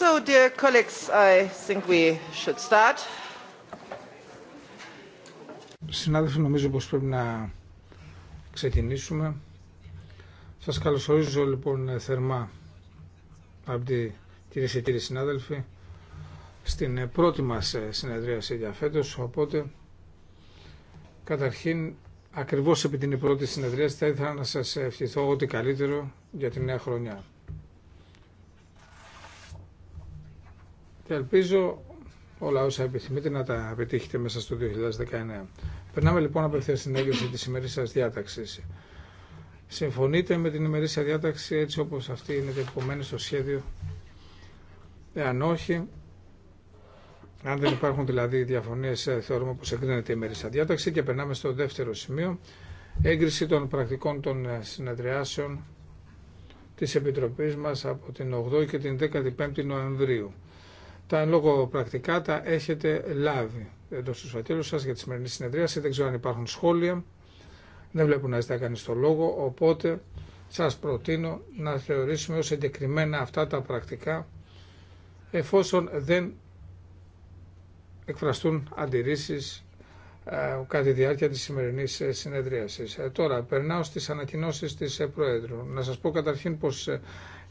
dear colleagues, I think we should start. Συνάδελφοι, νομίζω πως πρέπει να ξεκινήσουμε. Σας καλωσορίζω λοιπόν θερμά από τη κυρίες και κύριοι συνάδελφοι στην πρώτη μας ε, συνεδρίαση για φέτος, οπότε καταρχήν ακριβώς επί την πρώτη συνεδρίαση θα ήθελα να σας ευχηθώ ό,τι καλύτερο για τη νέα χρονιά. και ελπίζω όλα όσα επιθυμείτε να τα πετύχετε μέσα στο 2019. Περνάμε λοιπόν απευθεία στην έγκριση τη ημερήσια διάταξη. Συμφωνείτε με την ημερήσια διάταξη έτσι όπω αυτή είναι δεδομένη στο σχέδιο. Εάν όχι, αν δεν υπάρχουν δηλαδή διαφωνίε, ε, θεωρούμε πω εγκρίνεται η ημερήσια διάταξη και περνάμε στο δεύτερο σημείο. Έγκριση των πρακτικών των ε, συνεδριάσεων της Επιτροπής μας από την 8η και την 15η Νοεμβρίου. Τα εν λόγω πρακτικά τα έχετε λάβει εντό του φακέλου σα για τη σημερινή συνεδρίαση. Δεν ξέρω αν υπάρχουν σχόλια. Δεν βλέπω να ζητά κανεί το λόγο. Οπότε σα προτείνω να θεωρήσουμε ω εγκεκριμένα αυτά τα πρακτικά εφόσον δεν εκφραστούν αντιρρήσει ε, κατά τη διάρκεια της σημερινής ε, συνεδρίασης. Ε, τώρα, περνάω στις ανακοινώσεις της Προέδρου. Να σας πω καταρχήν πως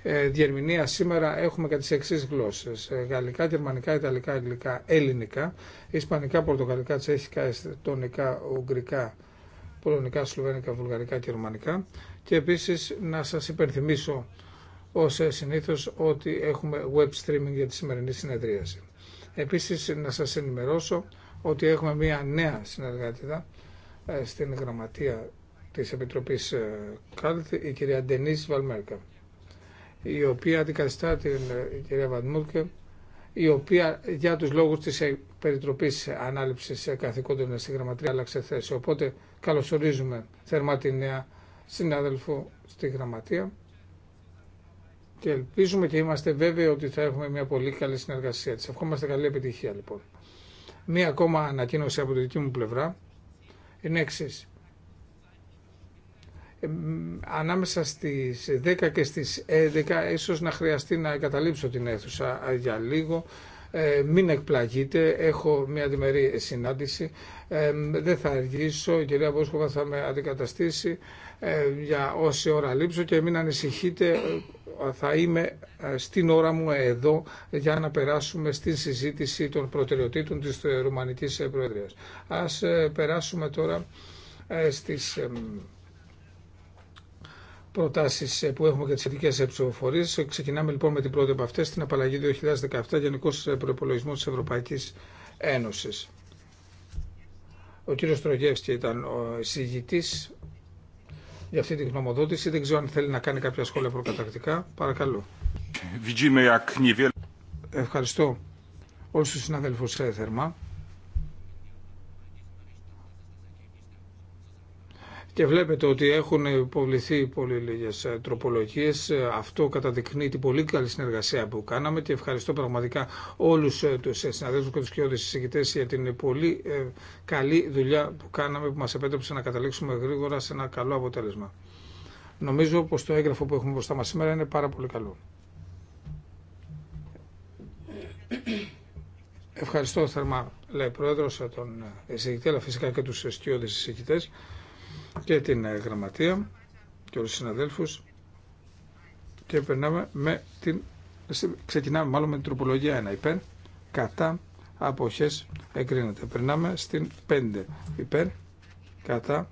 ε, διερμηνία σήμερα έχουμε κατά τις εξής γλώσσες. Ε, γαλλικά, γερμανικά, ιταλικά, αγγλικά, ελληνικά, ισπανικά, πορτογαλικά, τσέχικα, εστονικά, ουγγρικά, πολωνικά, σλοβένικα, βουλγαρικά και ρουμανικά. Και επίσης να σας υπενθυμίσω ως ε, συνήθως ότι έχουμε web streaming για τη σημερινή συνεδρίαση. Επίσης να σας ενημερώσω ότι έχουμε μία νέα συνεργάτηδα στην γραμματεία της Επιτροπής Κάλτ, η κυρία Ντενίς Βαλμέρκα η οποία αντικαθιστά την ε, κυρία Βαντμούρκε, η οποία για τους λόγους της ε, περιτροπής ανάληψης καθηκόντων στην γραμματεία άλλαξε θέση. Οπότε καλωσορίζουμε θερμά τη νέα συνάδελφο στη γραμματεία και ελπίζουμε και είμαστε βέβαιοι ότι θα έχουμε μια πολύ καλή συνεργασία της. Ευχόμαστε καλή επιτυχία λοιπόν. Μία ακόμα ανακοίνωση από τη δική μου πλευρά είναι εξή. Ε, ανάμεσα στις 10 και στις 11 ίσως να χρειαστεί να εγκαταλείψω την αίθουσα για λίγο. Ε, μην εκπλαγείτε, έχω μια διμερή συνάντηση, ε, δεν θα αργήσω, η κυρία Βόσκοβα θα με αντικαταστήσει ε, για όση ώρα λείψω και μην ανησυχείτε, ε, θα είμαι ε, στην ώρα μου εδώ για να περάσουμε στη συζήτηση των προτεραιοτήτων της Ρουμανικής Προεδρίας. Ας περάσουμε τώρα στις προτάσει ε, που έχουμε για τι ειδικέ ψηφοφορίε. Ξεκινάμε λοιπόν με την πρώτη από αυτέ, την απαλλαγή 2017, Γενικό ε, Προπολογισμό τη Ευρωπαϊκή Ένωση. Ο κύριο Τρογεύσκη ήταν ο για αυτή την γνωμοδότηση. Δεν ξέρω αν θέλει να κάνει κάποια σχόλια προκατακτικά. Παρακαλώ. Ευχαριστώ όλου του συνάδελφου ε, θερμά Και βλέπετε ότι έχουν υποβληθεί πολύ λίγε τροπολογίε. Ε, αυτό καταδεικνύει την πολύ καλή συνεργασία που κάναμε και ευχαριστώ πραγματικά όλου ε, του ε, συναδέλφου και του κοιόδη συζητητέ για την πολύ καλή δουλειά που κάναμε που μα επέτρεψε να καταλήξουμε γρήγορα σε ένα καλό αποτέλεσμα. Νομίζω πω το έγγραφο που έχουμε μπροστά μα σήμερα είναι πάρα πολύ καλό. Ευχαριστώ θερμά, λέει Πρόεδρος, τον εισηγητή, αλλά φυσικά και τους εισηγητές και την ε, Γραμματεία και όλους τους συναδέλφους και περνάμε με την... ξεκινάμε μάλλον με την τροπολογία 1 υπέρ κατά αποχές εγκρίνεται. Περνάμε στην 5 υπέρ κατά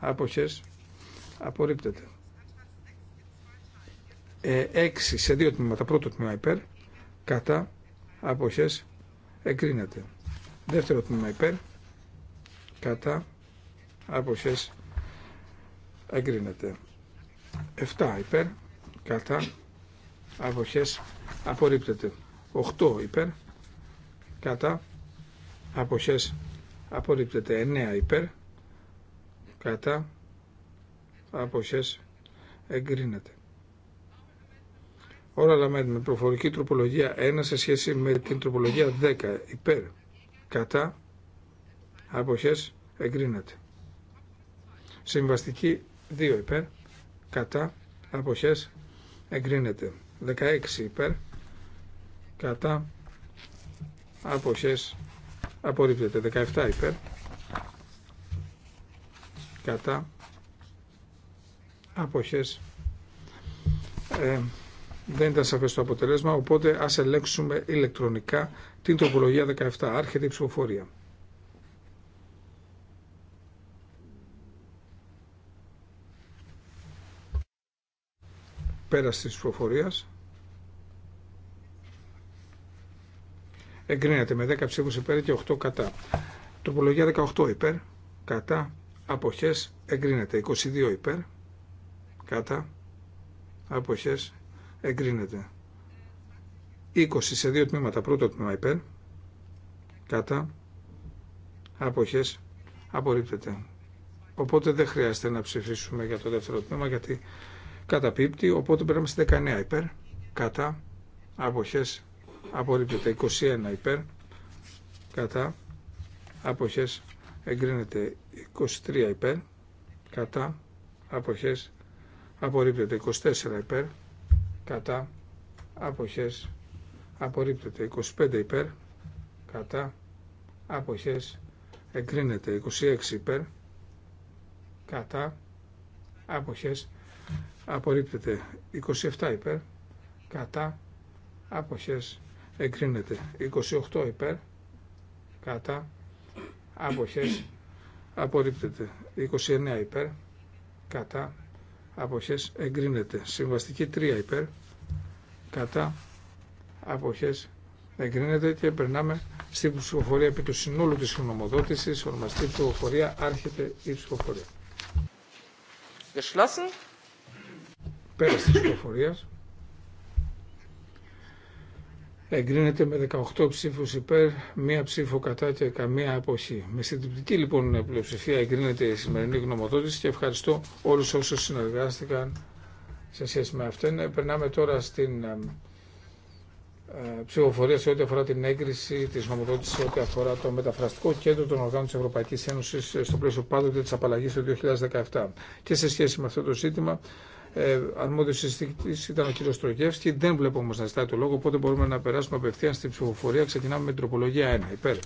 αποχές απορρίπτεται. 6 ε, σε δύο τμήματα. Πρώτο τμήμα υπέρ κατά αποχές εγκρίνεται. Δεύτερο τμήμα υπέρ κατά αποχές εγκρίνεται 7 υπέρ κατά αποχές απορρίπτεται 8 υπέρ κατά αποχές απορρίπτεται 9 υπέρ κατά αποχές εγκρίνεται Όλα λαμβάνει με προφορική τροπολογία 1 σε σχέση με την τροπολογία 10 υπέρ κατά αποχές εγκρίνεται. Συμβαστική 2 υπέρ, κατά, αποχές, εγκρίνεται. 16 υπέρ, κατά, αποχές, απορρίπτεται. 17 υπέρ, κατά, αποχές, ε, δεν ήταν σαφές το αποτελέσμα, οπότε ας ελέγξουμε ηλεκτρονικά την τροπολογία 17. Άρχεται η ψηφοφορία. Πέραση της ψηφοφορίας. Εγκρίνεται με 10 ψήφους υπέρ και 8 κατά. Τροπολογία 18 υπέρ, κατά, αποχές, εγκρίνεται. 22 υπέρ, κατά, αποχές, εγκρίνεται. 20 σε δύο τμήματα, πρώτο τμήμα υπέρ, κατά, αποχές, απορρίπτεται. Οπότε δεν χρειάζεται να ψηφίσουμε για το δεύτερο τμήμα γιατί καταπίπτει, οπότε περνάμε στη 19 υπέρ, κατά, αποχές, απορρίπτεται. 21 υπέρ, κατά, αποχές, εγκρίνεται. 23 υπέρ, κατά, αποχές, απορρίπτεται. 24 υπέρ, κατά, αποχές, απορρίπτεται. 25 υπέρ, κατά, αποχές, εγκρίνεται. 26 υπέρ, κατά, αποχές, απορρίπτεται 27 υπέρ κατά αποχές εγκρίνεται 28 υπέρ κατά αποχές απορρίπτεται 29 υπέρ κατά αποχές εγκρίνεται συμβαστική 3 υπέρ κατά αποχές εγκρίνεται και περνάμε στην ψηφοφορία επί του συνόλου της χρονομοδότησης ονομαστή ψηφοφορία άρχεται η ψηφοφορία Geschlossen πέρα τη ψηφοφορία. εγκρίνεται με 18 ψήφους υπέρ, μία ψήφο κατά και καμία αποχή. Με συντριπτική λοιπόν πλειοψηφία εγκρίνεται η σημερινή γνωμοδότηση και ευχαριστώ όλους όσους συνεργάστηκαν σε σχέση με αυτήν. Ε, περνάμε τώρα στην ε, ε, ψηφοφορία σε ό,τι αφορά την έγκριση τη γνωμοδότηση, σε ό,τι αφορά το μεταφραστικό κέντρο των οργάνων τη Ευρωπαϊκή Ένωση στο πλαίσιο πάντοτε τη απαλλαγή του 2017. Και σε σχέση με αυτό το ζήτημα, ε, αρμόδιο συστήκτης ήταν ο κύριος Τρογεύσκη. Δεν βλέπω όμω να ζητάει το λόγο, οπότε μπορούμε να περάσουμε απευθείαν στην ψηφοφορία. Ξεκινάμε με την τροπολογία 1. Υπέρ.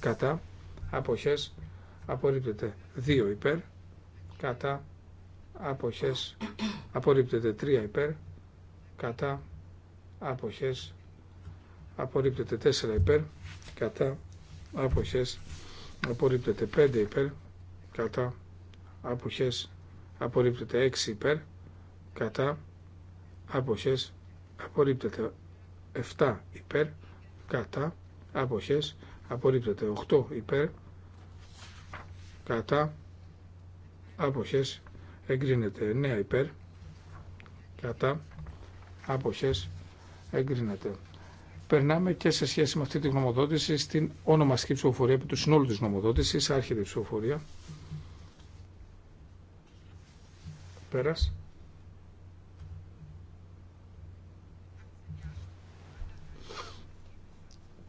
Κατά. Αποχέ. Απορρίπτεται. 2. Υπέρ. Κατά. Αποχέ. Απορρίπτεται. 3. Υπέρ. Κατά. Αποχέ. Απορρίπτεται. 4. Υπέρ. Κατά. Αποχέ. Απορρίπτεται. 5. Υπέρ. Κατά. Αποχέ. Απορρίπτεται. 6. Υπέρ κατά αποχές απορρίπτεται 7 υπέρ κατά αποχές απορρίπτεται 8 υπέρ κατά αποχές εγκρίνεται 9 υπέρ κατά αποχές εγκρίνεται Περνάμε και σε σχέση με αυτή τη γνωμοδότηση στην ονομαστική ψηφοφορία επί του συνόλου της γνωμοδότησης, άρχεται ψηφοφορία. Πέρας.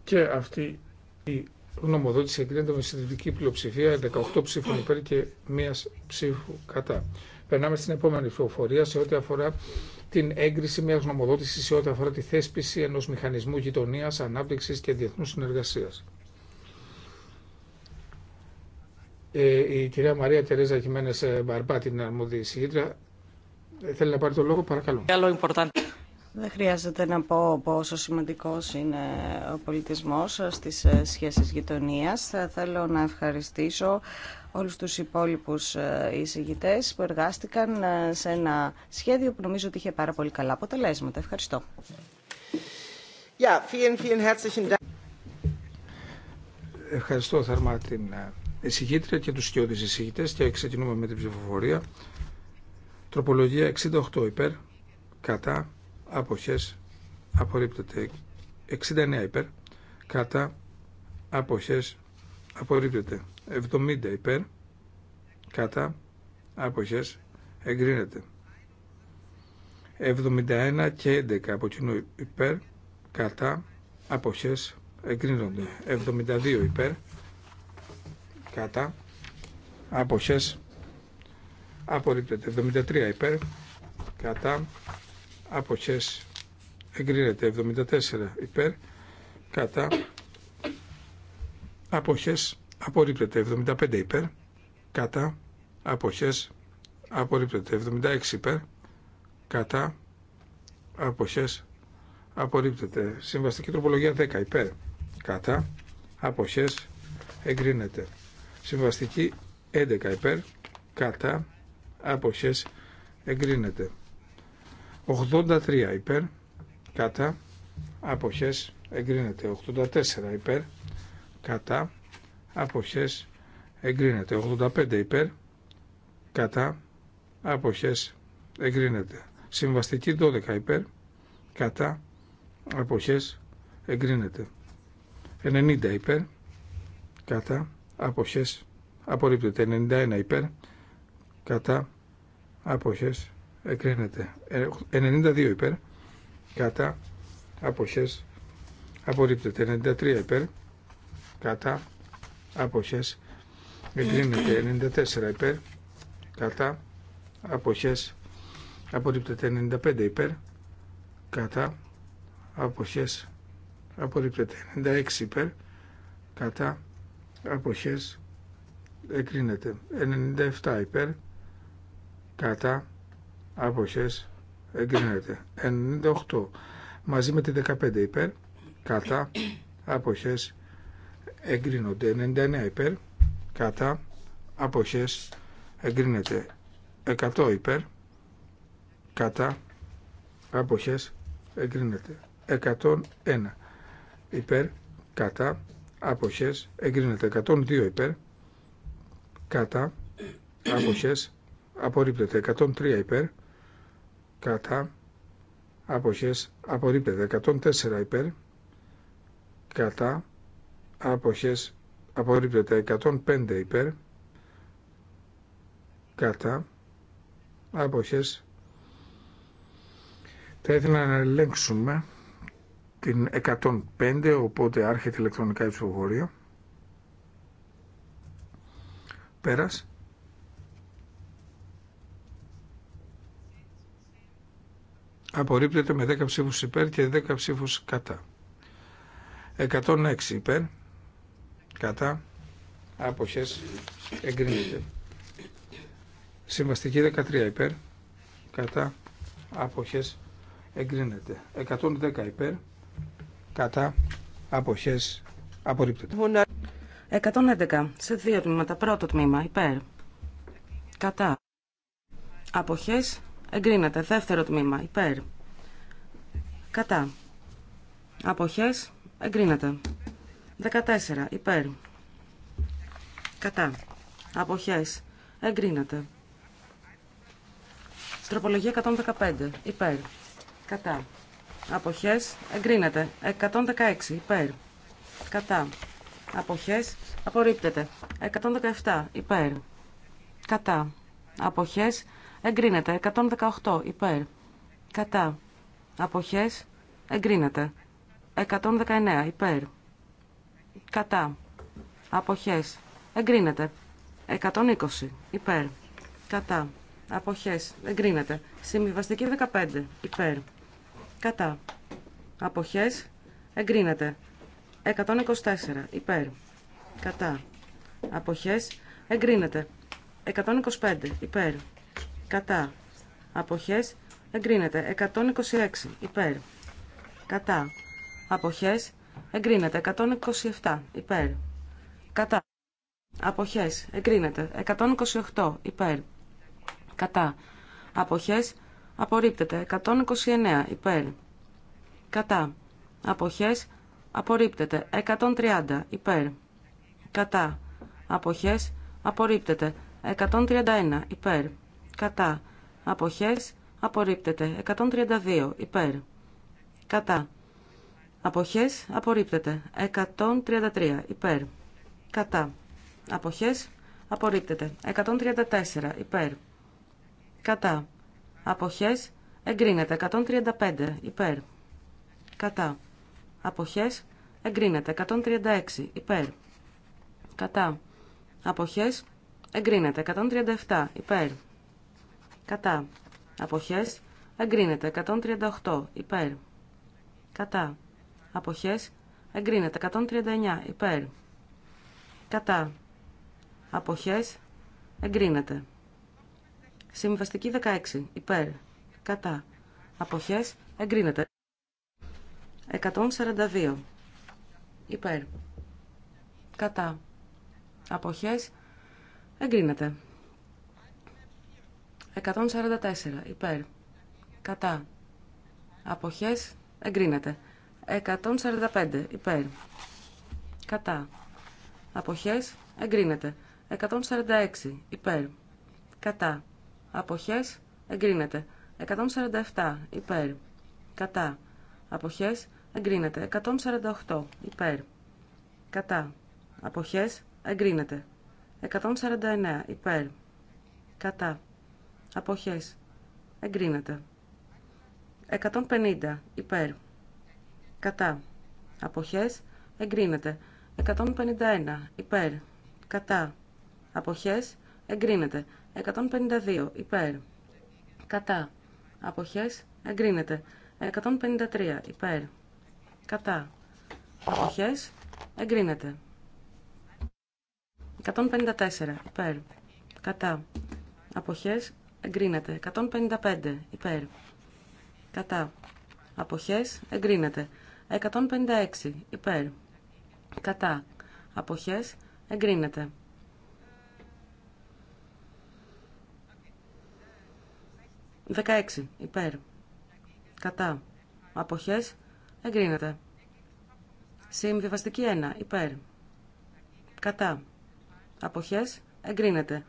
Και αυτή η γνωμοδότηση εγκρίνεται με συντηρητική πλειοψηφία 18 ψήφων υπέρ και μία ψήφου κατά. Περνάμε στην επόμενη ψηφοφορία σε ό,τι αφορά την έγκριση μια γνωμοδότηση σε ό,τι αφορά τη θέσπιση ενό μηχανισμού γειτονία, ανάπτυξη και διεθνού συνεργασία. Ε, η κυρία Μαρία Τερέζα Χιμένε ε, Μπαρμπά, την αρμόδια ε, θέλει να πάρει το λόγο, παρακαλώ. Δεν χρειάζεται να πω πόσο σημαντικός είναι ο πολιτισμός στις σχέσεις γειτονίας. Θα θέλω να ευχαριστήσω όλους τους υπόλοιπους ε, εισηγητές που εργάστηκαν ε, σε ένα σχέδιο που νομίζω ότι είχε πάρα πολύ καλά αποτελέσματα. Ευχαριστώ. Ευχαριστώ θερμά την ε, εισηγήτρια και τους σκιώδεις εισηγητές και ξεκινούμε με την ψηφοφορία. Τροπολογία 68 υπέρ, κατά, αποχές απορρίπτεται 69 υπέρ κατά αποχές απορρίπτεται 70 υπέρ κατά αποχές εγκρίνεται 71 και 11 από κοινού υπέρ κατά αποχές εγκρίνονται 72 υπέρ κατά αποχές απορρίπτεται 73 υπέρ κατά αποχές εγκρίνεται 74 υπέρ κατά αποχές απορρίπτεται 75 υπέρ κατά αποχές απορρίπτεται 76 υπέρ κατά αποχές απορρίπτεται συμβαστική τροπολογία 10 υπέρ κατά αποχές εγκρίνεται συμβαστική 11 υπέρ κατά αποχές εγκρίνεται 83 υπέρ κατά αποχές εγκρίνεται 84 υπέρ κατά αποχές εγκρίνεται 85 υπέρ κατά αποχές εγκρίνεται συμβαστική 12 υπέρ κατά αποχές εγκρίνεται 90 υπέρ κατά αποχές απορρίπτεται 91 υπέρ κατά αποχές εκρίνεται 92 ε, υπέρ, κατά, αποχές, απορρίπτεται. 93 υπέρ, κατά, αποχές, εγκρίνεται. 94 υπέρ, κατά, αποχές, απορρίπτεται. 95 υπέρ, κατά, αποχές, απορρίπτεται. 96 υπέρ, κατά, αποχές, εγκρίνεται. 97 υπέρ, κατά, αποχές εγκρίνεται 98 μαζί με τη 15 υπέρ κατά αποχές εγκρίνονται 99 υπέρ κατά αποχές εγκρίνεται 100 υπέρ κατά αποχές εγκρίνεται 101 υπέρ κατά αποχές εγκρίνεται 102 υπέρ κατά αποχές απορρίπτεται 103 υπέρ κατά αποχές απορρίπτεται 104 υπέρ κατά αποχές απορρίπτεται 105 υπέρ κατά αποχές θα ήθελα να ελέγξουμε την 105 οπότε άρχεται ηλεκτρονικά η ψηφοφορία πέρας απορρίπτεται με 10 ψήφους υπέρ και 10 ψήφους κατά. 106 υπέρ, κατά, άποχες, εγκρίνεται. Συμβαστική 13 υπέρ, κατά, άποχες, εγκρίνεται. 110 υπέρ, κατά, άποχες, απορρίπτεται. 111 σε δύο τμήματα. Πρώτο τμήμα υπέρ, κατά, άποχες, Εγκρίνεται. Δεύτερο τμήμα. Υπέρ. Κατά. Αποχές. Εγκρίνεται. 14. Υπέρ. Κατά. Αποχές. Εγκρίνεται. Τροπολογία 115. Υπέρ. Κατά. Αποχές. Εγκρίνεται. 116. Υπέρ. Κατά. Αποχές. Απορρίπτεται. 117. Υπέρ. Κατά. Αποχές. Εγκρίνεται. 118 υπέρ. Κατά. Αποχές. Εγκρίνεται. 119 υπέρ. Κατά. Αποχές. Εγκρίνεται. 120 υπέρ. Κατά. Αποχές. Εγκρίνεται. Συμβιβαστική 15 υπέρ. Κατά. Αποχές. Εγκρίνεται. 124 υπέρ. Κατά. Αποχές. Εγκρίνεται. 125 υπέρ κατά, αποχές, εγκρίνεται. 126 υπέρ, κατά, αποχές, εγκρίνεται. 127 υπέρ, κατά, αποχές, εγκρίνεται. 128 υπέρ, κατά, αποχές, απορρίπτεται. 129 υπέρ, κατά, αποχές, απορρίπτεται. 130 υπέρ, κατά, αποχές, απορρίπτεται. 131 υπέρ, κατά, αποχές, απορρίπτεται. 132 υπέρ, κατά, αποχές, απορρίπτεται. 133 υπέρ, κατά, αποχές, απορρίπτεται. 134 υπέρ, κατά, αποχές, εγκρίνεται. 135 υπέρ, κατά, αποχές, εγκρίνεται. 136 υπέρ, κατά, αποχές, εγκρίνεται. 137 υπέρ, Κατά. Αποχές. Εγκρίνεται. 138. Υπέρ. Κατά. Αποχές. Εγκρίνεται. 139. Υπέρ. Κατά. Αποχές. Εγκρίνεται. Συμβαστική 16. Υπέρ. Κατά. Αποχές. Εγκρίνεται. 142. Υπέρ. Κατά. Αποχές. Εγκρίνεται. 144 υπέρ. Κατά. Αποχές εγκρίνεται. 145 υπέρ. Κατά. Αποχές εγκρίνεται. 146 υπέρ. Κατά. Αποχές εγκρίνεται. 147 υπέρ. Κατά. Αποχές εγκρίνεται. 148 υπέρ. Κατά. Αποχές εγκρίνεται. 149 υπέρ. Κατά. Αποχές. Εγκρίνεται. 150. Υπέρ. Κατά. Αποχές. Εγκρίνεται. 151. Υπέρ. Κατά. Αποχές. Εγκρίνεται. 152. Υπέρ. Κατά. Αποχές. Εγκρίνεται. 153. Υπέρ. Κατά. Αποχές. Εγκρίνεται. 154. Υπέρ. Κατά. Αποχές εγκρίνεται. 155 υπέρ. Κατά. Αποχές εγκρίνεται. 156 υπέρ. Κατά. Αποχές εγκρίνεται. 16 υπέρ. Κατά. Αποχές εγκρίνεται. Συμβιβαστική 1 υπέρ. Κατά. Αποχές εγκρίνεται.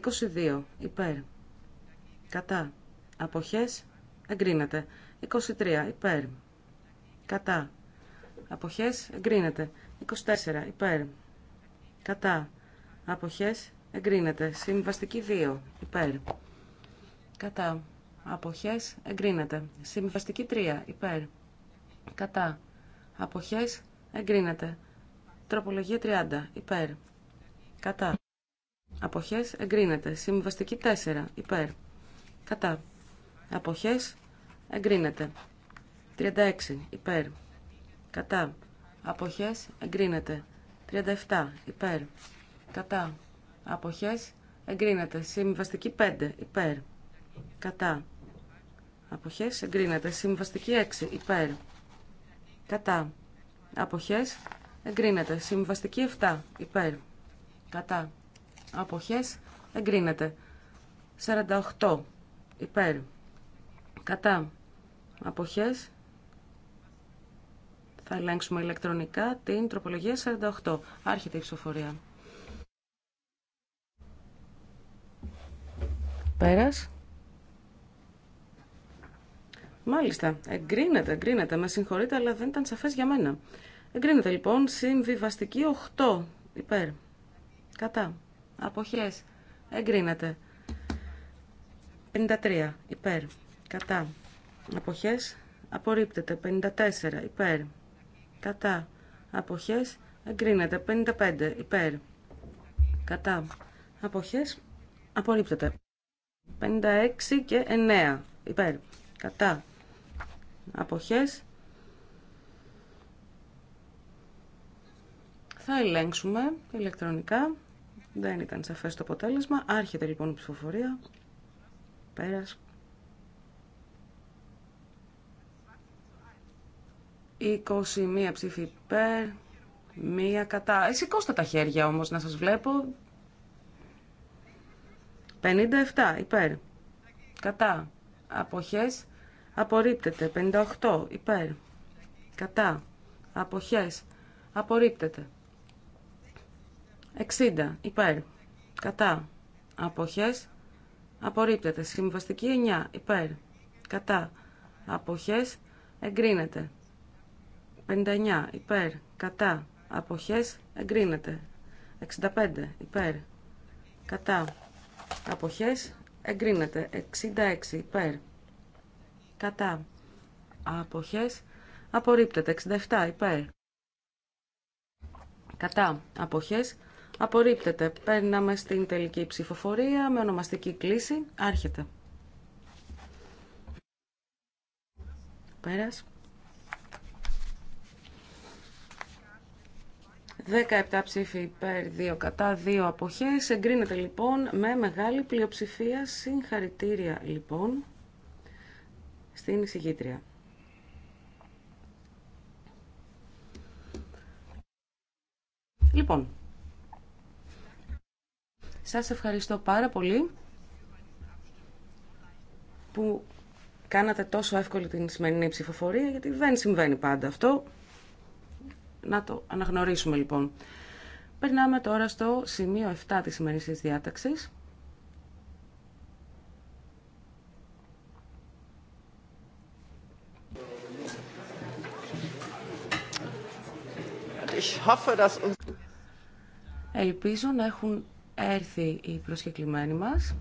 22 υπέρ. Κατά. Αποχές εγκρίνεται. 23 υπέρ. Κατά. Αποχές εγκρίνεται. 24 υπέρ. Κατά. Αποχές εγκρίνεται. Συμβαστική 2 υπέρ. Κατά. Αποχές εγκρίνεται. Συμβαστική 3 υπέρ. Κατά. Αποχές εγκρίνεται. Τροπολογία 30 υπέρ. Κατά. Αποχές εγκρίνεται. Συμβαστική 4. Υπέρ. Κατά. Αποχές εγκρίνεται. 36. Υπέρ. Κατά. Αποχές εγκρίνεται. 37. Υπέρ. Κατά. Αποχές εγκρίνεται. Συμβαστική 5. Υπέρ. Κατά. Αποχές εγκρίνεται. Συμβαστική 6. Υπέρ. Κατά. Αποχές εγκρίνεται. Συμβαστική 7. Υπέρ. Κατά αποχές εγκρίνεται. 48 υπέρ κατά αποχές θα ελέγξουμε ηλεκτρονικά την τροπολογία 48. Άρχεται η ψηφοφορία. Πέρας. Μάλιστα, εγκρίνεται, εγκρίνεται. Με συγχωρείτε, αλλά δεν ήταν σαφές για μένα. Εγκρίνεται λοιπόν συμβιβαστική 8 υπέρ. Κατά αποχές, εγκρίνεται. 53 υπέρ, κατά, αποχές, απορρίπτεται. 54 υπέρ, κατά, αποχές, εγκρίνεται. 55 υπέρ, κατά, αποχές, απορρίπτεται. 56 και 9 υπέρ, κατά, αποχές, θα ελέγξουμε ηλεκτρονικά. Δεν ήταν σαφέ το αποτέλεσμα. Άρχεται λοιπόν η ψηφοφορία. Πέρας. 21 ψήφοι υπέρ, μία κατά. Ε, σηκώστε τα χέρια όμως να σας βλέπω. 57 υπέρ, κατά. Αποχές, απορρίπτεται. 58 υπέρ, κατά. Αποχές, απορρίπτεται. 60 υπέρ. Κατά. Αποχές. Απορρίπτεται. Συμβαστική 9 υπέρ. Κατά. Αποχές. Εγκρίνεται. 59 υπέρ. Κατά. Αποχές. Εγκρίνεται. 65 υπέρ. Κατά. Αποχές. Εγκρίνεται. 66 υπέρ. Κατά. Αποχές. Απορρίπτεται. 67 υπέρ. Κατά. Αποχές. Απορρίπτεται. Παίρναμε στην τελική ψηφοφορία με ονομαστική κλίση. Άρχεται. Πέρας. 17 ψήφοι υπέρ, 2 κατά, 2 αποχές. Εγκρίνεται λοιπόν με μεγάλη πλειοψηφία. Συγχαρητήρια λοιπόν στην εισηγήτρια. Λοιπόν, σας ευχαριστώ πάρα πολύ που κάνατε τόσο εύκολη την σημερινή ψηφοφορία, γιατί δεν συμβαίνει πάντα αυτό. Να το αναγνωρίσουμε λοιπόν. Περνάμε τώρα στο σημείο 7 της σημερινής διάταξης. Ελπίζω να έχουν έρθει η προσκεκλημένη μας.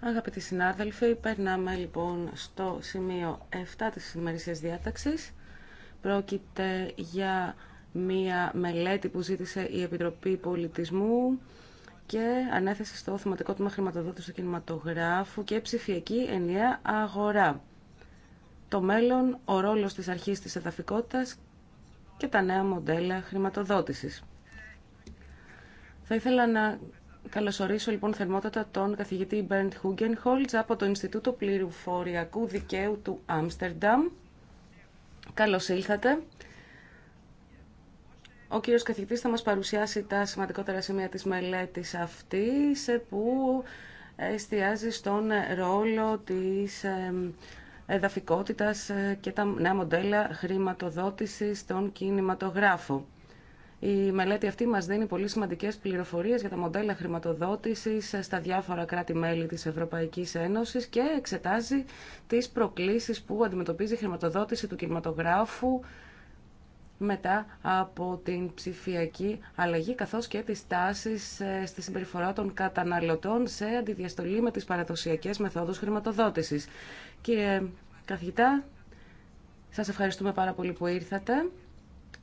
Αγαπητοί συνάδελφοι, περνάμε λοιπόν στο σημείο 7 της σημερισίας διάταξης. Πρόκειται για μία μελέτη που ζήτησε η Επιτροπή Πολιτισμού και ανέθεσε στο θεματικό τμήμα χρηματοδότηση του κινηματογράφου και ψηφιακή ενιαία αγορά. Το μέλλον, ο ρόλος της αρχής της εδαφικότητας και τα νέα μοντέλα χρηματοδότησης. Θα ήθελα να καλωσορίσω λοιπόν θερμότατα τον καθηγητή Μπέρντ Χούγκενχολτς από το Ινστιτούτο Πληροφοριακού Δικαίου του Άμστερνταμ. Καλώς ήλθατε. Ο κύριος καθηγητής θα μας παρουσιάσει τα σημαντικότερα σημεία της μελέτης αυτής ε, που εστιάζει στον ρόλο της ε, εδαφικότητας ε, και τα νέα μοντέλα χρηματοδότησης των κινηματογράφων. Η μελέτη αυτή μας δίνει πολύ σημαντικές πληροφορίες για τα μοντέλα χρηματοδότησης στα διάφορα κράτη-μέλη της Ευρωπαϊκής Ένωσης και εξετάζει τις προκλήσεις που αντιμετωπίζει η χρηματοδότηση του κινηματογράφου μετά από την ψηφιακή αλλαγή καθώς και τις τάσεις ε, στη συμπεριφορά των καταναλωτών σε αντιδιαστολή με τις παραδοσιακές μεθόδους χρηματοδότησης. Κύριε καθηγητά, σας ευχαριστούμε πάρα πολύ που ήρθατε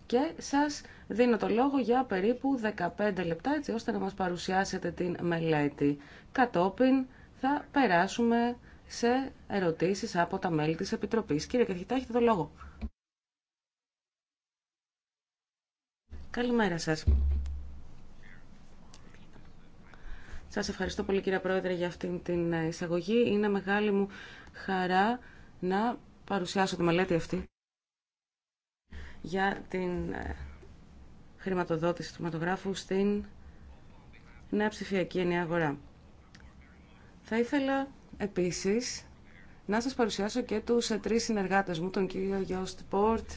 και σας δίνω το λόγο για περίπου 15 λεπτά έτσι ώστε να μας παρουσιάσετε την μελέτη. Κατόπιν θα περάσουμε σε ερωτήσεις από τα μέλη της Επιτροπής. Κύριε Καθηγητά, έχετε το λόγο. Καλημέρα σας. Σας ευχαριστώ πολύ κύριε Πρόεδρε για αυτήν την εισαγωγή. Είναι μεγάλη μου χαρά να παρουσιάσω τη μελέτη αυτή για την ε, χρηματοδότηση του ματογράφου στην νέα ψηφιακή ενιαία αγορά. Θα ήθελα επίσης να σας παρουσιάσω και τους ε, τρεις συνεργάτες μου, τον κύριο Γιώστ Πόρτ,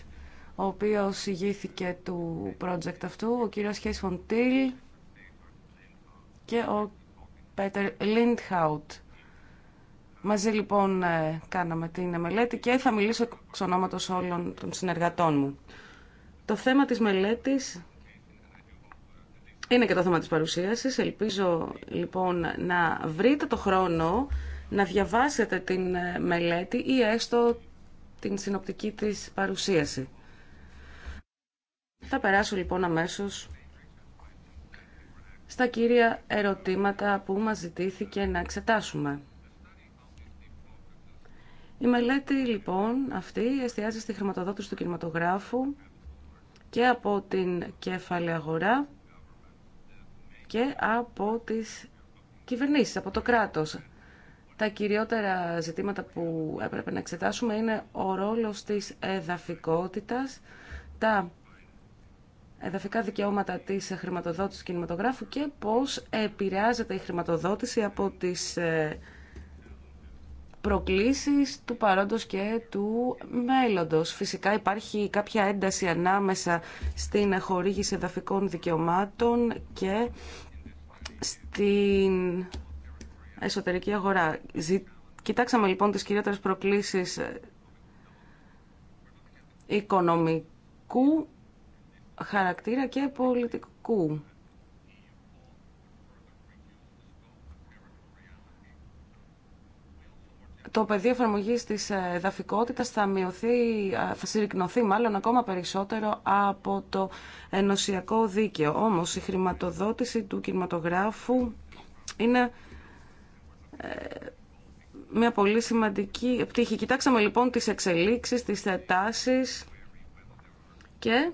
ο οποίος ηγήθηκε του project αυτού, ο κύριος Χέσφον Τίλ και ο Πέτερ Λίντχαουτ. Μαζί λοιπόν ε, κάναμε την μελέτη και θα μιλήσω εξ ονόματος όλων των συνεργατών μου. Το θέμα της μελέτης είναι και το θέμα της παρουσίασης. Ελπίζω λοιπόν να βρείτε το χρόνο να διαβάσετε την ε, μελέτη ή έστω την συνοπτική της παρουσίαση. Θα περάσω λοιπόν αμέσως στα κύρια ερωτήματα που μας ζητήθηκε να εξετάσουμε. Η μελέτη λοιπόν αυτή εστιάζει στη χρηματοδότηση του κινηματογράφου και από την κέφαλη αγορά και από τις κυβερνήσεις, από το κράτος. Τα κυριότερα ζητήματα που έπρεπε να εξετάσουμε είναι ο ρόλος της εδαφικότητας, τα εδαφικά δικαιώματα της χρηματοδότησης κινηματογράφου και πώς επηρεάζεται η χρηματοδότηση από τις ε, προκλήσεις του παρόντος και του μέλλοντος. Φυσικά υπάρχει κάποια ένταση ανάμεσα στην χορήγηση εδαφικών δικαιωμάτων και στην εσωτερική αγορά. Κοιτάξαμε λοιπόν τις κυριότερες προκλήσεις οικονομικού χαρακτήρα και πολιτικού. το πεδίο εφαρμογή τη ε, εδαφικότητα θα μειωθεί, θα συρρυκνωθεί μάλλον ακόμα περισσότερο από το ενωσιακό δίκαιο. Όμω η χρηματοδότηση του κινηματογράφου είναι ε, μια πολύ σημαντική πτύχη. Κοιτάξαμε λοιπόν τις εξελίξεις, τις θετάσεις και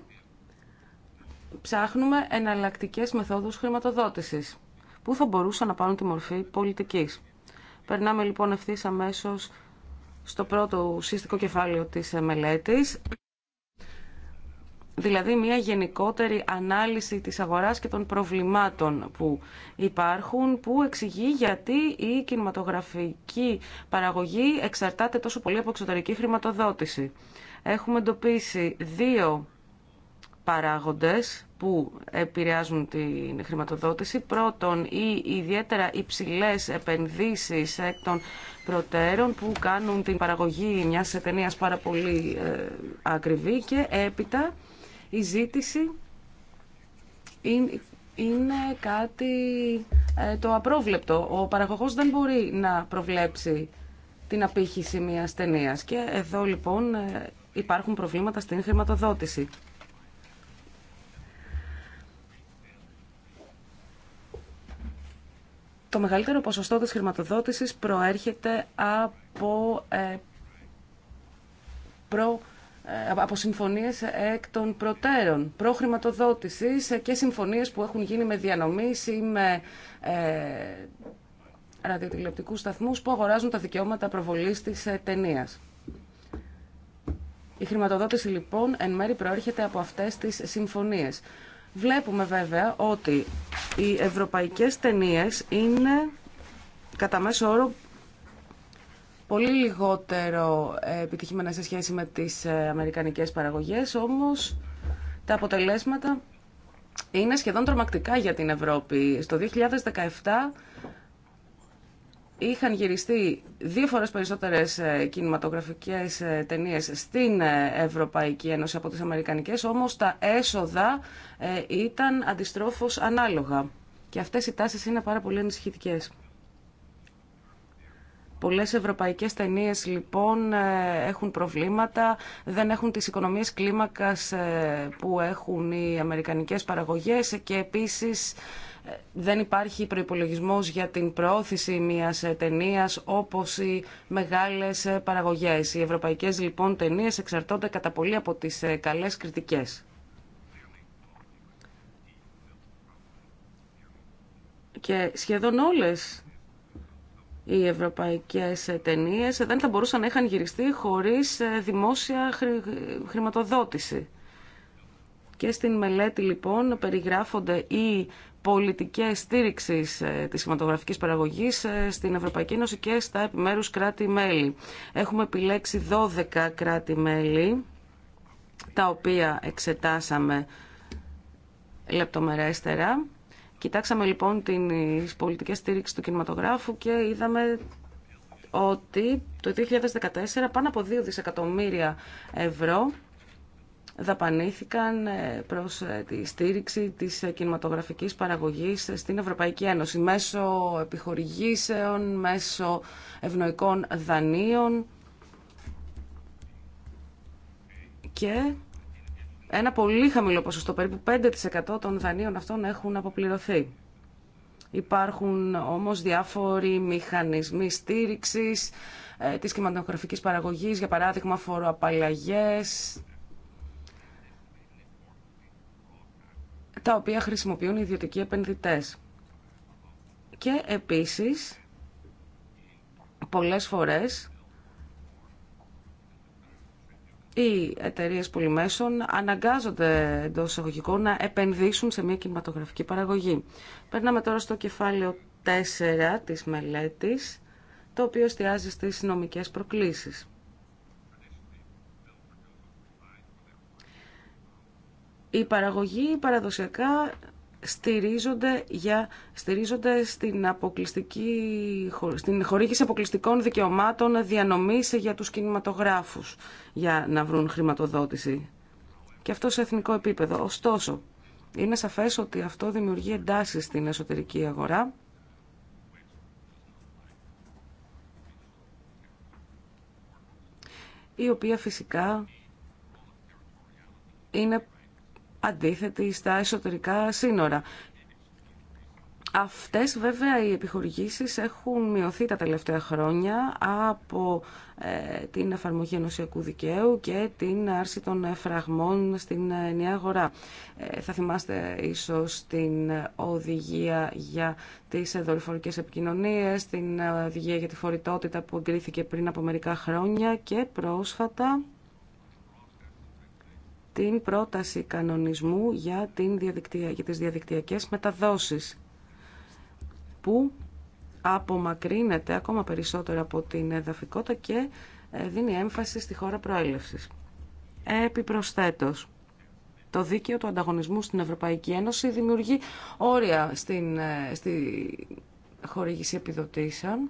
ψάχνουμε εναλλακτικές μεθόδους χρηματοδότησης που θα μπορούσαν να πάρουν τη μορφή πολιτικής. Περνάμε λοιπόν ευθύ αμέσω στο πρώτο ουσιαστικό κεφάλαιο της ε, μελέτη. δηλαδή μια γενικότερη ανάλυση της αγοράς και των προβλημάτων που υπάρχουν, που εξηγεί γιατί η κινηματογραφική παραγωγή εξαρτάται τόσο πολύ από εξωτερική χρηματοδότηση. Έχουμε εντοπίσει δύο παράγοντες που επηρεάζουν την χρηματοδότηση. Πρώτον, οι ιδιαίτερα είναι κάτι επενδύσεις εκ των προτέρων που κάνουν την παραγωγή μιας ταινία πάρα πολύ ε, ακριβή και έπειτα η ζήτηση είναι, κάτι ε, το απρόβλεπτο. Ο παραγωγός δεν μπορεί να προβλέψει την απήχηση μιας ταινία. και εδώ λοιπόν ε, υπάρχουν προβλήματα στην χρηματοδότηση. το μεγαλύτερο ποσοστό της χρηματοδότησης προέρχεται από, ε, προ, ε, από συμφωνίες εκ των προτέρων, προχρηματοδότησης και συμφωνίες που έχουν γίνει με διανομής ή με ε, ραδιοτηλεοπτικούς σταθμούς που αγοράζουν τα δικαιώματα προβολής της ε, Η χρηματοδότηση λοιπόν εν μέρη προέρχεται από αυτές τις συμφωνίες. Βλέπουμε βέβαια ότι οι ευρωπαϊκές ταινίε είναι κατά μέσο όρο πολύ λιγότερο επιτυχημένα σε σχέση με τις ε, αμερικανικές παραγωγές, όμως τα αποτελέσματα είναι σχεδόν τρομακτικά για την Ευρώπη. Στο 2017 είχαν γυριστεί δύο φορές περισσότερες ε, κινηματογραφικές ε, ταινίες στην ε, Ευρωπαϊκή Ένωση από τις Αμερικανικές, όμως τα έσοδα ήταν αντιστρόφως ανάλογα. Και αυτές οι τάσεις είναι πάρα πολύ ανησυχητικέ. Πολλές ευρωπαϊκές ταινίες λοιπόν έχουν προβλήματα, δεν έχουν τις οικονομίες κλίμακας που έχουν οι αμερικανικές παραγωγές και επίσης δεν υπάρχει προπολογισμό για την προώθηση μιας ε, ταινία όπως οι μεγάλες ε, παραγωγέ. Οι ευρωπαϊκές λοιπόν ταινίε εξαρτώνται κατά πολύ από τις ε, καλές κριτικές. Και σχεδόν όλες οι ευρωπαϊκές ταινίε δεν θα μπορούσαν να είχαν γυριστεί χωρίς δημόσια χρηματοδότηση. Και στην μελέτη λοιπόν περιγράφονται οι πολιτικές στήριξης ε, της σηματογραφικής παραγωγής ε, στην Ευρωπαϊκή Ένωση και στα επιμέρους κράτη-μέλη. Έχουμε επιλέξει 12 κράτη-μέλη, τα οποία εξετάσαμε λεπτομερέστερα. Κοιτάξαμε λοιπόν την πολιτική στήριξη του κινηματογράφου και είδαμε ότι το 2014 πάνω από 2 δισεκατομμύρια ευρώ δαπανήθηκαν ε, προς ε, τη στήριξη της ε, κινηματογραφικής παραγωγής στην Ευρωπαϊκή Ένωση μέσω επιχορηγήσεων, μέσω ευνοϊκών δανείων και ένα πολύ χαμηλό ποσοστό, περίπου 5% των δανείων αυτών έχουν αποπληρωθεί. Υπάρχουν όμως διάφοροι μηχανισμοί στήριξης της κινηματογραφικής παραγωγής, για παράδειγμα φοροαπαλλαγές, τα οποία χρησιμοποιούν οι ιδιωτικοί επενδυτές. Και επίσης, πολλές φορές, οι εταιρείε πολυμέσων αναγκάζονται εντό εισαγωγικών να επενδύσουν σε μια κινηματογραφική παραγωγή. Περνάμε τώρα στο κεφάλαιο 4 της μελέτης, το οποίο εστιάζει στις νομικές προκλήσεις. η παραγωγοί παραδοσιακά στηρίζονται, για, στηρίζονται στην, αποκλειστική, στην χορήγηση αποκλειστικών δικαιωμάτων διανομής για τους κινηματογράφους για να βρουν χρηματοδότηση. Και αυτό σε εθνικό επίπεδο. Ωστόσο, είναι σαφές ότι αυτό δημιουργεί εντάσεις στην εσωτερική αγορά η οποία φυσικά είναι αντίθετη στα εσωτερικά σύνορα. Αυτές βέβαια οι επιχορηγήσεις έχουν μειωθεί τα τελευταία χρόνια από ε, την εφαρμογή ενωσιακού δικαίου και την άρση των φραγμών στην ε, νέα αγορά. Ε, θα θυμάστε ίσως την οδηγία για τις δορυφορικές επικοινωνίες, την οδηγία για τη φορητότητα που εγκρίθηκε πριν από μερικά χρόνια και πρόσφατα την πρόταση κανονισμού για, την διαδικτυα... για τις διαδικτυακές μεταδόσεις που απομακρύνεται ακόμα περισσότερο από την εδαφικότητα και ε, δίνει έμφαση στη χώρα προέλευσης. Επιπροσθέτως, το δίκαιο του ανταγωνισμού στην Ευρωπαϊκή Ένωση δημιουργεί όρια στην, ε, στη χορήγηση επιδοτήσεων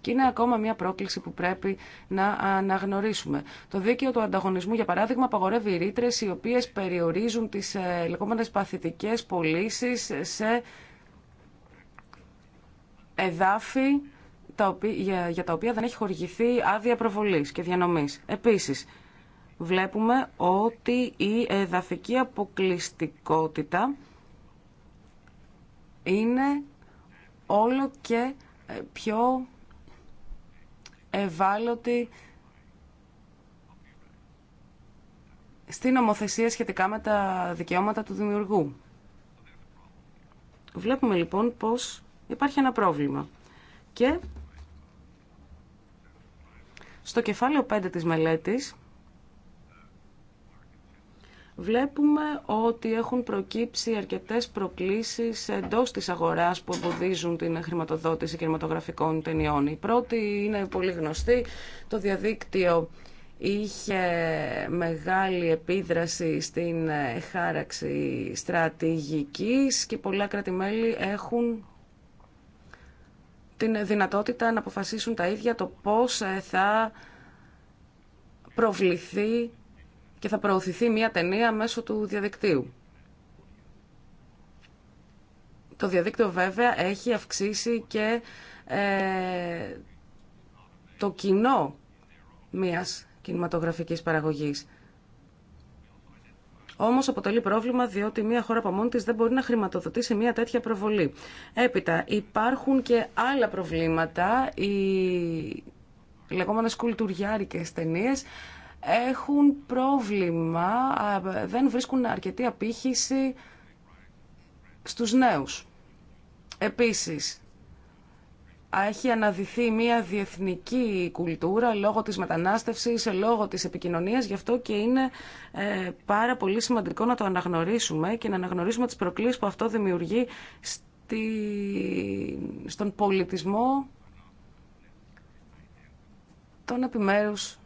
και είναι ακόμα μια πρόκληση που πρέπει να αναγνωρίσουμε. Το δίκαιο του ανταγωνισμού, για παράδειγμα, απαγορεύει ρήτρε οι οποίε περιορίζουν τι ε, λεγόμενε παθητικέ πωλήσει σε εδάφη για τα οποία δεν έχει χορηγηθεί άδεια προβολή και διανομή. Επίσης, βλέπουμε ότι η εδαφική αποκλειστικότητα είναι όλο και ε, πιο ευάλωτη στην νομοθεσία σχετικά με τα δικαιώματα του δημιουργού. Βλέπουμε λοιπόν πως υπάρχει ένα πρόβλημα. Και στο κεφάλαιο 5 της μελέτης βλέπουμε ότι έχουν προκύψει αρκετές προκλήσεις εντός της αγοράς που εμποδίζουν την χρηματοδότηση κινηματογραφικών ταινιών. Η πρώτη είναι πολύ γνωστή, το διαδίκτυο είχε μεγάλη επίδραση στην χάραξη στρατηγικής και πολλά κράτη-μέλη έχουν την δυνατότητα να αποφασίσουν τα ίδια το πώς θα προβληθεί και θα προωθηθεί μια ταινία μέσω του διαδικτύου. Το διαδίκτυο βέβαια έχει αυξήσει και ε, το κοινό μιας κινηματογραφικής παραγωγής. Όμως αποτελεί πρόβλημα διότι μια χώρα από μόνη της δεν μπορεί να χρηματοδοτήσει μια τέτοια προβολή. Έπειτα υπάρχουν και άλλα προβλήματα. Οι λεγόμενε κουλτουριάρικες ταινίε έχουν πρόβλημα, δεν βρίσκουν αρκετή απήχηση στους νέους. Επίσης, έχει αναδυθεί μια διεθνική κουλτούρα λόγω της μετανάστευσης, λόγω της επικοινωνίας, γι' αυτό και είναι ε, πάρα πολύ σημαντικό να το αναγνωρίσουμε και να αναγνωρίσουμε τις προκλήσεις που αυτό δημιουργεί στον πολιτισμό των επιμέρους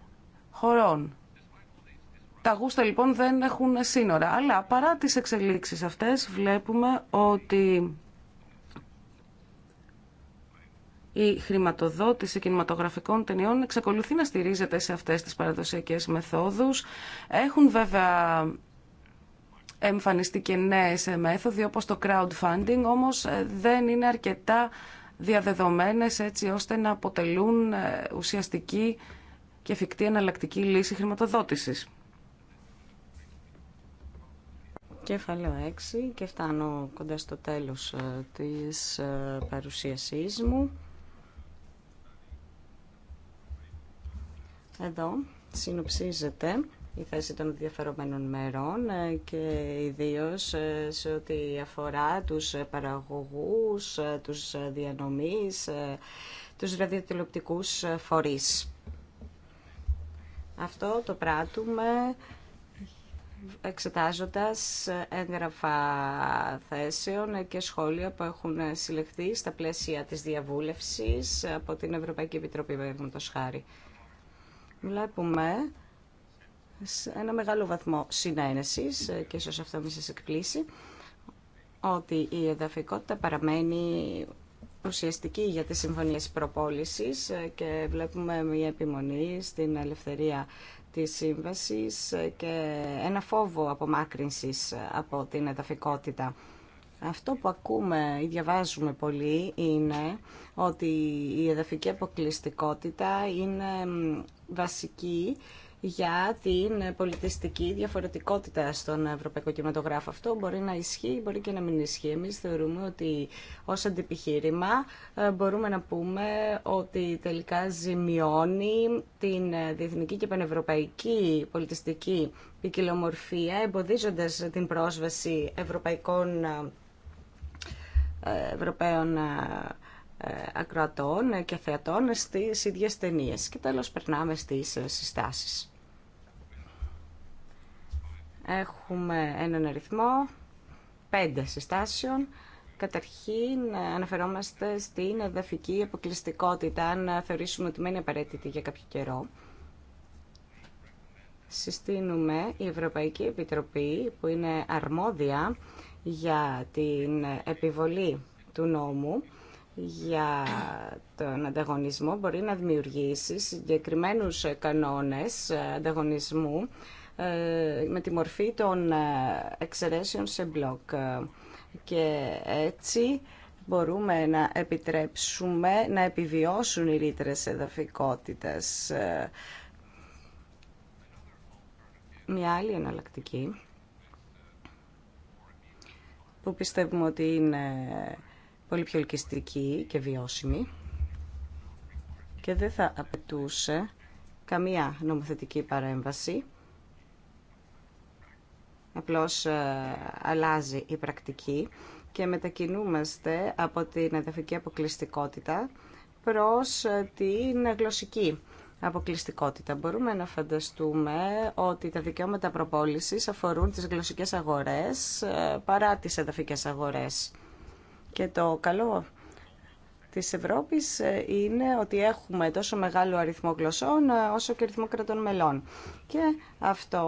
τα γούστα λοιπόν δεν έχουν σύνορα. Αλλά παρά τις εξελίξεις αυτές βλέπουμε ότι η χρηματοδότηση κινηματογραφικών ταινιών εξακολουθεί να στηρίζεται σε αυτές τις παραδοσιακές μεθόδους. Έχουν βέβαια εμφανιστεί και νέες μέθοδοι όπως το crowdfunding, όμως ε, δεν είναι αρκετά διαδεδομένες έτσι ώστε να αποτελούν ε, ουσιαστική και εφικτή εναλλακτική λύση χρηματοδότησης. Κεφαλαίο 6 και φτάνω κοντά στο τέλος ε, της ε, παρουσίασής μου. Εδώ συνοψίζεται η θέση των ενδιαφερομένων μέρων ε, και ιδίως σε ό,τι αφορά τους παραγωγούς, τους διανομής, τους ραδιοτηλεοπτικούς φορείς. Αυτό το πράττουμε εξετάζοντας έγγραφα θέσεων και σχόλια που έχουν συλλεχθεί στα πλαίσια της διαβούλευσης από την Ευρωπαϊκή Επιτροπή, το χάρη. Βλέπουμε σε ένα μεγάλο βαθμό συνένεσης και ίσως αυτό μην σας εκπλήσει ότι η εδαφικότητα παραμένει ουσιαστική για τις συμφωνίες προπόλησης ε, και βλέπουμε μια επιμονή στην ελευθερία της σύμβασης ε, και ένα φόβο απομάκρυνσης ε, από την εδαφικότητα. Αυτό που ακούμε ή διαβάζουμε πολύ είναι ότι η εδαφική αποκλειστικότητα είναι βασική για την πολιτιστική διαφορετικότητα στον Ευρωπαϊκό Κινηματογράφο. Αυτό μπορεί να ισχύει, μπορεί και να μην ισχύει. Εμεί. θεωρούμε ότι ως αντιπιχείρημα ε, μπορούμε να πούμε ότι τελικά ζημιώνει την ε, διεθνική και πανευρωπαϊκή πολιτιστική ποικιλομορφία, εμποδίζοντα την πρόσβαση ευρωπαϊκών ε, Ευρωπαίων ακροατών και θεατών στις ίδιες ταινίες. Και τέλος περνάμε στις συστάσεις έχουμε έναν αριθμό πέντε συστάσεων. Καταρχήν αναφερόμαστε στην εδαφική αποκλειστικότητα, αν θεωρήσουμε ότι μένει απαραίτητη για κάποιο καιρό. Συστήνουμε η Ευρωπαϊκή Επιτροπή, που είναι αρμόδια για την επιβολή του νόμου, για τον ανταγωνισμό, μπορεί να δημιουργήσει συγκεκριμένους κανόνες ανταγωνισμού, ε, με τη μορφή των ε, εξαιρέσεων σε μπλοκ. Και έτσι μπορούμε να επιτρέψουμε να επιβιώσουν οι ρήτρες εδαφικότητας. Ε, μια άλλη εναλλακτική που πιστεύουμε ότι είναι πολύ πιο ελκυστική και βιώσιμη και δεν θα απαιτούσε καμία νομοθετική παρέμβαση Απλώς ε, αλλάζει η πρακτική και μετακινούμαστε από την εδαφική αποκλειστικότητα προς ε, την γλωσσική αποκλειστικότητα. Μπορούμε να φανταστούμε ότι τα δικαιώματα προπόλησης αφορούν τις γλωσσικές αγορές ε, παρά τις εδαφικές αγορές. Και το καλό της Ευρώπης ε, είναι ότι έχουμε τόσο μεγάλο αριθμό γλωσσών ε, όσο και αριθμό κρατών μελών. Και αυτό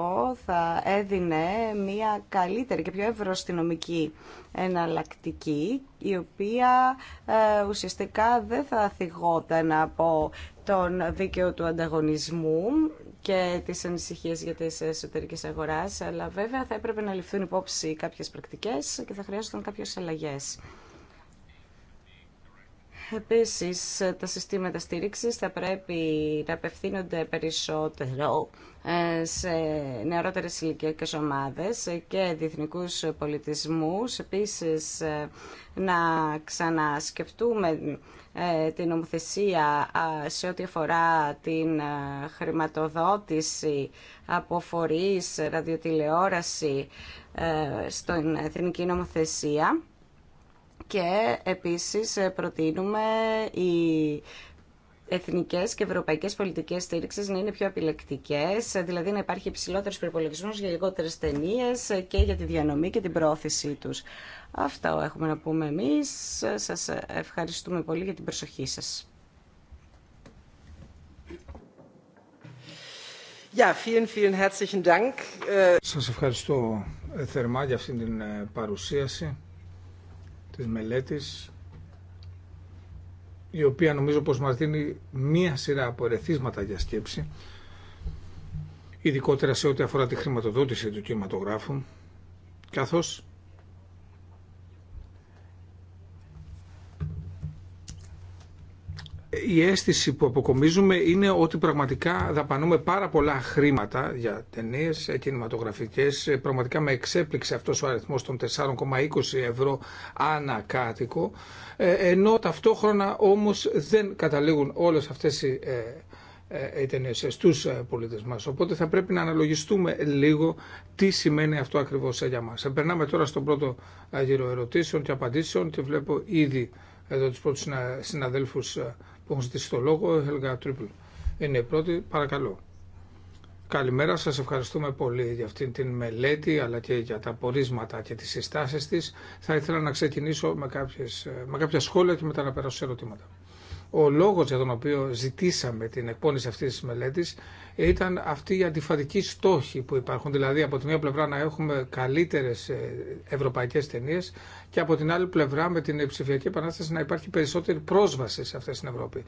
θα έδινε μια καλύτερη και πιο ευρωστηνομική εναλλακτική, η οποία ε, ουσιαστικά δεν θα θυγόταν από τον δίκαιο του ανταγωνισμού και τις ανησυχίες για τις εσωτερικές αγοράς, αλλά βέβαια θα έπρεπε να ληφθούν υπόψη κάποιες πρακτικές και θα χρειάζονταν κάποιες αλλαγές. Επίσης, τα συστήματα στήριξης θα πρέπει να απευθύνονται περισσότερο ε, σε νεαρότερες ηλικιακές ομάδες και διεθνικούς πολιτισμούς. Επίσης, ε, να ξανασκεφτούμε ε, την νομοθεσία σε ό,τι αφορά την χρηματοδότηση από φορείς, ραδιοτηλεόραση στην εθνική νομοθεσία και επίσης ε, προτείνουμε οι εθνικές και ευρωπαϊκές πολιτικές στήριξης να είναι πιο επιλεκτικέ, ε, δηλαδή να υπάρχει υψηλότερος προπολογισμό για λιγότερε ταινίε ε, και για τη διανομή και την πρόθεσή τους. Αυτά έχουμε να πούμε εμείς. Σας ευχαριστούμε πολύ για την προσοχή σας. Ja, vielen, vielen herzlichen Dank. Äh, σας ευχαριστώ θερμά για αυτή την παρουσίαση της μελέτης η οποία νομίζω πως μας δίνει μία σειρά από ερεθίσματα για σκέψη ειδικότερα σε ό,τι αφορά τη χρηματοδότηση του κινηματογράφου καθώς η αίσθηση που αποκομίζουμε είναι ότι πραγματικά δαπανούμε πάρα πολλά χρήματα για ταινίε κινηματογραφικέ. Πραγματικά με εξέπληξε αυτό ο αριθμό των 4,20 ευρώ ανά κάτοικο. Ε, ενώ ταυτόχρονα όμω δεν καταλήγουν όλε αυτέ οι ε, ε, οι ταινίες στους πολίτες μας. Οπότε θα πρέπει να αναλογιστούμε λίγο τι σημαίνει αυτό ακριβώς για μας. Περνάμε τώρα στον πρώτο γύρο ερωτήσεων και απαντήσεων και βλέπω ήδη εδώ τους πρώτους συναδέλφους που έχουν ζητήσει το λόγο. Helga Triple είναι η πρώτη. Παρακαλώ. Καλημέρα, σας ευχαριστούμε πολύ για αυτήν την μελέτη αλλά και για τα πορίσματα και τις συστάσεις της. Θα ήθελα να ξεκινήσω με, κάποιες, ε, με κάποια σχόλια και μετά να περάσω σε ερωτήματα. Ο λόγος για τον οποίο ζητήσαμε την εκπόνηση αυτής της μελέτης ήταν αυτοί οι αντιφατικοί στόχοι που υπάρχουν. Δηλαδή από τη μία πλευρά να έχουμε καλύτερε ευρωπαϊκέ ταινίε και από την άλλη πλευρά με την ψηφιακή επανάσταση να υπάρχει περισσότερη πρόσβαση σε αυτέ την Ευρώπη.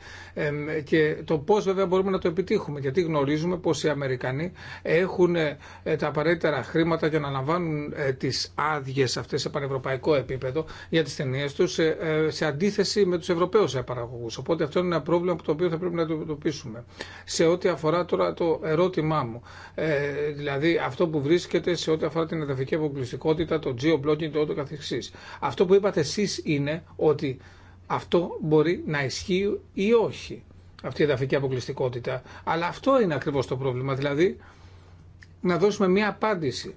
και το πώ βέβαια μπορούμε να το επιτύχουμε γιατί γνωρίζουμε πω οι Αμερικανοί έχουν ε, τα απαραίτητα χρήματα για να λαμβάνουν ε, τι άδειε αυτέ σε πανευρωπαϊκό επίπεδο για τι ταινίε τους ε, σε αντίθεση με του ευρωπαίου παραγωγού. Οπότε αυτό είναι ένα πρόβλημα που το οποίο θα πρέπει να το αντιμετωπίσουμε. Σε ό,τι αφορά τώρα το ερώτημά μου. Ε, δηλαδή αυτό που βρίσκεται σε ό,τι αφορά την εδαφική αποκλειστικότητα, το geo-blocking, το ό,τι καθεξής. Αυτό που είπατε εσείς είναι ότι αυτό μπορεί να ισχύει ή όχι αυτή η εδαφική αποκλειστικότητα. Αλλά αυτό είναι ακριβώς το πρόβλημα. Δηλαδή να δώσουμε μία απάντηση.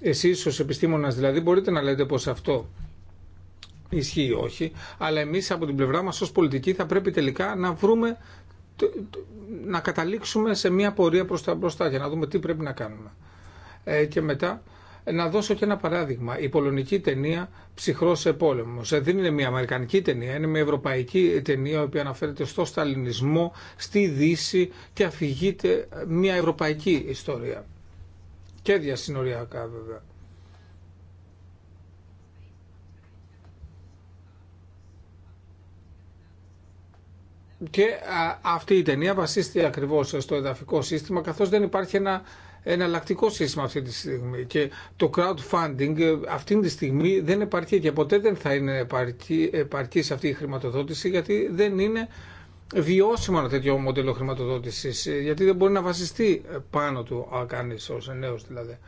Εσείς ως επιστήμονας δηλαδή μπορείτε να λέτε πως αυτό ισχύει ή όχι, αλλά εμείς από την πλευρά μας ως πολιτικοί θα πρέπει τελικά να βρούμε να καταλήξουμε σε μια πορεία προς τα μπροστά για να δούμε τι πρέπει να κάνουμε. Ε, και μετά να δώσω και ένα παράδειγμα. Η πολωνική ταινία Ψυχρό σε πόλεμο. Δεν είναι μια αμερικανική ταινία, είναι μια ευρωπαϊκή ταινία η οποία αναφέρεται στο σταλινισμό, στη Δύση και αφηγείται μια ευρωπαϊκή ιστορία. Και διασυνοριακά βέβαια. Και αυτή η ταινία βασίστηκε ακριβώς στο εδαφικό σύστημα καθώς δεν υπάρχει ένα εναλλακτικό σύστημα αυτή τη στιγμή και το crowdfunding ε, αυτή τη στιγμή δεν επαρκεί και ποτέ δεν θα είναι επαρκή, σε αυτή η χρηματοδότηση γιατί δεν είναι βιώσιμο ένα τέτοιο μοντέλο χρηματοδότησης ε, γιατί δεν μπορεί να βασιστεί πάνω του κανείς ως νέος δηλαδή.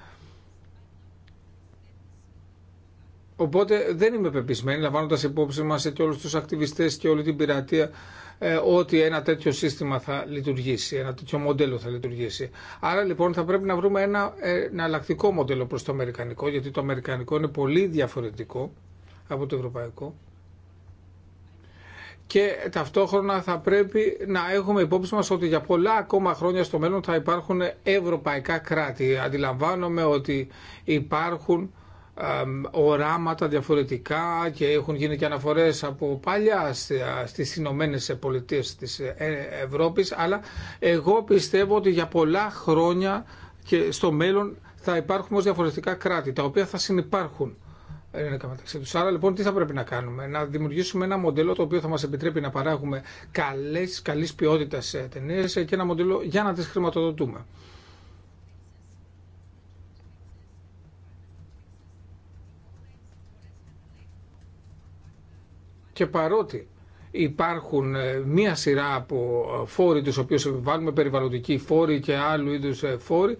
Οπότε δεν είμαι πεπισμένη, λαμβάνοντα υπόψη μα και όλου του ακτιβιστέ και όλη την πειρατεία ε, ότι ένα τέτοιο σύστημα θα λειτουργήσει, ένα τέτοιο μοντέλο θα λειτουργήσει. Άρα λοιπόν θα πρέπει να βρούμε ένα εναλλακτικό μοντέλο προς το αμερικανικό, γιατί το αμερικανικό είναι πολύ διαφορετικό από το ευρωπαϊκό και ταυτόχρονα θα πρέπει να έχουμε υπόψη μας ότι για πολλά ακόμα χρόνια στο μέλλον θα υπάρχουν ευρωπαϊκά κράτη. Αντιλαμβάνομαι ότι υπάρχουν οράματα διαφορετικά και έχουν γίνει και αναφορές από παλιά στις Ηνωμένε Πολιτείες της ε, ε, Ευρώπης αλλά εγώ πιστεύω ότι για πολλά χρόνια και στο μέλλον θα υπάρχουν ως διαφορετικά κράτη τα οποία θα συνεπάρχουν ε, μεταξύ τους. Άρα λοιπόν τι θα πρέπει να κάνουμε, να δημιουργήσουμε ένα μοντέλο το οποίο θα μας επιτρέπει να παράγουμε καλές, καλής ποιότητας ταινίες και ένα μοντέλο για να τις χρηματοδοτούμε. και παρότι υπάρχουν ε, μία σειρά από ε, φόροι τους οποίους επιβάλλουμε, περιβαλλοντικοί φόροι και άλλου είδους ε, φόροι,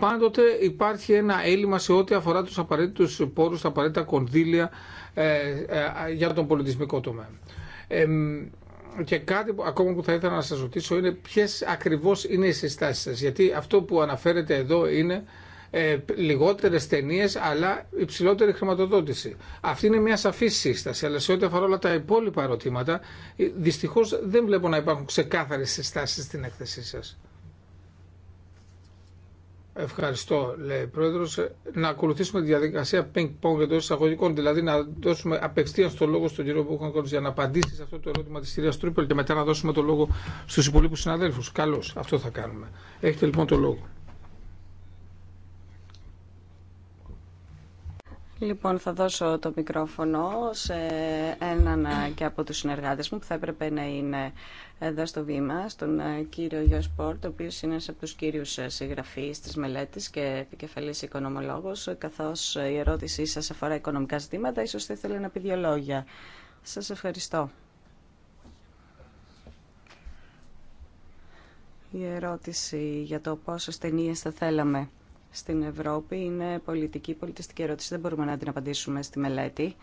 πάντοτε υπάρχει ένα έλλειμμα σε ό,τι αφορά τους απαραίτητους πόρους, τα απαραίτητα κονδύλια για τον πολιτισμικό τομέα. Και κάτι που, ακόμα που θα ήθελα να σας ρωτήσω είναι ποιες ακριβώς είναι οι συστάσεις σας. Γιατί αυτό που αναφέρεται εδώ είναι ε, λιγότερε ταινίε αλλά υψηλότερη χρηματοδότηση. Αυτή είναι μια σαφή σύσταση, αλλά σε ό,τι αφορά όλα τα υπόλοιπα ερωτήματα, ε, δυστυχώ δεν βλέπω να υπάρχουν ξεκάθαρε συστάσει στην έκθεσή σα. Ευχαριστώ, λέει ο Πρόεδρο. Ε, να ακολουθήσουμε τη διαδικασία ping-pong εντό εισαγωγικών, δηλαδή να δώσουμε απευθεία το λόγο στον κύριο Μπούχαν για να απαντήσει σε αυτό το ερώτημα τη κυρία Τρούπελ και μετά να δώσουμε το λόγο στου υπολείπου συναδέλφου. Καλώ, αυτό θα κάνουμε. Έχετε λοιπόν το λόγο. Λοιπόν, θα δώσω το μικρόφωνο σε έναν και από τους συνεργάτες μου που θα έπρεπε να είναι εδώ στο βήμα, στον ε, κύριο Γιώργο Πόρτ, ο οποίος είναι ένας από τους κύριους ε, συγγραφείς της μελέτης και επικεφαλής οικονομολόγος, καθώς η ερώτησή σας αφορά οικονομικά ζητήματα, ίσως θα ήθελα να πει δύο λόγια. Σας ευχαριστώ. Η ερώτηση για το πόσο ταινίε θα θέλαμε στην Ευρώπη είναι πολιτική, πολιτιστική ερώτηση. Δεν μπορούμε να την απαντήσουμε στη μελέτη.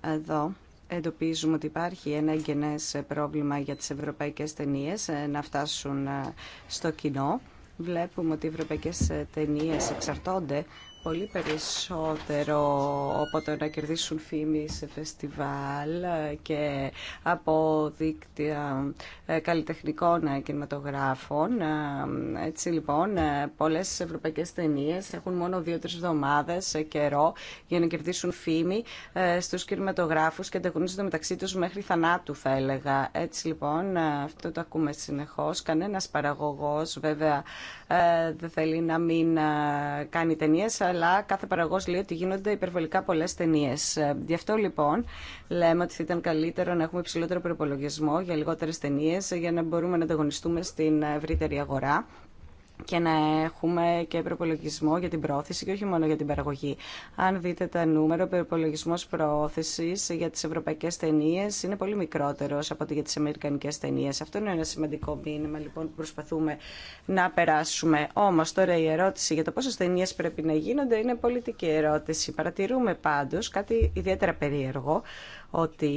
Εδώ εντοπίζουμε ότι υπάρχει ένα εγγενές πρόβλημα για τις ευρωπαϊκές ταινίες ε, να φτάσουν ε, στο κοινό. Βλέπουμε ότι οι ευρωπαϊκές ε, ταινίες εξαρτώνται πολύ περισσότερο από το να κερδίσουν φήμη σε φεστιβάλ και από δίκτυα ε, καλλιτεχνικών κινηματογράφων. Ε, έτσι λοιπόν, ε, πολλές ευρωπαϊκέ ταινίες έχουν μόνο δύο-τρεις εβδομάδες καιρό για να κερδίσουν φήμη στους κινηματογράφους και ανταγωνίζονται μεταξύ τους μέχρι θανάτου θα έλεγα. Έτσι λοιπόν, αυτό το ακούμε συνεχώς. Κανένας παραγωγός βέβαια δεν θέλει να μην κάνει ταινίες, αλλά κάθε παραγωγός λέει ότι γίνονται υπερβολικά πολλές ταινίε. Ε, γι' αυτό λοιπόν λέμε ότι θα ήταν καλύτερο να έχουμε υψηλότερο προπολογισμό για λιγότερες ταινίε ε, για να μπορούμε να ανταγωνιστούμε στην ε, ευρύτερη αγορά και να έχουμε και προπολογισμό για την πρόθεση και όχι μόνο για την παραγωγή. Αν δείτε τα νούμερα, ο προπολογισμό πρόθεση για τι ευρωπαϊκέ ταινίε είναι πολύ μικρότερο από ότι για τι αμερικανικέ ταινίε. Αυτό είναι ένα σημαντικό μήνυμα λοιπόν που προσπαθούμε να περάσουμε. Όμω τώρα η ερώτηση για το πόσε ταινίε πρέπει να γίνονται είναι πολιτική ερώτηση. Παρατηρούμε πάντω κάτι ιδιαίτερα περίεργο ότι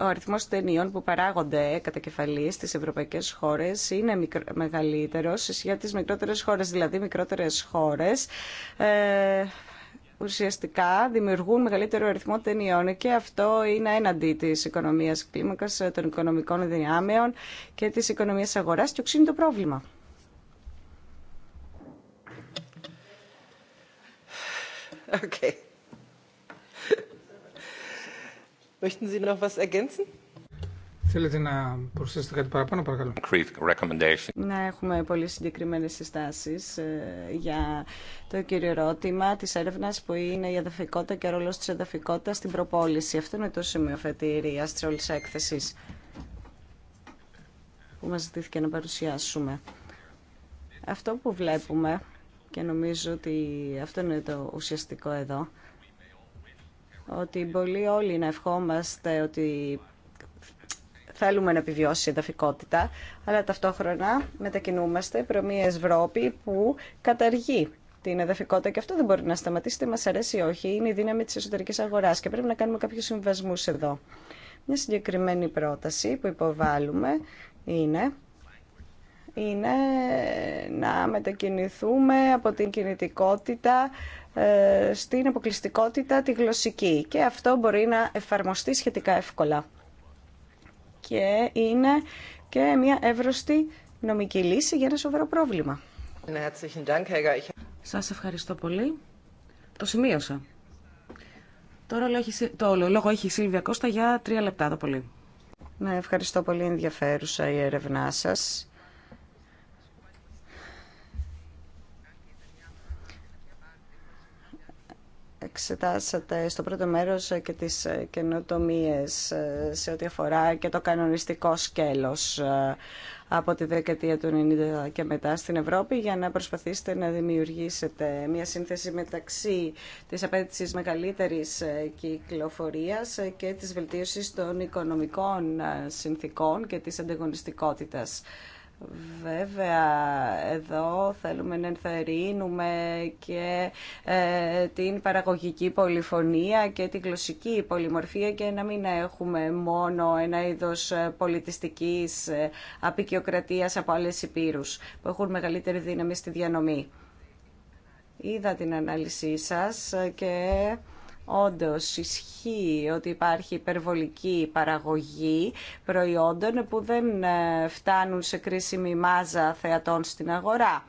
ο αριθμός ταινιών που παράγονται κατά κεφαλή στις ευρωπαϊκές χώρες είναι σε σχέση με τις μικρότερες χώρες. Δηλαδή, μικρότερες χώρες ε, ουσιαστικά δημιουργούν μεγαλύτερο αριθμό ταινιών και αυτό είναι έναντι της οικονομίας κλίμακας, ε, των οικονομικών δυνάμεων και της οικονομίας αγοράς και οξύνει το πρόβλημα. Okay. Möchten Θέλετε να προσθέσετε κάτι παραπάνω, παρακαλώ. Να έχουμε πολύ συγκεκριμένες συστάσεις ε, για το κύριο ερώτημα τη έρευνα που είναι η αδαφικότητα και ο ρόλο τη αδαφικότητας στην προπόληση. Αυτό είναι το σημείο φετήρια τη όλη έκθεση που μας ζητήθηκε να παρουσιάσουμε. Αυτό που βλέπουμε και νομίζω ότι αυτό είναι το ουσιαστικό εδώ ότι μπορεί όλοι να ευχόμαστε ότι θέλουμε να επιβιώσει η εδαφικότητα, αλλά ταυτόχρονα μετακινούμαστε προ μια Ευρώπη που καταργεί την εδαφικότητα και αυτό δεν μπορεί να σταματήσει, μα αρέσει ή όχι, είναι η δύναμη της εσωτερικής αγοράς και πρέπει να κάνουμε κάποιους συμβασμούς εδώ. Μια συγκεκριμένη πρόταση που υποβάλλουμε είναι είναι να μετακινηθούμε από την κινητικότητα ε, στην αποκλειστικότητα τη γλωσσική και αυτό μπορεί να εφαρμοστεί σχετικά εύκολα. Και είναι και μια εύρωστη νομική λύση για ένα σοβαρό πρόβλημα. Ναι, σας ευχαριστώ πολύ. Το σημείωσα. Τώρα το λόγο έχει η Σίλβια Κώστα για τρία λεπτά το πολύ. Ναι, ευχαριστώ πολύ ενδιαφέρουσα η έρευνά σας εξετάσατε στο πρώτο μέρος και τις καινοτομίες ε, σε ό,τι αφορά και το κανονιστικό σκέλος ε, από τη δεκαετία του 90 και μετά στην Ευρώπη για να προσπαθήσετε να δημιουργήσετε μια σύνθεση μεταξύ της απέτησης μεγαλύτερης ε, κυκλοφορίας και της βελτίωσης των οικονομικών συνθήκων και της ανταγωνιστικότητας. Βέβαια, εδώ θέλουμε να ενθαρρύνουμε και ε, την παραγωγική πολυφωνία και την γλωσσική πολυμορφία και να μην έχουμε μόνο ένα είδος ε, πολιτιστικής ε, απεικιοκρατίας από άλλες υπήρους που έχουν μεγαλύτερη δύναμη στη διανομή. Είδα την ανάλυση σας και Όντως ισχύει ότι υπάρχει υπερβολική παραγωγή προϊόντων που δεν ε, φτάνουν σε κρίσιμη μάζα θεατών στην αγορά.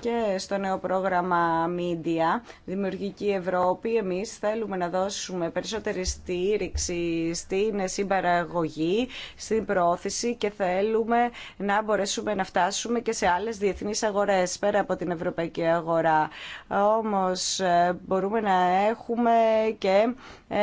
και στο νέο πρόγραμμα Media Δημιουργική Ευρώπη εμείς θέλουμε να δώσουμε περισσότερη στήριξη στην συμπαραγωγή, στην πρόθεση και θέλουμε να μπορέσουμε να φτάσουμε και σε άλλες διεθνείς αγορές πέρα από την ευρωπαϊκή αγορά. Όμως ε, μπορούμε να έχουμε και ε,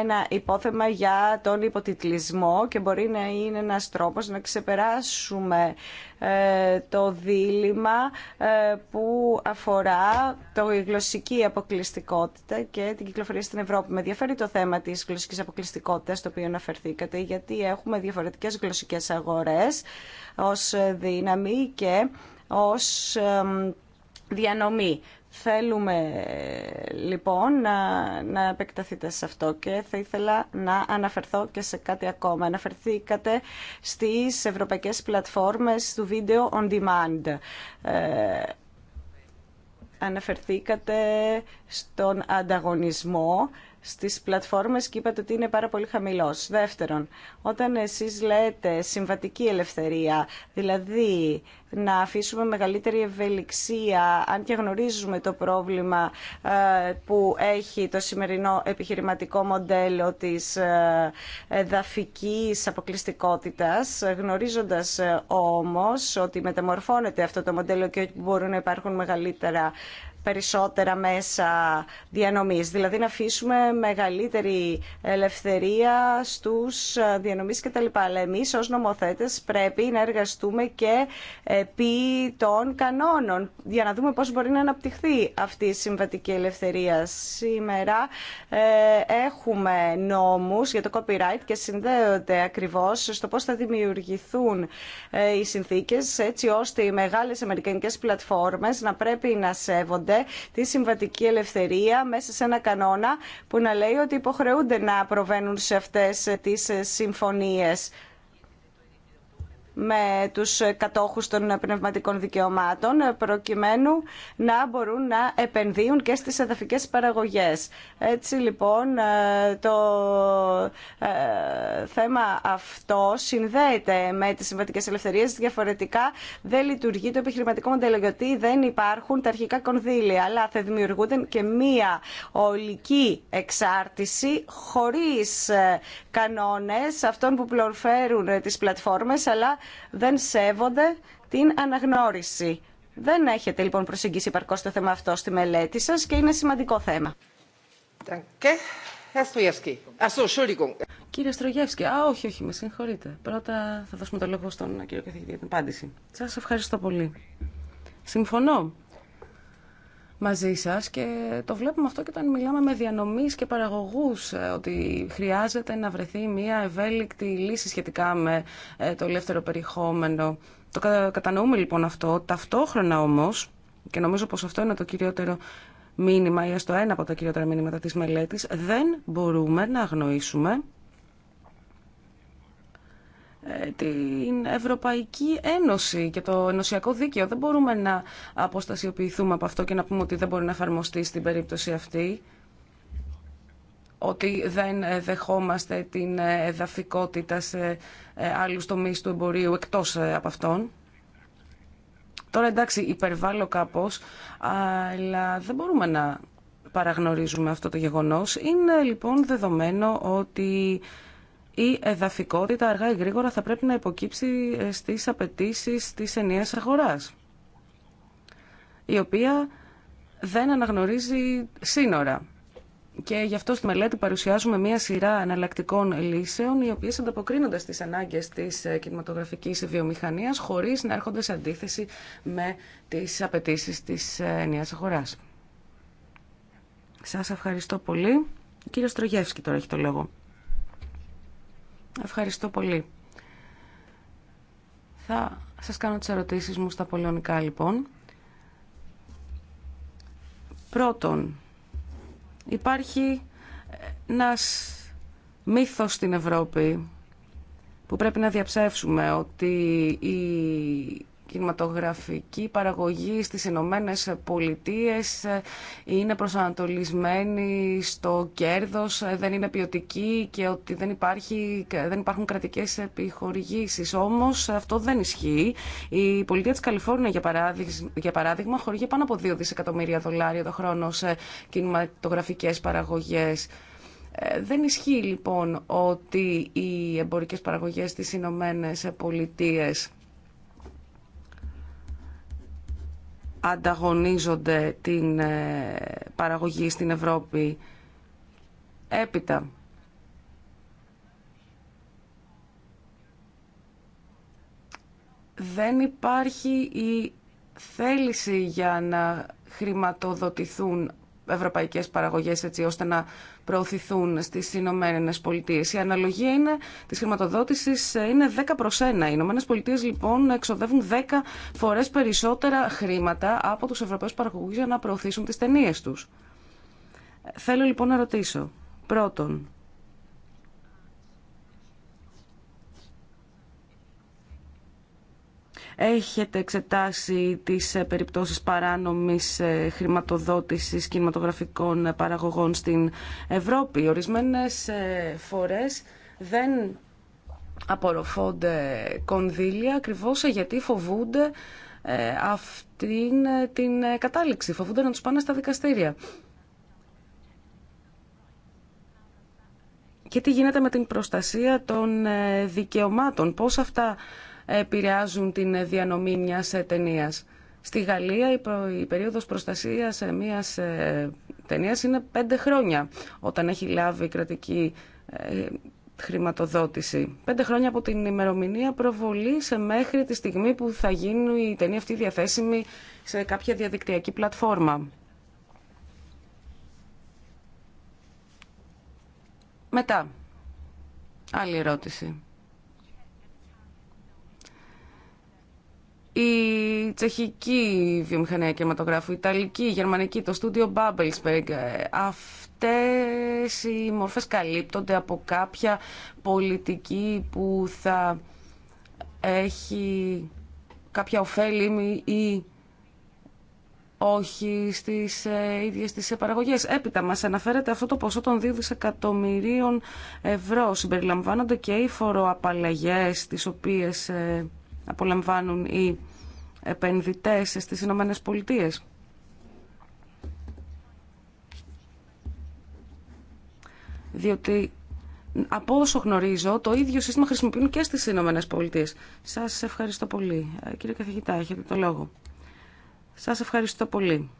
ένα υπόθεμα για τον υποτιτλισμό και μπορεί να είναι ένας τρόπος να ξεπεράσουμε ε, το δίλημα ε, που αφορά το γλωσσική αποκλειστικότητα και την κυκλοφορία στην Ευρώπη. Με ενδιαφέρει το θέμα της γλωσσικής αποκλειστικότητας, το οποίο αναφερθήκατε, γιατί έχουμε διαφορετικές γλωσσικές αγορές ως δύναμη και ως διανομή. Θέλουμε λοιπόν να, να επεκταθείτε σε αυτό και θα ήθελα να αναφερθώ και σε κάτι ακόμα. Αναφερθήκατε στις ευρωπαϊκές πλατφόρμες του Video On Demand. Ε, αναφερθήκατε στον ανταγωνισμό στις πλατφόρμες και είπατε ότι είναι πάρα πολύ χαμηλός. Δεύτερον, όταν εσείς λέτε συμβατική ελευθερία, δηλαδή να αφήσουμε μεγαλύτερη ευελιξία, αν και γνωρίζουμε το πρόβλημα ε, που έχει το σημερινό επιχειρηματικό μοντέλο της ε, δαφικής αποκλειστικότητας, γνωρίζοντας ε, όμως ότι μεταμορφώνεται αυτό το μοντέλο και μπορούν να υπάρχουν μεγαλύτερα περισσότερα μέσα διανομής, δηλαδή να αφήσουμε μεγαλύτερη ελευθερία στους ε, διανομής κτλ. Αλλά εμείς ως νομοθέτες πρέπει να εργαστούμε και επί των κανόνων για να δούμε πώς μπορεί να αναπτυχθεί αυτή η συμβατική ελευθερία. Σήμερα ε, έχουμε νόμους για το copyright και συνδέονται ακριβώς στο πώς θα δημιουργηθούν ε, οι συνθήκες έτσι ώστε οι μεγάλες αμερικανικές πλατφόρμες να πρέπει να σέβονται τη συμβατική ελευθερία μέσα σε ένα κανόνα που να λέει ότι υποχρεούνται να προβαίνουν σε αυτές τις συμφωνίες με τους κατόχους των πνευματικών δικαιωμάτων προκειμένου να μπορούν να επενδύουν και στις εδαφικές παραγωγές. Έτσι λοιπόν ε, το ε, θέμα αυτό συνδέεται με τις συμβατικές ελευθερίες διαφορετικά δεν λειτουργεί το επιχειρηματικό μοντέλο γιατί δεν υπάρχουν τα αρχικά κονδύλια αλλά θα δημιουργούνται και μία ολική εξάρτηση χωρίς ε, κανόνες αυτών που πληροφέρουν τις πλατφόρμες αλλά δεν σέβονται την αναγνώριση. Δεν έχετε λοιπόν προσεγγίσει παρκώ το θέμα αυτό στη μελέτη σα και είναι σημαντικό θέμα. Κύριε Στρογεύσκη, α όχι, όχι, με συγχωρείτε. Πρώτα θα δώσουμε το λόγο στον κύριο καθηγητή για την απάντηση. Σα ευχαριστώ πολύ. Συμφωνώ μαζί σας και το βλέπουμε αυτό και όταν μιλάμε με διανομής και παραγωγούς ε, ότι χρειάζεται να βρεθεί μια ευέλικτη λύση σχετικά με ε, το ελεύθερο περιεχόμενο. Το κατανοούμε λοιπόν αυτό. Ταυτόχρονα όμως, και νομίζω πως αυτό είναι το κυριότερο μήνυμα ή έστω ένα από τα κυριότερα μήνυματα της μελέτης, δεν μπορούμε να αγνοήσουμε ε, την Ευρωπαϊκή Ένωση και το ενωσιακό δίκαιο. Δεν μπορούμε να αποστασιοποιηθούμε από αυτό και να πούμε ότι δεν μπορεί να εφαρμοστεί στην περίπτωση αυτή ότι δεν δεχόμαστε την εδαφικότητα σε ε, άλλους τομείς του εμπορίου εκτός ε, από αυτόν. Τώρα εντάξει υπερβάλλω κάπως, αλλά δεν μπορούμε να παραγνωρίζουμε αυτό το γεγονός. Είναι λοιπόν δεδομένο ότι η εδαφικότητα αργά ή γρήγορα θα πρέπει να υποκύψει ε, στις απαιτήσει της ενιαίας αγοράς, η γρηγορα θα πρεπει να υποκυψει στις απαιτησεις της ενιαιας αγορας η οποια δεν αναγνωρίζει σύνορα. Και γι' αυτό στη μελέτη παρουσιάζουμε μία σειρά εναλλακτικών λύσεων, οι οποίες ανταποκρίνονται στις ανάγκες της ε, κινηματογραφικής βιομηχανίας, χωρίς να έρχονται σε αντίθεση με τις απαιτήσει της ε, ενιαίας αγοράς. Σας ευχαριστώ πολύ. Ο Στρογεύσκη τώρα έχει το λόγο. Ευχαριστώ πολύ. Θα σας κάνω τις ερωτήσεις μου στα πολωνικά λοιπόν. Πρώτον, υπάρχει ένας μύθος στην Ευρώπη που πρέπει να διαψεύσουμε ότι η κινηματογραφική παραγωγή στις Ηνωμένε Πολιτείε είναι προσανατολισμένη στο κέρδος, δεν είναι ποιοτική και ότι δεν, υπάρχει, δεν υπάρχουν κρατικές επιχορηγήσεις. Όμως αυτό δεν ισχύει. Η πολιτεία της Καλιφόρνια για παράδειγμα, χορηγεί πάνω από 2 δισεκατομμύρια δολάρια το χρόνο σε κινηματογραφικές παραγωγές. Ε, δεν ισχύει λοιπόν ότι οι εμπορικές παραγωγές στις Ηνωμένε Πολιτείες ανταγωνίζονται την ε, παραγωγή στην Ευρώπη. Έπειτα, δεν υπάρχει η θέληση για να χρηματοδοτηθούν ευρωπαϊκές παραγωγές έτσι ώστε να προωθηθούν στις Ηνωμένε Πολιτείε. Η αναλογία είναι, της χρηματοδότησης είναι 10 προ 1. Οι Ηνωμένε Πολιτείε λοιπόν εξοδεύουν 10 φορέ περισσότερα χρήματα από του Ευρωπαίου Παραγωγού για να προωθήσουν τι ταινίε του. Θέλω λοιπόν να ρωτήσω. Πρώτον, Έχετε εξετάσει τις ε, περιπτώσεις παράνομης ε, χρηματοδότησης κινηματογραφικών ε, παραγωγών στην Ευρώπη. Ορισμένες φορές δεν απορροφώνται κονδύλια ακριβώς γιατί φοβούνται αυτήν την κατάληξη. Φοβούνται να τους πάνε στα δικαστήρια. Και τι γίνεται με την προστασία των δικαιωμάτων. Πώς αυτά επηρεάζουν την διανομή μιας ταινία. Στη Γαλλία η περίοδος προστασίας ε, μιας ε, ταινία είναι πέντε χρόνια όταν έχει λάβει κρατική ε, χρηματοδότηση. Πέντε χρόνια από την ημερομηνία προβολή μέχρι τη στιγμή που θα γίνει η ταινία αυτή διαθέσιμη σε κάποια διαδικτυακή πλατφόρμα. Μετά. Άλλη ερώτηση. η τσεχική βιομηχανία κινηματογράφου, η ιταλική, η γερμανική, το στούντιο Babelsberg, ε, αυτές οι μορφές καλύπτονται από κάποια πολιτική που θα έχει κάποια ωφέλη ή όχι στις ε, ίδιες τις παραγωγές. Έπειτα μας αναφέρεται αυτό το ποσό των 2 δισεκατομμυρίων ευρώ. Συμπεριλαμβάνονται και οι φοροαπαλλαγές τις οποίες ε, απολαμβάνουν οι επενδυτές στις Ηνωμένε Πολιτείες. Διότι από όσο γνωρίζω, το ίδιο σύστημα χρησιμοποιούν και στις Ηνωμένε Πολιτείες. Σας ευχαριστώ πολύ. Ε, κύριε Καθηγητά, έχετε το λόγο. Σας ευχαριστώ πολύ.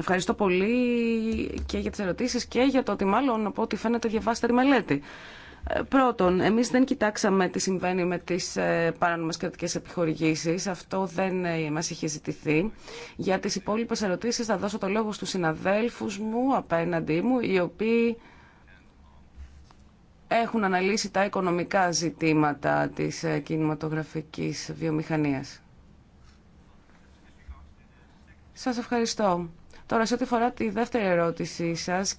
Ευχαριστώ πολύ και για τις ερωτήσεις και για το ότι μάλλον από ό,τι φαίνεται διαβάστερη μελέτη. Πρώτον, εμείς δεν κοιτάξαμε τι συμβαίνει με τις ε, παράνομες κρατικές επιχορηγήσεις. Αυτό δεν ε, μας είχε ζητηθεί. Για τις υπόλοιπες ερωτήσεις θα δώσω το λόγο στους συναδέλφους μου απέναντί μου, οι οποίοι έχουν αναλύσει τα οικονομικά ζητήματα της ε, κινηματογραφικής βιομηχανίας. Σας ευχαριστώ. Τώρα, σε ό,τι φορά τη δεύτερη ερώτησή σας,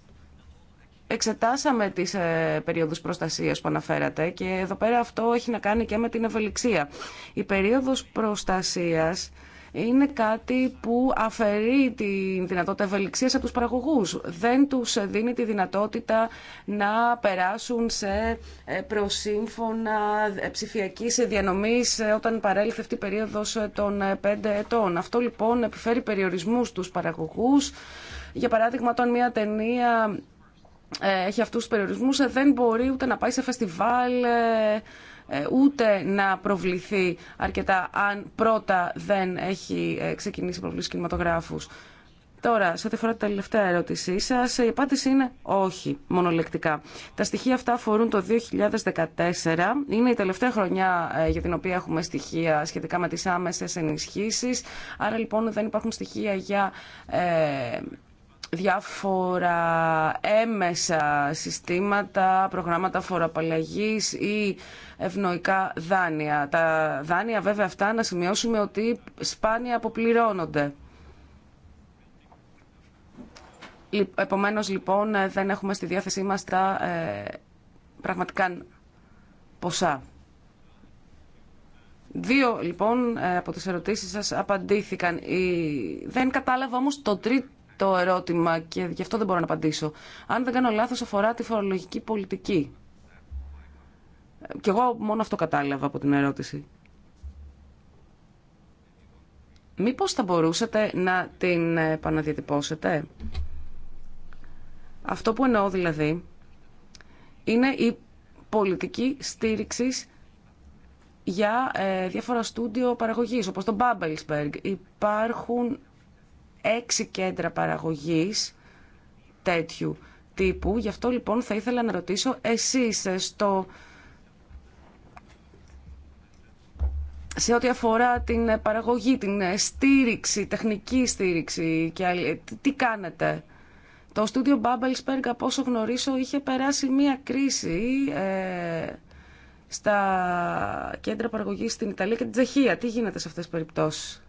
εξετάσαμε τις ε, περίοδους προστασίας που αναφέρατε και εδώ πέρα αυτό έχει να κάνει και με την ευελιξία. Η περίοδος προστασίας είναι κάτι που αφαιρεί τη δυνατότητα ευελιξίας από τους παραγωγούς. Δεν τους δίνει τη δυνατότητα να περάσουν σε ε, προσύμφωνα ε, ψηφιακή διανομή ε, όταν παρέλθε αυτή η περίοδος των πέντε ετών. Αυτό λοιπόν επιφέρει περιορισμούς στους παραγωγούς. Για παράδειγμα, όταν μια ταινία ε, έχει αυτούς τους περιορισμούς, ε, δεν μπορεί ούτε να πάει σε φεστιβάλ, ε, ούτε να προβληθεί αρκετά αν πρώτα δεν έχει ξεκινήσει η προβλήση Τώρα, σε ό,τι αφορά την τελευταία ερώτησή σα, η απάντηση είναι όχι, μονολεκτικά. Τα στοιχεία αυτά αφορούν το 2014. Είναι η τελευταία χρονιά για την οποία έχουμε στοιχεία σχετικά με τι άμεσε ενισχύσει. Άρα, λοιπόν, δεν υπάρχουν στοιχεία για διάφορα έμεσα συστήματα, προγράμματα φοροαπαλλαγής ή ευνοϊκά δάνεια. Τα δάνεια βέβαια αυτά να σημειώσουμε ότι σπάνια αποπληρώνονται. Επομένως λοιπόν ε, δεν έχουμε στη διάθεσή μας τα ε, πραγματικά ποσά. Δύο λοιπόν ε, από τις ερωτήσεις σας απαντήθηκαν. Δεν κατάλαβα όμως το τρίτο το ερώτημα και γι' αυτό δεν μπορώ να απαντήσω. Αν δεν κάνω λάθος αφορά τη φορολογική πολιτική. Κι εγώ μόνο αυτό κατάλαβα από την ερώτηση. Μήπως θα μπορούσατε να την επαναδιατυπώσετε. Αυτό που εννοώ δηλαδή είναι η πολιτική στήριξη για ε, διάφορα στούντιο παραγωγής, όπως το Babelsberg. Υπάρχουν έξι κέντρα παραγωγής τέτοιου τύπου. Γι' αυτό λοιπόν θα ήθελα να ρωτήσω εσείς ε, σε ό,τι αφορά την παραγωγή, την ε, στήριξη, τεχνική στήριξη και άλλη, ε, τι κάνετε. Το στούντιο Μπάμπελσπεργκ, από όσο γνωρίζω, είχε περάσει μία κρίση ε, στα κέντρα παραγωγής στην Ιταλία και την Τσεχία. Τι γίνεται σε αυτές τις περιπτώσεις.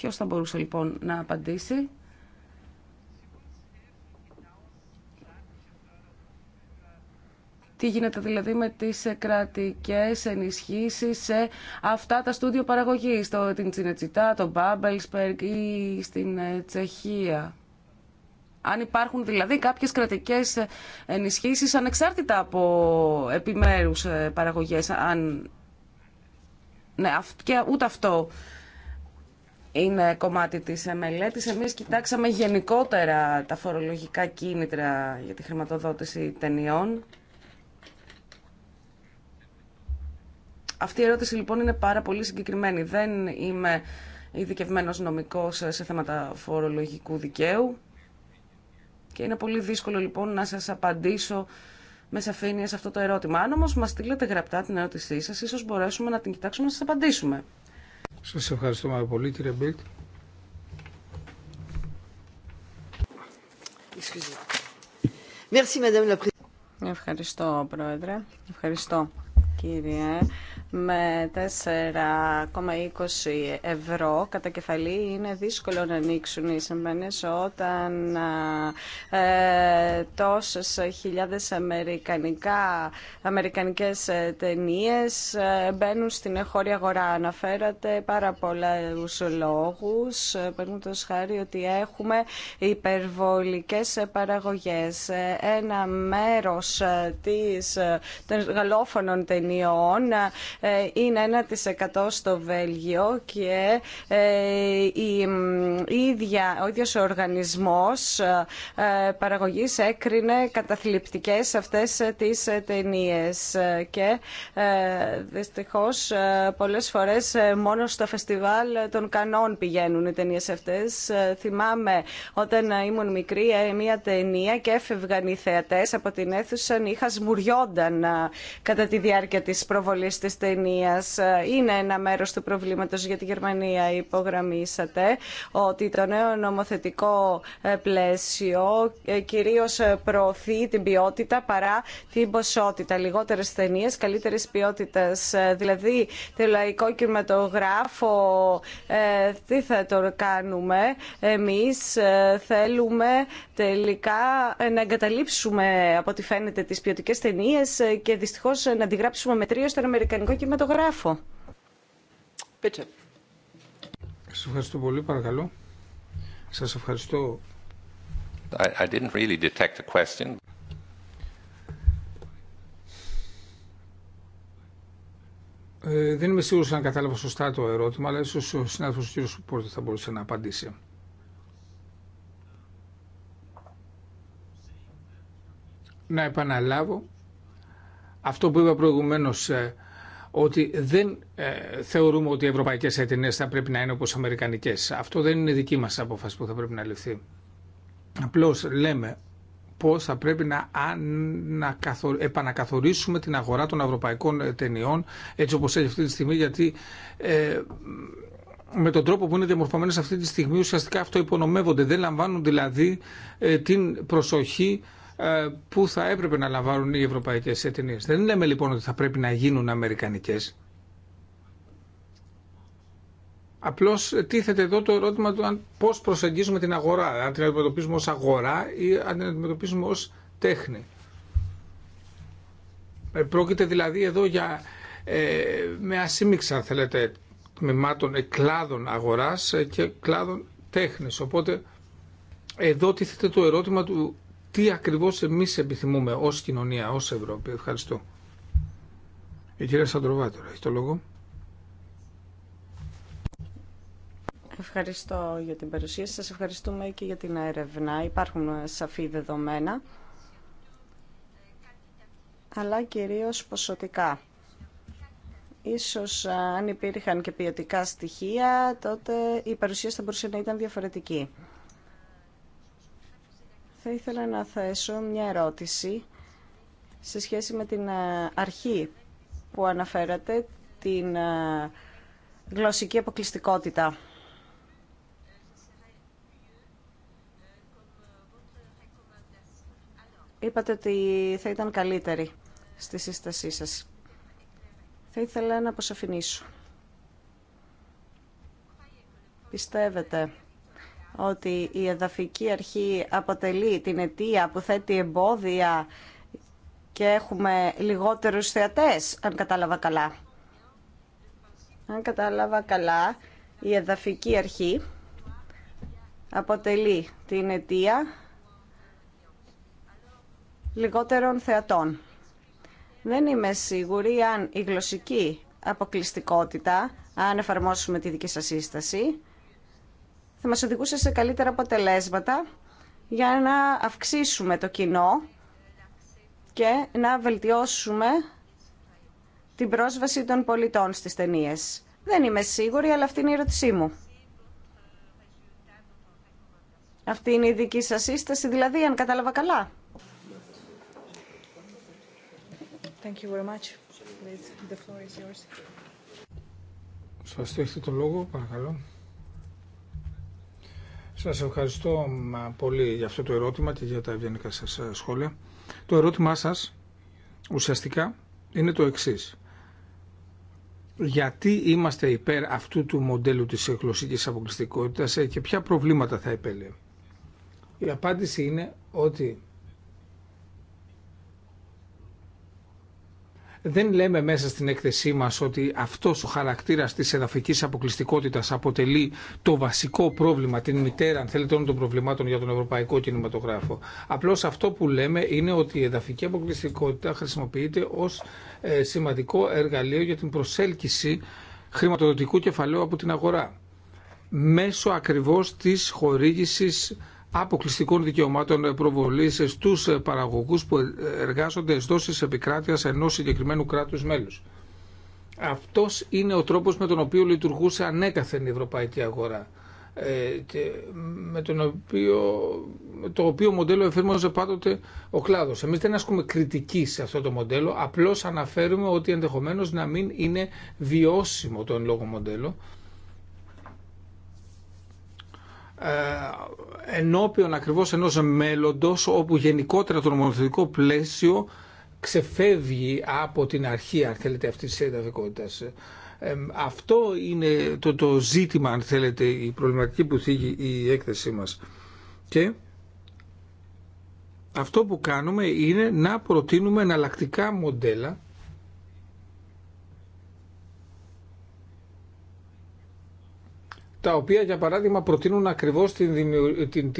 Ποιος θα μπορούσε λοιπόν να απαντήσει. Τι γίνεται δηλαδή με τις κρατικές ενισχύσεις σε αυτά τα στούντιο παραγωγής, το, την Τσινετσιτά, το Μπάμπελσπεργκ ή στην ε, Τσεχία. Αν υπάρχουν δηλαδή κάποιες κρατικές ενισχύσεις ανεξάρτητα από επιμέρους ε, παραγωγές. Αν... Ναι, και ούτε αυτό είναι κομμάτι της μελέτης. Εμείς κοιτάξαμε γενικότερα τα φορολογικά κίνητρα για τη χρηματοδότηση ταινιών. Αυτή η ερώτηση λοιπόν είναι πάρα πολύ συγκεκριμένη. Δεν είμαι ειδικευμένος νομικός σε θέματα φορολογικού δικαίου και είναι πολύ δύσκολο λοιπόν να σας απαντήσω με σαφήνεια σε αυτό το ερώτημα. Αν όμως μας στείλετε γραπτά την ερώτησή σας, ίσως μπορέσουμε να την κοιτάξουμε να σας απαντήσουμε. Σας ευχαριστούμε πολύ κύριε Μπίλτ. Ευχαριστώ, Πρόεδρε. Ευχαριστώ, κύριε με 4,20 ευρώ κατά κεφαλή είναι δύσκολο να ανοίξουν οι όταν ε, τόσες χιλιάδες αμερικανικά, αμερικανικές ταινίες ε, μπαίνουν στην χώρη αγορά. Αναφέρατε πάρα πολλούς λόγους, ε, παίρνουν χάρη ότι έχουμε υπερβολικές παραγωγές. Ε, ένα μέρος της, των γαλλόφωνων ταινιών ε, είναι 1% στο Βέλγιο και ε, η, ίδια, ο ίδιος ο οργανισμός ε, παραγωγής έκρινε καταθλιπτικές αυτές τις ταινίε. και δυστυχώς πολλές φορές μόνο στο φεστιβάλ των Κανών πηγαίνουν οι ταινίε αυτές. Θυμάμαι όταν ήμουν μικρή μια ταινία και έφευγαν οι θεατές από την αίθουσα είχα σμουριόνταν κατά τη διάρκεια της προβολής της είναι ένα μέρος του προβλήματος για τη Γερμανία. Υπογραμμίσατε ότι το νέο νομοθετικό ε, πλαίσιο ε, κυρίως ε, προωθεί την ποιότητα παρά την ποσότητα. Λιγότερε ταινίε, καλύτερης ποιότητα, Δηλαδή, το λαϊκό κινηματογράφο, τι θα το κάνουμε. Εμείς θέλουμε τελικά να εγκαταλείψουμε από ό,τι φαίνεται τις ποιοτικέ ταινίε και δυστυχώ να αντιγράψουμε τρίο στον Αμερικανικό κινηματογράφο. Πίτσε. Σας ευχαριστώ πολύ, παρακαλώ. Σας ευχαριστώ. I, didn't really detect the question. Ε, δεν είμαι σίγουρος αν κατάλαβα σωστά το ερώτημα, αλλά ίσως ο συνάδελφος ο κ. Πόρτο θα μπορούσε να απαντήσει. Να επαναλάβω αυτό που είπα προηγουμένως ε, ότι δεν ε, θεωρούμε ότι οι ευρωπαϊκές εταιρείε θα πρέπει να είναι όπως οι αμερικανικές. Αυτό δεν είναι δική μα απόφαση που θα πρέπει να ληφθεί. Απλώ λέμε πώς θα πρέπει να επανακαθορίσουμε την αγορά των ευρωπαϊκών ταινιών έτσι όπως έχει αυτή τη στιγμή γιατί ε, με τον τρόπο που είναι διαμορφωμένε αυτή τη στιγμή ουσιαστικά αυτό υπονομεύονται. Δεν λαμβάνουν δηλαδή ε, την προσοχή ε, που θα έπρεπε να λαμβάνουν οι ευρωπαϊκές εταιρείε. Δεν λέμε λοιπόν ότι θα πρέπει να γίνουν αμερικανικές. Απλώς τίθεται εδώ το ερώτημα του αν πώς προσεγγίζουμε την αγορά, αν την αντιμετωπίζουμε ως αγορά ή αν την αντιμετωπίζουμε ως τέχνη. Ε, πρόκειται δηλαδή εδώ για ε, με ασύμιξα αν θέλετε τμήματων κλάδων αγοράς και κλάδων τέχνης. Οπότε εδώ τίθεται το ερώτημα του τι ακριβώς εμείς επιθυμούμε ως κοινωνία, ως Ευρώπη. Ευχαριστώ. Η κυρία Σαντροβά έχει το λόγο. Ευχαριστώ για την παρουσία σας. Ευχαριστούμε και για την έρευνα. Υπάρχουν σαφή δεδομένα, αλλά κυρίως ποσοτικά. Ίσως αν υπήρχαν και ποιοτικά στοιχεία, τότε η παρουσία θα μπορούσε να ήταν διαφορετική. Θα ήθελα να θέσω μια ερώτηση σε σχέση με την ε, αρχή που αναφέρατε, την ε, γλωσσική αποκλειστικότητα. Είπατε ότι θα ήταν καλύτερη στη σύστασή σας. Θα ήθελα να αποσαφηνήσω. Πιστεύετε ότι η εδαφική αρχή αποτελεί την αιτία που θέτει εμπόδια και έχουμε λιγότερους θεατές, αν κατάλαβα καλά. Αν κατάλαβα καλά, η εδαφική αρχή αποτελεί την αιτία λιγότερων θεατών. Δεν είμαι σίγουρη αν η γλωσσική αποκλειστικότητα, αν εφαρμόσουμε τη δική σας σύσταση, θα μας οδηγούσε σε καλύτερα αποτελέσματα για να αυξήσουμε το κοινό και να βελτιώσουμε την πρόσβαση των πολιτών στις ταινίε. Δεν είμαι σίγουρη, αλλά αυτή είναι η ερώτησή μου. Αυτή είναι η δική σας σύσταση, δηλαδή, αν κατάλαβα καλά. Thank you very Σας δέχτε το λόγο, παρακαλώ. Σας ευχαριστώ πολύ για αυτό το ερώτημα και για τα ευγενικά σας ε, σχόλια. Το ερώτημά σας ουσιαστικά είναι το εξής. Γιατί είμαστε υπέρ αυτού του μοντέλου της εκλογικής αποκλειστικότητας ε, και ποια προβλήματα θα επέλεγε. Η απάντηση είναι ότι δεν λέμε μέσα στην έκθεσή μας ότι αυτός ο χαρακτήρας της εδαφικής αποκλειστικότητας αποτελεί το βασικό πρόβλημα, την μητέρα αν θέλετε όλων των προβλημάτων για τον ευρωπαϊκό κινηματογράφο. Απλώς αυτό που λέμε είναι ότι η εδαφική αποκλειστικότητα χρησιμοποιείται ως ε, σημαντικό εργαλείο για την προσέλκυση χρηματοδοτικού κεφαλαίου από την αγορά μέσω ακριβώς της χορήγησης αποκλειστικών δικαιωμάτων προβολή στου παραγωγού που εργάζονται εντό τη επικράτεια ενό συγκεκριμένου κράτου μέλου. Αυτό είναι ο τρόπο με τον οποίο λειτουργούσε ανέκαθεν η ευρωπαϊκή αγορά. Ε, και με τον οποίο, το οποίο μοντέλο εφήρμοζε πάντοτε ο κλάδο. Εμεί δεν ασκούμε κριτική σε αυτό το μοντέλο, απλώ αναφέρουμε ότι ενδεχομένω να μην είναι βιώσιμο το εν λόγω μοντέλο ε, ενώπιον ακριβώς ενός μέλλοντος όπου γενικότερα το νομοθετικό πλαίσιο ξεφεύγει από την αρχή αν θέλετε αυτής της ε, αυτό είναι το, το ζήτημα αν θέλετε η προβληματική που θίγει η έκθεσή μας. Και αυτό που κάνουμε είναι να προτείνουμε εναλλακτικά μοντέλα τα οποία για παράδειγμα προτείνουν ακριβώς την, δημιουργία, την,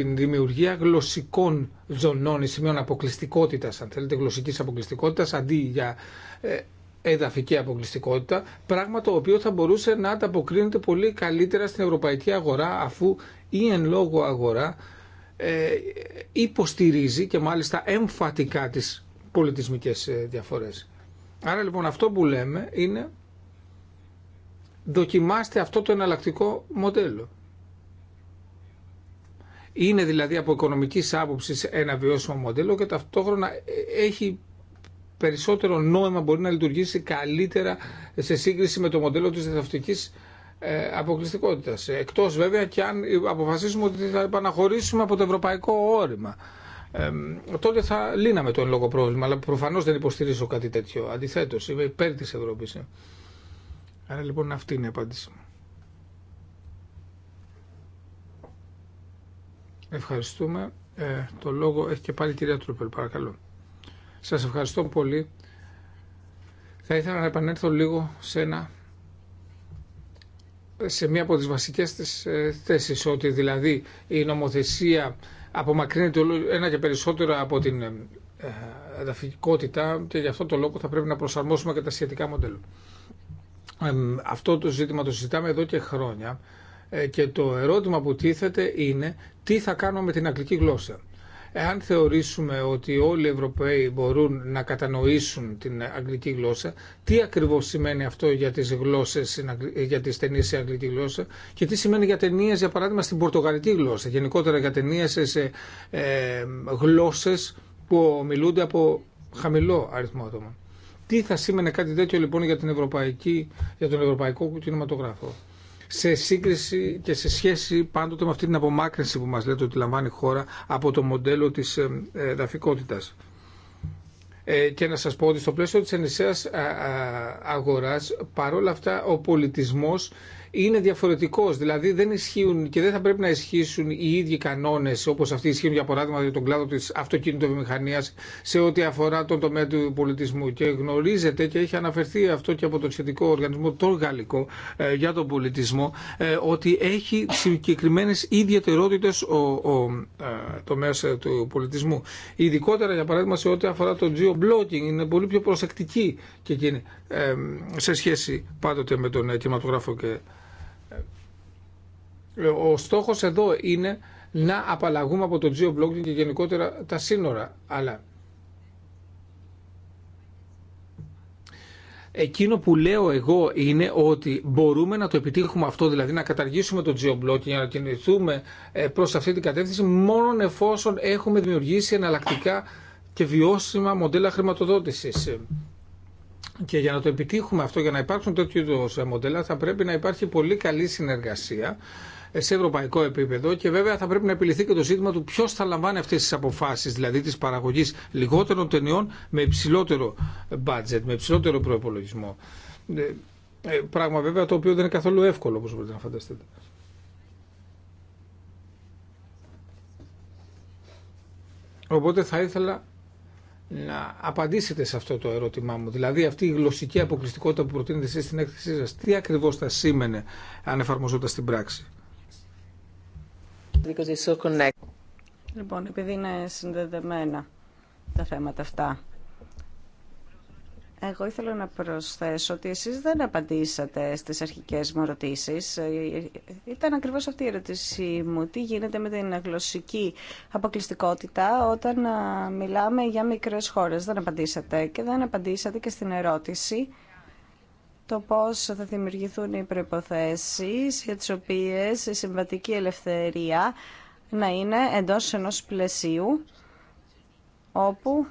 την γλωσσικών ζωνών ή σημείων αποκλειστικότητας, αν θέλετε γλωσσικής αποκλειστικότητας, αντί για ε, εδαφική αποκλειστικότητα, πράγμα το οποίο θα μπορούσε να ανταποκρίνεται πολύ καλύτερα στην ευρωπαϊκή αγορά, αφού η εν λόγω αγορά ε, υποστηρίζει και μάλιστα εμφατικά τις πολιτισμικές ε, διαφορές. Άρα λοιπόν αυτό που λέμε είναι δοκιμάστε αυτό το εναλλακτικό μοντέλο. Είναι δηλαδή από οικονομική άποψη ένα βιώσιμο μοντέλο και ταυτόχρονα ε, έχει περισσότερο νόημα μπορεί να λειτουργήσει καλύτερα σε σύγκριση με το μοντέλο της διδαυτικής ε, αποκλειστικότητας. Εκτός βέβαια και αν αποφασίσουμε ότι θα επαναχωρήσουμε από το ευρωπαϊκό όρημα. τότε θα λύναμε το εν λόγω πρόβλημα, αλλά προφανώς δεν υποστηρίζω κάτι τέτοιο. Αντιθέτως, είμαι υπέρ της Ευρώπης. Άρα λοιπόν αυτή είναι η απάντηση μου. Ευχαριστούμε. Ε, το λόγο έχει και πάλι η κυρία Τρούπελ, παρακαλώ. Σας ευχαριστώ πολύ. Θα ήθελα να επανέλθω λίγο σε ένα σε μία από τις βασικές της ε, θέσεις, ότι δηλαδή η νομοθεσία απομακρύνεται ένα και περισσότερο από την ε, εδαφικότητα και γι' αυτό το λόγο θα πρέπει να προσαρμόσουμε και τα σχετικά μοντέλα αυτό το ζήτημα το συζητάμε εδώ και χρόνια ε, και το ερώτημα που τίθεται είναι τι θα κάνουμε με την αγγλική γλώσσα. Εάν θεωρήσουμε ότι όλοι οι Ευρωπαίοι μπορούν να κατανοήσουν την αγγλική γλώσσα, τι ακριβώς σημαίνει αυτό για τις, γλώσσες, ε, για τις ταινίες σε αγγλική γλώσσα και τι σημαίνει για ταινίε, για παράδειγμα, στην πορτογαλική γλώσσα, γενικότερα για ταινίε σε ε, γλώσσες που μιλούνται από χαμηλό αριθμό άτομα. Τι θα σήμαινε κάτι τέτοιο λοιπόν για, την ευρωπαϊκή, για τον ευρωπαϊκό κινηματογράφο. Σε σύγκριση και σε σχέση πάντοτε με αυτή την απομάκρυνση που μας λέτε ότι λαμβάνει η χώρα από το μοντέλο της ε, ε, δαφικότητας. Ε, και να σας πω ότι στο πλαίσιο της ενισέας αγοράς παρόλα αυτά ο πολιτισμός είναι διαφορετικό. Δηλαδή δεν ισχύουν και δεν θα πρέπει να ισχύσουν οι ίδιοι κανόνε όπω αυτοί ισχύουν για παράδειγμα για τον κλάδο τη αυτοκινητοβιομηχανία σε ό,τι αφορά τον τομέα του πολιτισμού. Και γνωρίζετε και έχει αναφερθεί αυτό και από τον σχετικό οργανισμό, τον Γαλλικό, ε, για τον πολιτισμό, ε, ότι έχει συγκεκριμένε ιδιαιτερότητε ο, ο ε, τομέα του πολιτισμού. Ειδικότερα για παράδειγμα σε ό,τι αφορά το geo-blocking είναι πολύ πιο προσεκτική και εκείνη σε σχέση πάντοτε με τον κινηματογράφο και ε, ο στόχος εδώ είναι να απαλλαγούμε από το geo και γενικότερα τα σύνορα. Αλλά Εκείνο που λέω εγώ είναι ότι μπορούμε να το επιτύχουμε αυτό, δηλαδή να καταργήσουμε το geo να κινηθούμε ε, προς αυτή την κατεύθυνση, μόνο εφόσον έχουμε δημιουργήσει εναλλακτικά και βιώσιμα μοντέλα χρηματοδότησης. Και για να το επιτύχουμε αυτό, για να υπάρξουν τέτοιου είδου μοντέλα, θα πρέπει να υπάρχει πολύ καλή συνεργασία σε ευρωπαϊκό επίπεδο και βέβαια θα πρέπει να επιληθεί και το ζήτημα του ποιο θα λαμβάνει αυτέ τι αποφάσει, δηλαδή τη παραγωγή λιγότερων ταινιών με υψηλότερο budget, με υψηλότερο προπολογισμό. Ε, ε, πράγμα βέβαια το οποίο δεν είναι καθόλου εύκολο όπω μπορείτε να φανταστείτε. Οπότε θα ήθελα να απαντήσετε σε αυτό το ερώτημά μου. Δηλαδή αυτή η γλωσσική αποκλειστικότητα που προτείνετε εσεί στην έκθεσή σας, τι ακριβώ θα σήμαινε αν εφαρμοζόταν στην πράξη. Λοιπόν, επειδή είναι συνδεδεμένα τα θέματα αυτά εγώ ήθελα να προσθέσω ότι εσείς δεν απαντήσατε στις αρχικές μου ερωτήσεις. Ε, ήταν ακριβώς αυτή η ερώτησή μου. Τι γίνεται με την γλωσσική αποκλειστικότητα όταν μιλάμε για μικρές χώρες. Δεν απαντήσατε και δεν απαντήσατε και στην ερώτηση το πώς θα δημιουργηθούν οι προϋποθέσεις για τις οποίες η συμβατική ελευθερία να είναι εντός ενός πλαισίου όπου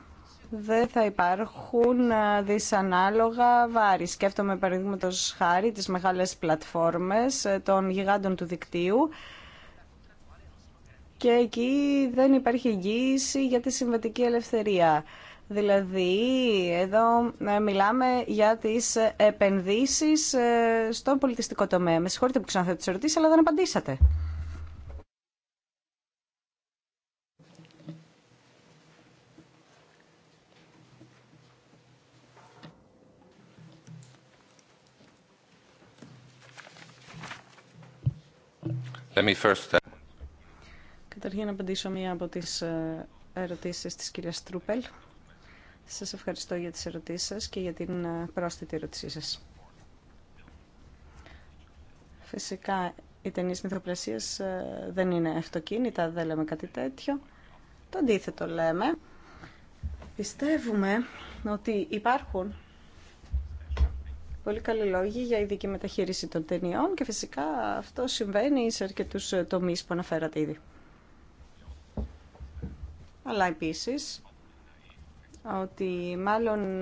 δεν θα υπάρχουν ε, δυσανάλογα βάρη. Σκέφτομαι παραδείγματο χάρη τι μεγάλε πλατφόρμες ε, των γιγάντων του δικτύου και εκεί δεν υπάρχει εγγύηση για τη συμβατική ελευθερία. Δηλαδή, εδώ ε, μιλάμε για τις επενδύσεις στον πολιτιστικό τομέα. Με συγχωρείτε που ξαναθέτω τις ερωτήσεις, αλλά δεν απαντήσατε. Καταρχήν να απαντήσω μία από τις ε, ερωτήσεις της κυρία Τρούπελ. Σας ευχαριστώ για τις ερωτήσεις σας και για την ε, πρόσθετη ερώτησή σας. Φυσικά, οι ταινίε μυθοπλασία ε, δεν είναι αυτοκίνητα, δεν λέμε κάτι τέτοιο. Το αντίθετο λέμε. Πιστεύουμε ότι υπάρχουν πολύ καλή λόγη για ειδική μεταχείριση των ταινιών και φυσικά αυτό συμβαίνει σε αρκετού ε, τομεί που αναφέρατε ήδη. Αλλά επίσης ότι μάλλον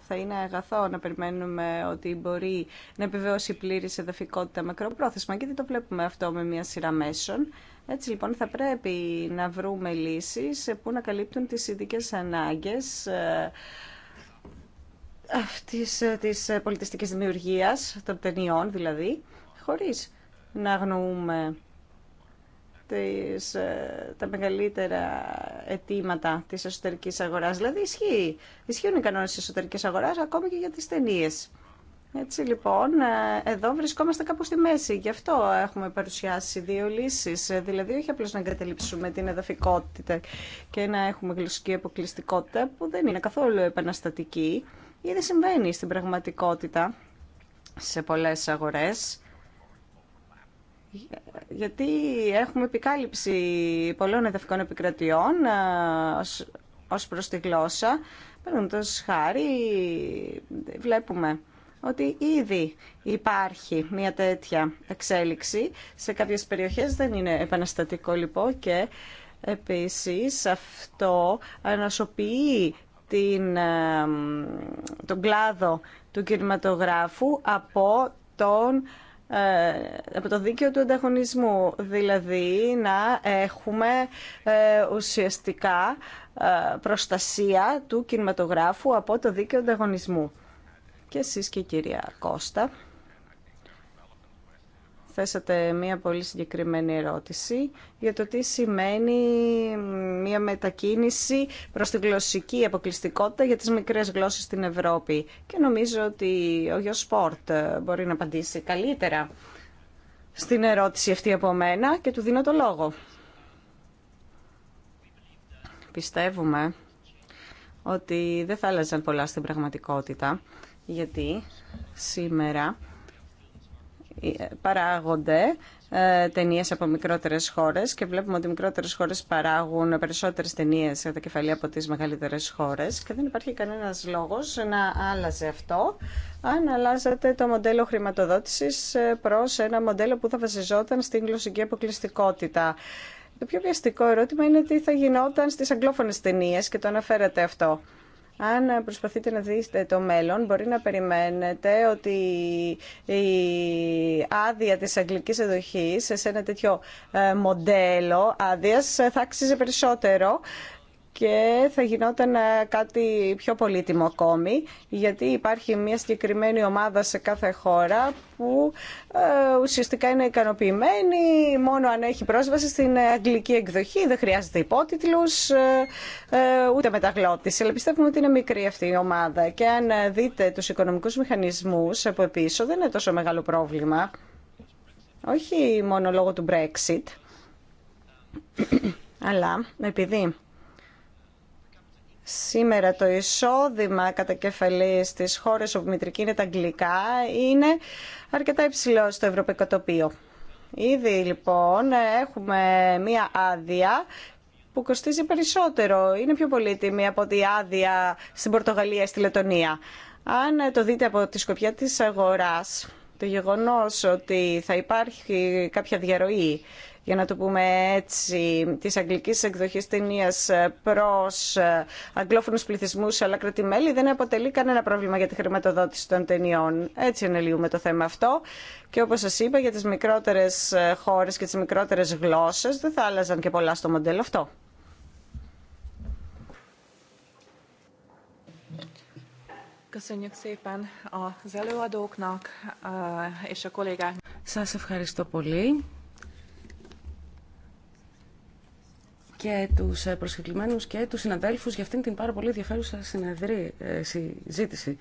θα είναι αγαθό να περιμένουμε ότι μπορεί να επιβεβαιώσει πλήρη εδαφικότητα μακροπρόθεσμα και δεν το βλέπουμε αυτό με μια σειρά μέσων. Έτσι λοιπόν θα πρέπει να βρούμε λύσεις που να καλύπτουν τις ειδικέ ανάγκες ε, αυτής ε, της ε, πολιτιστικής δημιουργίας, των ταινιών δηλαδή, χωρίς να αγνοούμε τις, ε, τα μεγαλύτερα αιτήματα της εσωτερικής αγοράς. Δηλαδή ισχύει. ισχύουν οι κανόνες της εσωτερικής αγοράς ακόμη και για τις ταινίε. Έτσι λοιπόν, εδώ βρισκόμαστε κάπου στη μέση. Γι' αυτό έχουμε παρουσιάσει δύο λύσεις. Δηλαδή, όχι απλώς να εγκαταλείψουμε την εδαφικότητα και να έχουμε γλωσσική αποκλειστικότητα που δεν είναι καθόλου επαναστατική. Ήδη συμβαίνει στην πραγματικότητα σε πολλές αγορές γιατί έχουμε επικάλυψη πολλών εδαφικών επικρατιών ως προς τη γλώσσα. Παραδείγματος χάρη βλέπουμε ότι ήδη υπάρχει μια τέτοια εξέλιξη. Σε κάποιες περιοχές δεν είναι επαναστατικό λοιπόν και επίσης αυτό ανασωποιεί την, τον κλάδο του κινηματογράφου από τον ε, από το δίκαιο του ανταγωνισμού, δηλαδή να έχουμε ε, ουσιαστικά ε, προστασία του κινηματογράφου από το δίκαιο ανταγωνισμού. Και εσείς και η κυρία Κώστα θέσατε μία πολύ συγκεκριμένη ερώτηση για το τι σημαίνει μία μετακίνηση προς τη γλωσσική αποκλειστικότητα για τις μικρές γλώσσες στην Ευρώπη. Και νομίζω ότι ο Γιος Σπορτ μπορεί να απαντήσει καλύτερα στην ερώτηση αυτή από μένα και του δίνω το λόγο. Πιστεύουμε ότι δεν θα άλλαζαν πολλά στην πραγματικότητα, γιατί σήμερα παράγονται ε, ταινίε από μικρότερε χώρε και βλέπουμε ότι οι μικρότερε χώρε παράγουν περισσότερε ταινίε τα κεφαλή από τι μεγαλύτερε χώρε και δεν υπάρχει κανένα λόγο να άλλαζε αυτό αν αλλάζατε το μοντέλο χρηματοδότηση ε, προ ένα μοντέλο που θα βασιζόταν στην γλωσσική αποκλειστικότητα. Το πιο βιαστικό ερώτημα είναι τι θα γινόταν στι αγγλόφωνε ταινίε και το αναφέρατε αυτό. Αν προσπαθείτε να δείτε το μέλλον, μπορεί να περιμένετε ότι η άδεια της αγγλικής εδοχής σε ένα τέτοιο ε, μοντέλο άδεια θα αξίζει περισσότερο και θα γινόταν ε, κάτι πιο πολύτιμο ακόμη, γιατί υπάρχει μια συγκεκριμένη ομάδα σε κάθε χώρα που ε, ουσιαστικά είναι ικανοποιημένη μόνο αν έχει πρόσβαση στην αγγλική εκδοχή, δεν χρειάζεται υπότιτλους, ε, ούτε μεταγλώτηση. Αλλά πιστεύουμε ότι είναι μικρή αυτή η ομάδα και αν δείτε τους οικονομικούς μηχανισμούς από πίσω δεν είναι τόσο μεγάλο πρόβλημα. Όχι μόνο λόγω του Brexit, αλλά επειδή Σήμερα το εισόδημα κατά κεφαλή στις χώρες όπου μητρική είναι τα αγγλικά είναι αρκετά υψηλό στο ευρωπαϊκό τοπίο. Ήδη λοιπόν έχουμε μία άδεια που κοστίζει περισσότερο. Είναι πιο πολύτιμη από τη άδεια στην Πορτογαλία ή στη Λετωνία. Αν το δείτε από τη σκοπιά της αγοράς, το γεγονός ότι θα υπάρχει κάποια διαρροή για να το πούμε έτσι, τη αγγλική εκδοχή ταινία προς ε, αγγλόφωνους πληθυσμούς αλλά μέλη δεν αποτελεί κανένα πρόβλημα για τη χρηματοδότηση των ταινιών. Έτσι αναλύουμε το θέμα αυτό και όπως σας είπα για τις μικρότερες ε, χώρες και τις μικρότερες γλώσσες δεν θα άλλαζαν και πολλά στο μοντέλο αυτό. Ε, σας ευχαριστώ πολύ. και του προσκεκλημένου και τους ε, συναδέλφου για αυτήν την πάρα πολύ ενδιαφέρουσα ε, συζήτηση.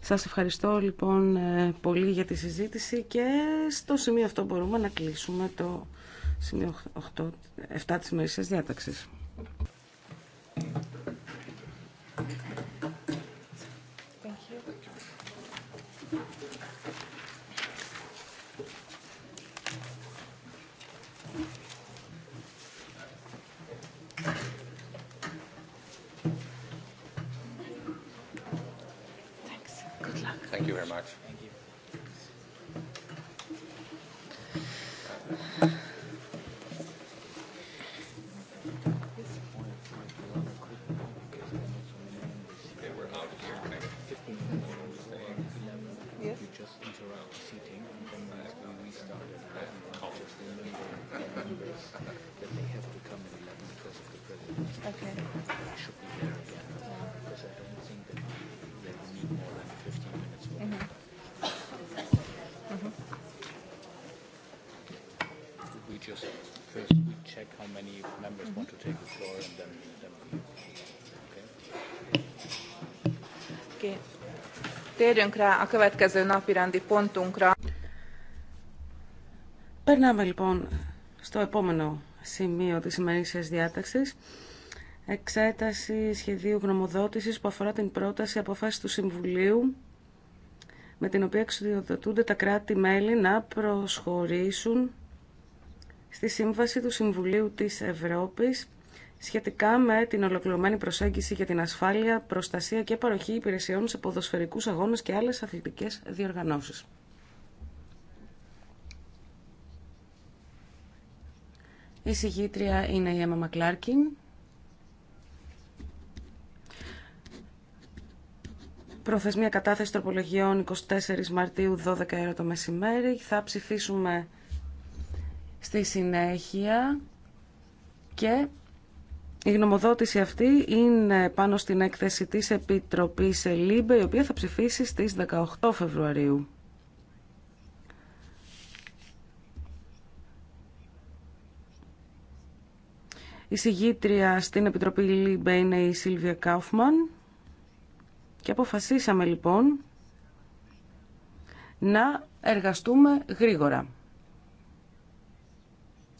Σας ευχαριστώ λοιπόν ε, πολύ για τη συζήτηση και στο σημείο αυτό μπορούμε να κλείσουμε το σημείο 8, 7 της ημερήσιας διάταξης. Térjünk rá a következő pontunkra. Περνάμε λοιπόν στο επόμενο σημείο της σας διάταξης. Εξέταση σχεδίου γνωμοδότησης που αφορά την πρόταση αποφάσης του Συμβουλίου με την οποία εξοδοτούνται τα κράτη-μέλη να προσχωρήσουν στη Σύμβαση του Συμβουλίου της Ευρώπης σχετικά με την ολοκληρωμένη προσέγγιση για την ασφάλεια, προστασία και παροχή υπηρεσιών σε ποδοσφαιρικούς αγώνες και άλλες αθλητικές διοργανώσεις. Η συγγήτρια είναι η Έμα Μακλάρκιν. Προθεσμία κατάθεση τροπολογιών 24 Μαρτίου 12 ώρα το μεσημέρι. Θα ψηφίσουμε στη συνέχεια και η γνωμοδότηση αυτή είναι πάνω στην έκθεση της Επιτροπής ΛΥΜΠΕ, η οποία θα ψηφίσει στις 18 Φεβρουαρίου. Η συγγήτρια στην Επιτροπή ΛΥΜΠΕ είναι η Σίλβια Κάουφμαν και αποφασίσαμε λοιπόν να εργαστούμε γρήγορα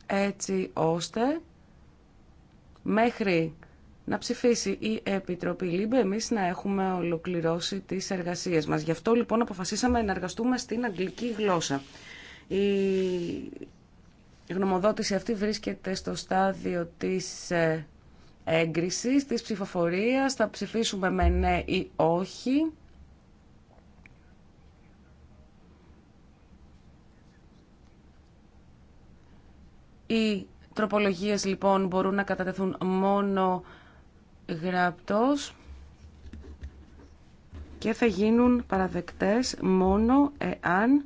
έτσι ώστε μέχρι να ψηφίσει η Επιτροπή ΛΥΜΠΕ εμείς να έχουμε ολοκληρώσει τις εργασίες μας. Γι' αυτό λοιπόν αποφασίσαμε να εργαστούμε στην αγγλική γλώσσα. Η γνωμοδότηση αυτή βρίσκεται στο στάδιο της ε, έγκρισης, της ψηφοφορίας. Θα ψηφίσουμε με ναι ή όχι. Η Τροπολογίες λοιπόν μπορούν να κατατεθούν μόνο γραπτός και θα γίνουν παραδεκτές μόνο εάν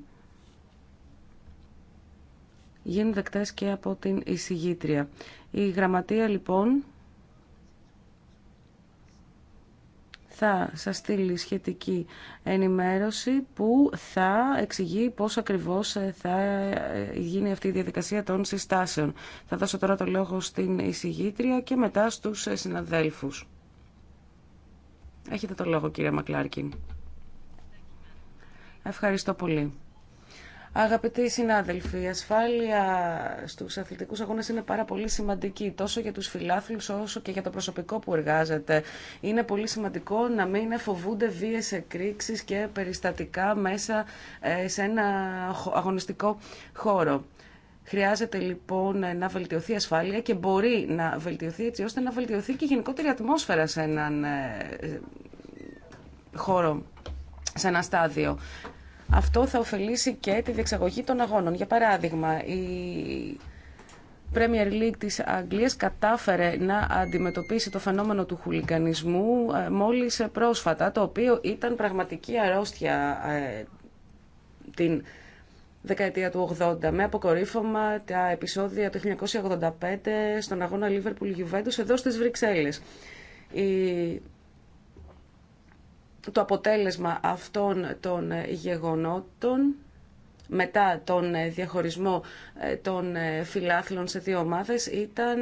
γίνουν δεκτές και από την εισηγήτρια. Η γραμματεία λοιπόν θα σας στείλει σχετική ενημέρωση που θα εξηγεί πώς ακριβώς ε, θα ε, γίνει αυτή η διαδικασία των συστάσεων. Θα δώσω τώρα το λόγο στην εισηγήτρια και μετά στους ε, συναδέλφους. Έχετε το λόγο κύριε Μακλάρκιν. Ευχαριστώ πολύ. Αγαπητοί συνάδελφοι, η ασφάλεια στους αθλητικούς αγώνες είναι πάρα πολύ σημαντική, τόσο για τους φιλάθλους όσο και για το προσωπικό που εργάζεται. Είναι πολύ σημαντικό να μην φοβούνται βίες εκρήξεις και περιστατικά μέσα ε, σε ένα αγωνιστικό χώρο. Χρειάζεται λοιπόν να βελτιωθεί η ασφάλεια και μπορεί να βελτιωθεί έτσι ώστε να βελτιωθεί και η γενικότερη ατμόσφαιρα σε έναν ε, χώρο, σε ένα στάδιο. Αυτό θα ωφελήσει και τη διεξαγωγή των αγώνων. Για παράδειγμα, η Premier League της Αγγλίας κατάφερε να αντιμετωπίσει το φαινόμενο του χουλικανισμού ε, μόλις πρόσφατα, το οποίο ήταν πραγματική αρρώστια ε, την δεκαετία του 80 με αποκορύφωμα τα επεισόδια του 1985 στον αγώνα liverpool liverpool-juventus εδώ στις Βρυξέλλες. Η το αποτέλεσμα αυτών των ε, γεγονότων μετά τον ε, διαχωρισμό ε, των φιλάθλων σε δύο ομάδες ήταν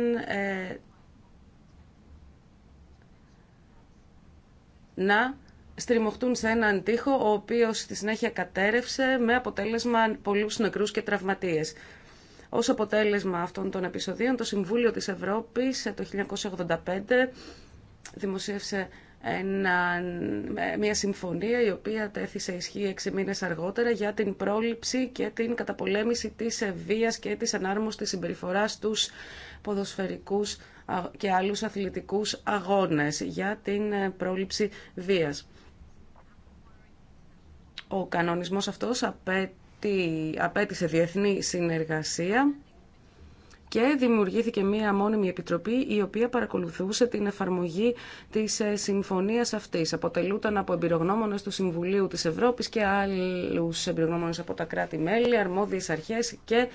να στριμωχτούν σε έναν τοίχο ο οποίος στη συνέχεια κατέρευσε με αποτέλεσμα πολλούς νεκρούς και τραυματίες. Ως αποτέλεσμα αυτών των επεισοδίων, το Συμβούλιο της Ευρώπης το 1985 δημοσίευσε ένα, μια συμφωνία η οποία τέθησε ισχύ έξι μήνες αργότερα για την πρόληψη και την καταπολέμηση της βίας και της ανάρμοστης συμπεριφοράς στους ποδοσφαιρικούς και άλλους αθλητικούς αγώνες για την ε, πρόληψη βίας. Ο κανονισμός αυτός απέτησε διεθνή συνεργασία και δημιουργήθηκε μία μόνιμη επιτροπή η οποία παρακολουθούσε την εφαρμογή της ε, συμφωνία αυτή, Αποτελούταν από εμπειρογνώμονε του Συμβουλίου της Ευρώπης και άλλους εμπειρογνώμονε από τα κράτη-μέλη, αρμόδιες αρχές και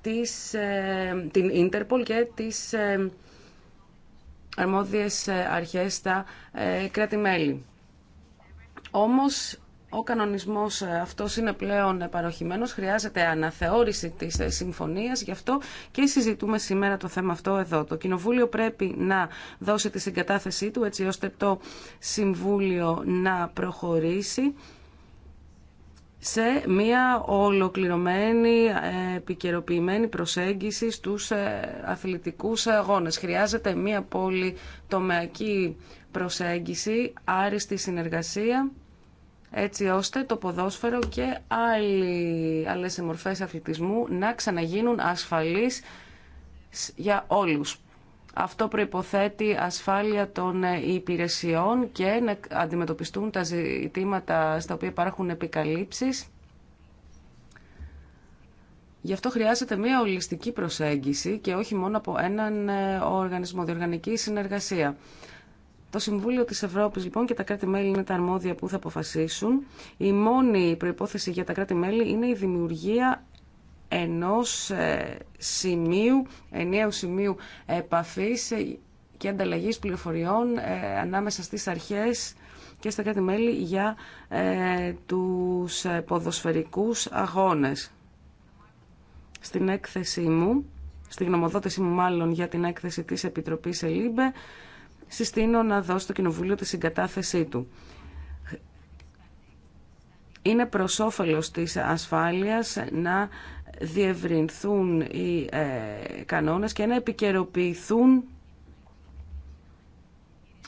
της, ε, την Ίντερπολ και τις ε, αρμόδιες αρχές στα κράτη-μέλη. Όμως ο κανονισμός αυτός είναι πλέον παροχημένος, χρειάζεται αναθεώρηση της συμφωνίας, γι' αυτό και συζητούμε σήμερα το θέμα αυτό εδώ. Το Κοινοβούλιο πρέπει να δώσει τη συγκατάθεσή του έτσι ώστε το Συμβούλιο να προχωρήσει σε μια ολοκληρωμένη, επικαιροποιημένη προσέγγιση στους ε, αθλητικούς αγώνες. Χρειάζεται μια πολυτομεακή προσέγγιση, άριστη συνεργασία έτσι ώστε το ποδόσφαιρο και άλλοι, άλλες μορφές αθλητισμού να ξαναγίνουν ασφαλείς για όλους. Αυτό προϋποθέτει ασφάλεια των ε, υπηρεσιών και να αντιμετωπιστούν τα ζητήματα στα οποία υπάρχουν επικαλύψεις. Γι' αυτό χρειάζεται μια ολιστική προσέγγιση και όχι μόνο από έναν ε, οργανισμό, διοργανική συνεργασία. Το Συμβούλιο της Ευρώπη λοιπόν και τα κράτη-μέλη είναι τα αρμόδια που θα αποφασίσουν. Η μόνη προπόθεση για τα κράτη-μέλη είναι η δημιουργία ενός ε, σημείου, ενιαίου σημείου επαφής ε, και ανταλλαγή πληροφοριών ε, ανάμεσα στι αρχές και στα κράτη-μέλη για τους ποδοσφαιρικούς αγώνες. Στην έκθεσή μου, στη γνωμοδότησή μου μάλλον για την έκθεση της Επιτροπής Ελίμπε, συστήνω να δώσω το Κοινοβούλιο τη συγκατάθεσή του. Είναι προ όφελο της ασφάλειας να διευρυνθούν οι ε, κανόνες και να επικαιροποιηθούν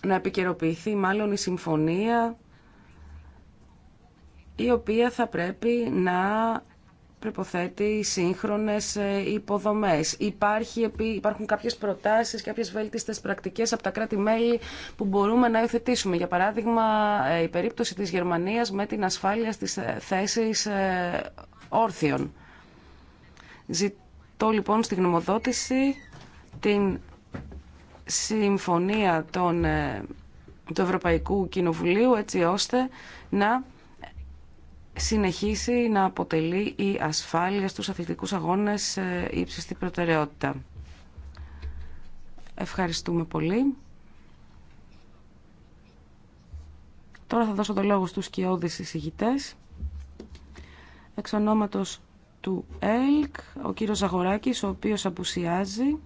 να επικαιροποιηθεί μάλλον η συμφωνία η οποία θα πρέπει να προποθέτει σύγχρονες ε, υποδομές. Υπάρχει, υπάρχουν κάποιες προτάσεις, κάποιες βέλτιστες πρακτικές από τα κράτη-μέλη που μπορούμε να υιοθετήσουμε. Για παράδειγμα, ε, η περίπτωση της Γερμανίας με την ασφάλεια στις ε, θέσεις όρθιων. Ζητώ λοιπόν στη γνωμοδότηση την συμφωνία των, του Ευρωπαϊκού Κοινοβουλίου έτσι ώστε να συνεχίσει να αποτελεί η ασφάλεια στους αθλητικούς αγώνες ε, ύψιστη προτεραιότητα. Ευχαριστούμε πολύ. Τώρα θα δώσω το λόγο στους κοιόδης εισηγητές. Εξ ονόματος του ΕΛΚ, ο κύριος Ζαγοράκης, ο οποίος απουσιάζει,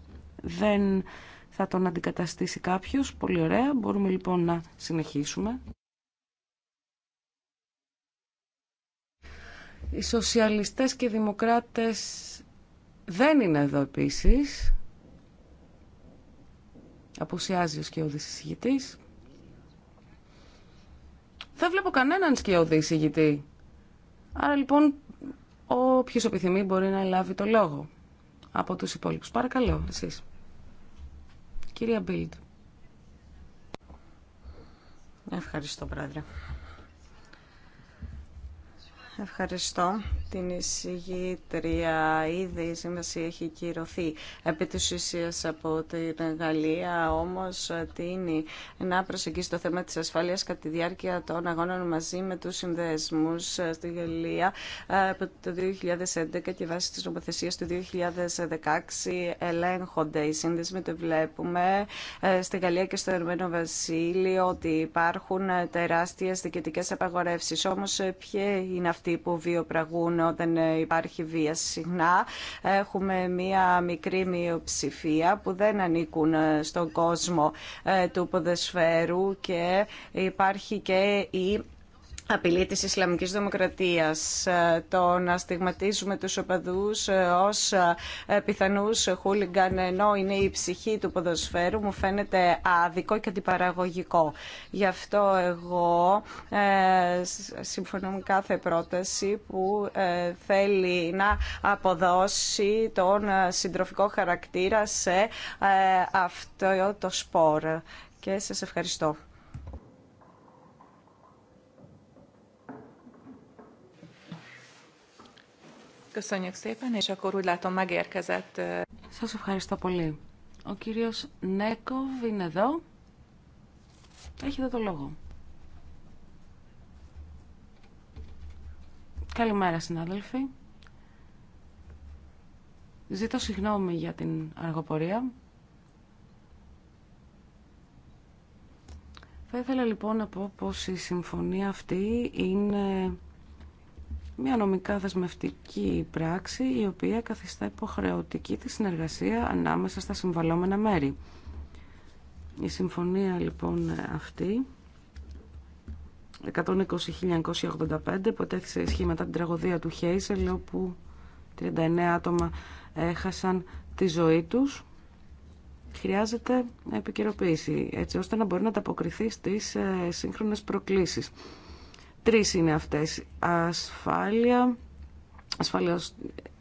δεν θα τον αντικαταστήσει κάποιος. Πολύ ωραία, μπορούμε λοιπόν να συνεχίσουμε. Οι σοσιαλιστές και οι δημοκράτες δεν είναι εδώ επίσης. Αποουσιάζει ο σκιώδης εισηγητής. Δεν βλέπω κανέναν σκιώδη εισηγητή. Άρα λοιπόν όποιος επιθυμεί μπορεί να λάβει το λόγο από τους υπόλοιπους. Παρακαλώ εσείς. Κυρία Μπίλντ. Ευχαριστώ, Πρόεδρε. Ευχαριστώ την εισηγήτρια. Ήδη η σύμβαση έχει κυρωθεί επί της ουσίας από την Γαλλία, όμως τίνει να προσεγγίσει το θέμα της ασφάλειας κατά τη διάρκεια των αγώνων μαζί με τους συνδέσμους ε, στη Γαλλία ε, από το 2011 και βάσει της νομοθεσία του 2016 ελέγχονται οι σύνδεσμοι. Το βλέπουμε ε, στη Γαλλία και στο Ερμένο Βασίλειο ότι υπάρχουν τεράστιες διοικητικές απαγορεύσεις. Όμως ποια είναι αυτή που βιοπραγούν όταν ε, υπάρχει βία. Συχνά έχουμε μία μικρή μειοψηφία που δεν ανήκουν ε, στον κόσμο ε, του ποδεσφαίρου και υπάρχει και η απειλή της Ισλαμικής Δημοκρατίας, ε, το να στιγματίζουμε τους οπαδούς ε, ως ε, πιθανούς χούλιγκαν ενώ είναι η ψυχή του ποδοσφαίρου μου φαίνεται άδικο και αντιπαραγωγικό. Γι' αυτό εγώ ε, συμφωνώ με κάθε πρόταση που θέλει να αποδώσει τον συντροφικό χαρακτήρα σε αυτό το σπορ. Και σας ευχαριστώ. Σας ευχαριστώ πολύ. Ο κύριος Νέκοβ είναι εδώ. Έχετε το λόγο. Καλημέρα συνάδελφοι. Ζήτω συγγνώμη για την αργοπορία. Θα ήθελα λοιπόν να πω πως η συμφωνία αυτή είναι μια νομικά δεσμευτική πράξη η οποία καθιστά υποχρεωτική τη συνεργασία ανάμεσα στα συμβαλόμενα μέρη. Η συμφωνία λοιπόν αυτή 120.985 υποτέθησε ισχύ μετά την τραγωδία του Χέισελ όπου 39 άτομα έχασαν τη ζωή τους χρειάζεται επικαιροποίηση έτσι ώστε να μπορεί να ανταποκριθεί στις ε, σύγχρονες προκλήσεις. Τρεις είναι αυτές. Ασφάλεια, ασφάλεια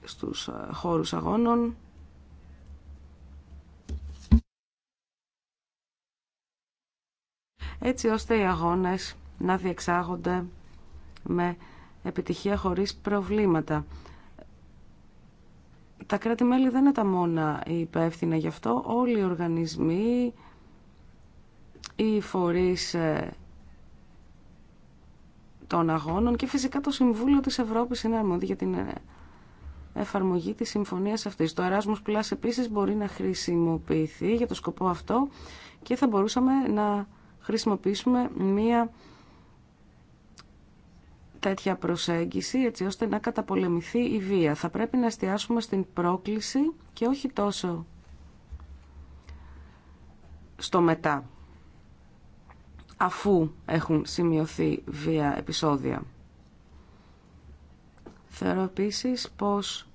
στους ε, χώρους αγώνων, έτσι ώστε οι αγώνες να διεξάγονται με επιτυχία χωρίς προβλήματα. Τα κράτη-μέλη δεν είναι τα μόνα υπεύθυνα γι' αυτό. Όλοι οι οργανισμοί, οι φορείς ε, των αγώνων και φυσικά το Συμβούλιο της Ευρώπης είναι αρμόδιο για την ε, εφαρμογή της συμφωνίας αυτής. Το Erasmus Plus επίσης μπορεί να χρησιμοποιηθεί για το σκοπό αυτό και θα μπορούσαμε να χρησιμοποιήσουμε μία τέτοια προσέγγιση έτσι ώστε να καταπολεμηθεί η βία. Θα πρέπει να εστιάσουμε στην πρόκληση και όχι τόσο στο μετά αφού έχουν σημειωθεί βία επεισόδια. Θεωρώ επίσης πως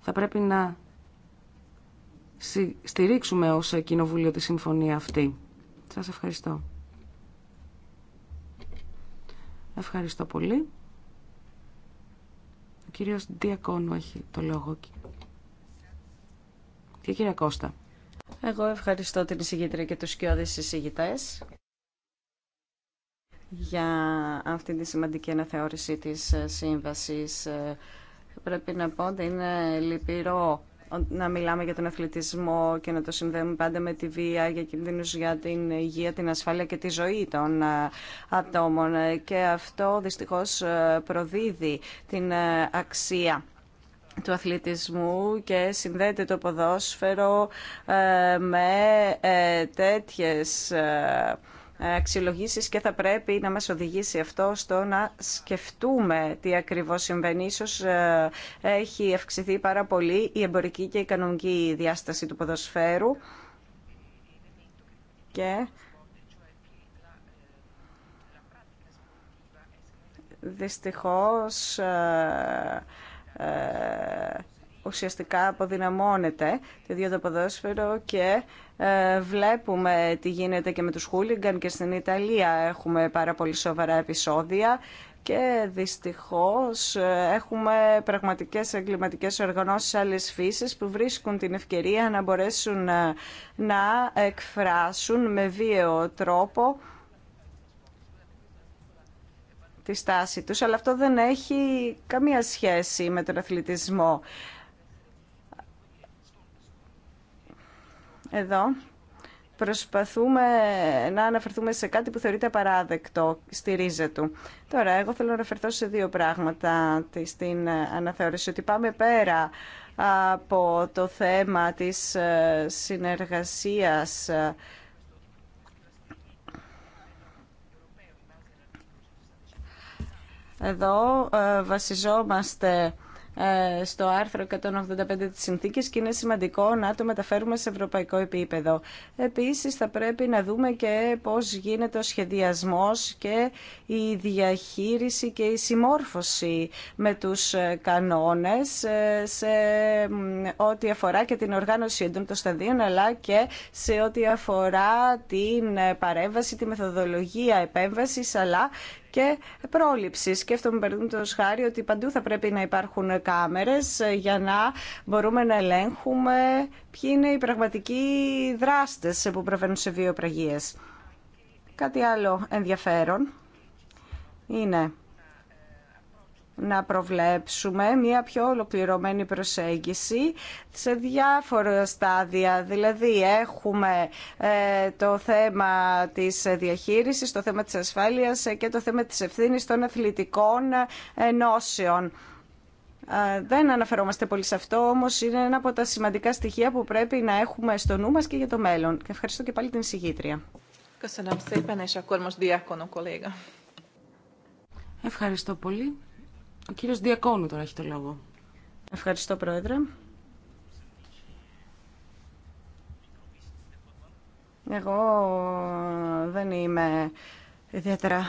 θα πρέπει να στηρίξουμε ως Κοινοβούλιο τη συμφωνία αυτή. Σας ευχαριστώ. Ευχαριστώ πολύ. Ο κύριος Διακόνου έχει το λόγο. Και κύριε κυρία Κώστα. Εγώ ευχαριστώ την εισηγήτρια και τους κοιόδες εισηγητές για αυτή τη σημαντική αναθεώρηση της ε, σύμβασης. Ε, πρέπει να πω ότι είναι λυπηρό να μιλάμε για τον αθλητισμό και να το συνδέουμε πάντα με τη βία, για κινδύνους για την υγεία, την ασφάλεια και τη ζωή των ε, ατόμων. Και αυτό δυστυχώς προδίδει την αξία του αθλητισμού και συνδέεται το ποδόσφαιρο με τέτοιες αξιολογήσεις και θα πρέπει να μας οδηγήσει αυτό στο να σκεφτούμε τι ακριβώς συμβαίνει. Ίσως ε, έχει αυξηθεί πάρα πολύ η εμπορική και η κανονική διάσταση του ποδοσφαίρου και δυστυχώς ε, ε, ουσιαστικά αποδυναμώνεται το ίδιο το ποδόσφαιρο και ε, βλέπουμε τι γίνεται και με τους χούλιγκαν και στην Ιταλία έχουμε πάρα πολύ σοβαρά επεισόδια και δυστυχώς ε, έχουμε πραγματικές εγκληματικές οργανώσεις άλλες φύσεις που βρίσκουν την ευκαιρία να μπορέσουν ε, να εκφράσουν με βίαιο τρόπο τη στάση τους, αλλά αυτό δεν έχει καμία σχέση με τον αθλητισμό. Εδώ προσπαθούμε να αναφερθούμε σε κάτι που θεωρείται παράδεκτο στη ρίζα του. Τώρα, εγώ θέλω να αναφερθώ σε δύο πράγματα στην ε, αναθεώρηση, ότι πάμε πέρα από το θέμα της ε, συνεργασίας ε, Εδώ βασιζόμαστε ε, στο άρθρο 185 της συνθήκης και είναι σημαντικό να το μεταφέρουμε σε ευρωπαϊκό επίπεδο. Επίσης θα πρέπει να δούμε και πώς γίνεται ο σχεδιασμός και η διαχείριση και η συμμόρφωση με τους ε, κανόνες ε, σε ό,τι αφορά και την οργάνωση εντών των σταδίων αλλά και σε ό,τι αφορά την παρέμβαση, τη μεθοδολογία επέμβασης αλλά και πρόληψη. Σκέφτομαι, παραδείγματο χάρη, ότι παντού θα πρέπει να υπάρχουν κάμερε για να μπορούμε να ελέγχουμε ποιοι είναι οι πραγματικοί δράστε που προβαίνουν σε βιοπραγίε. Κάτι άλλο ενδιαφέρον είναι να προβλέψουμε μια πιο ολοκληρωμένη προσέγγιση σε διάφορα στάδια. Δηλαδή έχουμε ε, το θέμα της διαχείρισης, το θέμα της ασφάλειας ε, και το θέμα της ευθύνης των αθλητικών ε, ενώσεων. Δεν αναφερόμαστε πολύ σε αυτό, όμως είναι ένα από τα σημαντικά στοιχεία που πρέπει να έχουμε στο νου μας και για το μέλλον. Και ευχαριστώ και πάλι την συγγήτρια. Ευχαριστώ πολύ. Ο κύριος Διακόνου τώρα έχει το λόγο. Ευχαριστώ, Πρόεδρε. Εγώ δεν είμαι ιδιαίτερα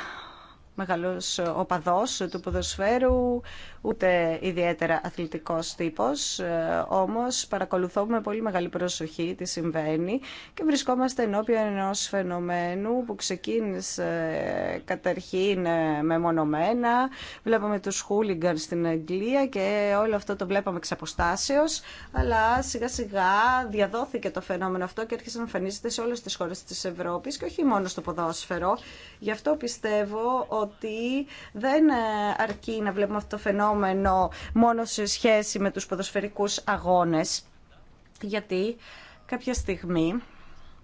μεγάλος ε, οπαδός του ποδοσφαίρου, ούτε ιδιαίτερα αθλητικός τύπος, ε, όμως παρακολουθώ με πολύ μεγάλη προσοχή τι συμβαίνει και βρισκόμαστε ενώπιον ενός φαινομένου που ξεκίνησε καταρχήν ε, μεμονωμένα, βλέπαμε τους χούλιγκαν στην Αγγλία και όλο αυτό το βλέπαμε εξ αλλά σιγά σιγά διαδόθηκε το φαινόμενο αυτό και άρχισε να εμφανίζεται σε όλες τις χώρες της Ευρώπης και όχι μόνο στο ποδόσφαιρο. Γι' αυτό πιστεύω ότι δεν ε, αρκεί να βλέπουμε αυτό το φαινόμενο μόνο σε σχέση με τους ποδοσφαιρικούς αγώνες. Γιατί κάποια στιγμή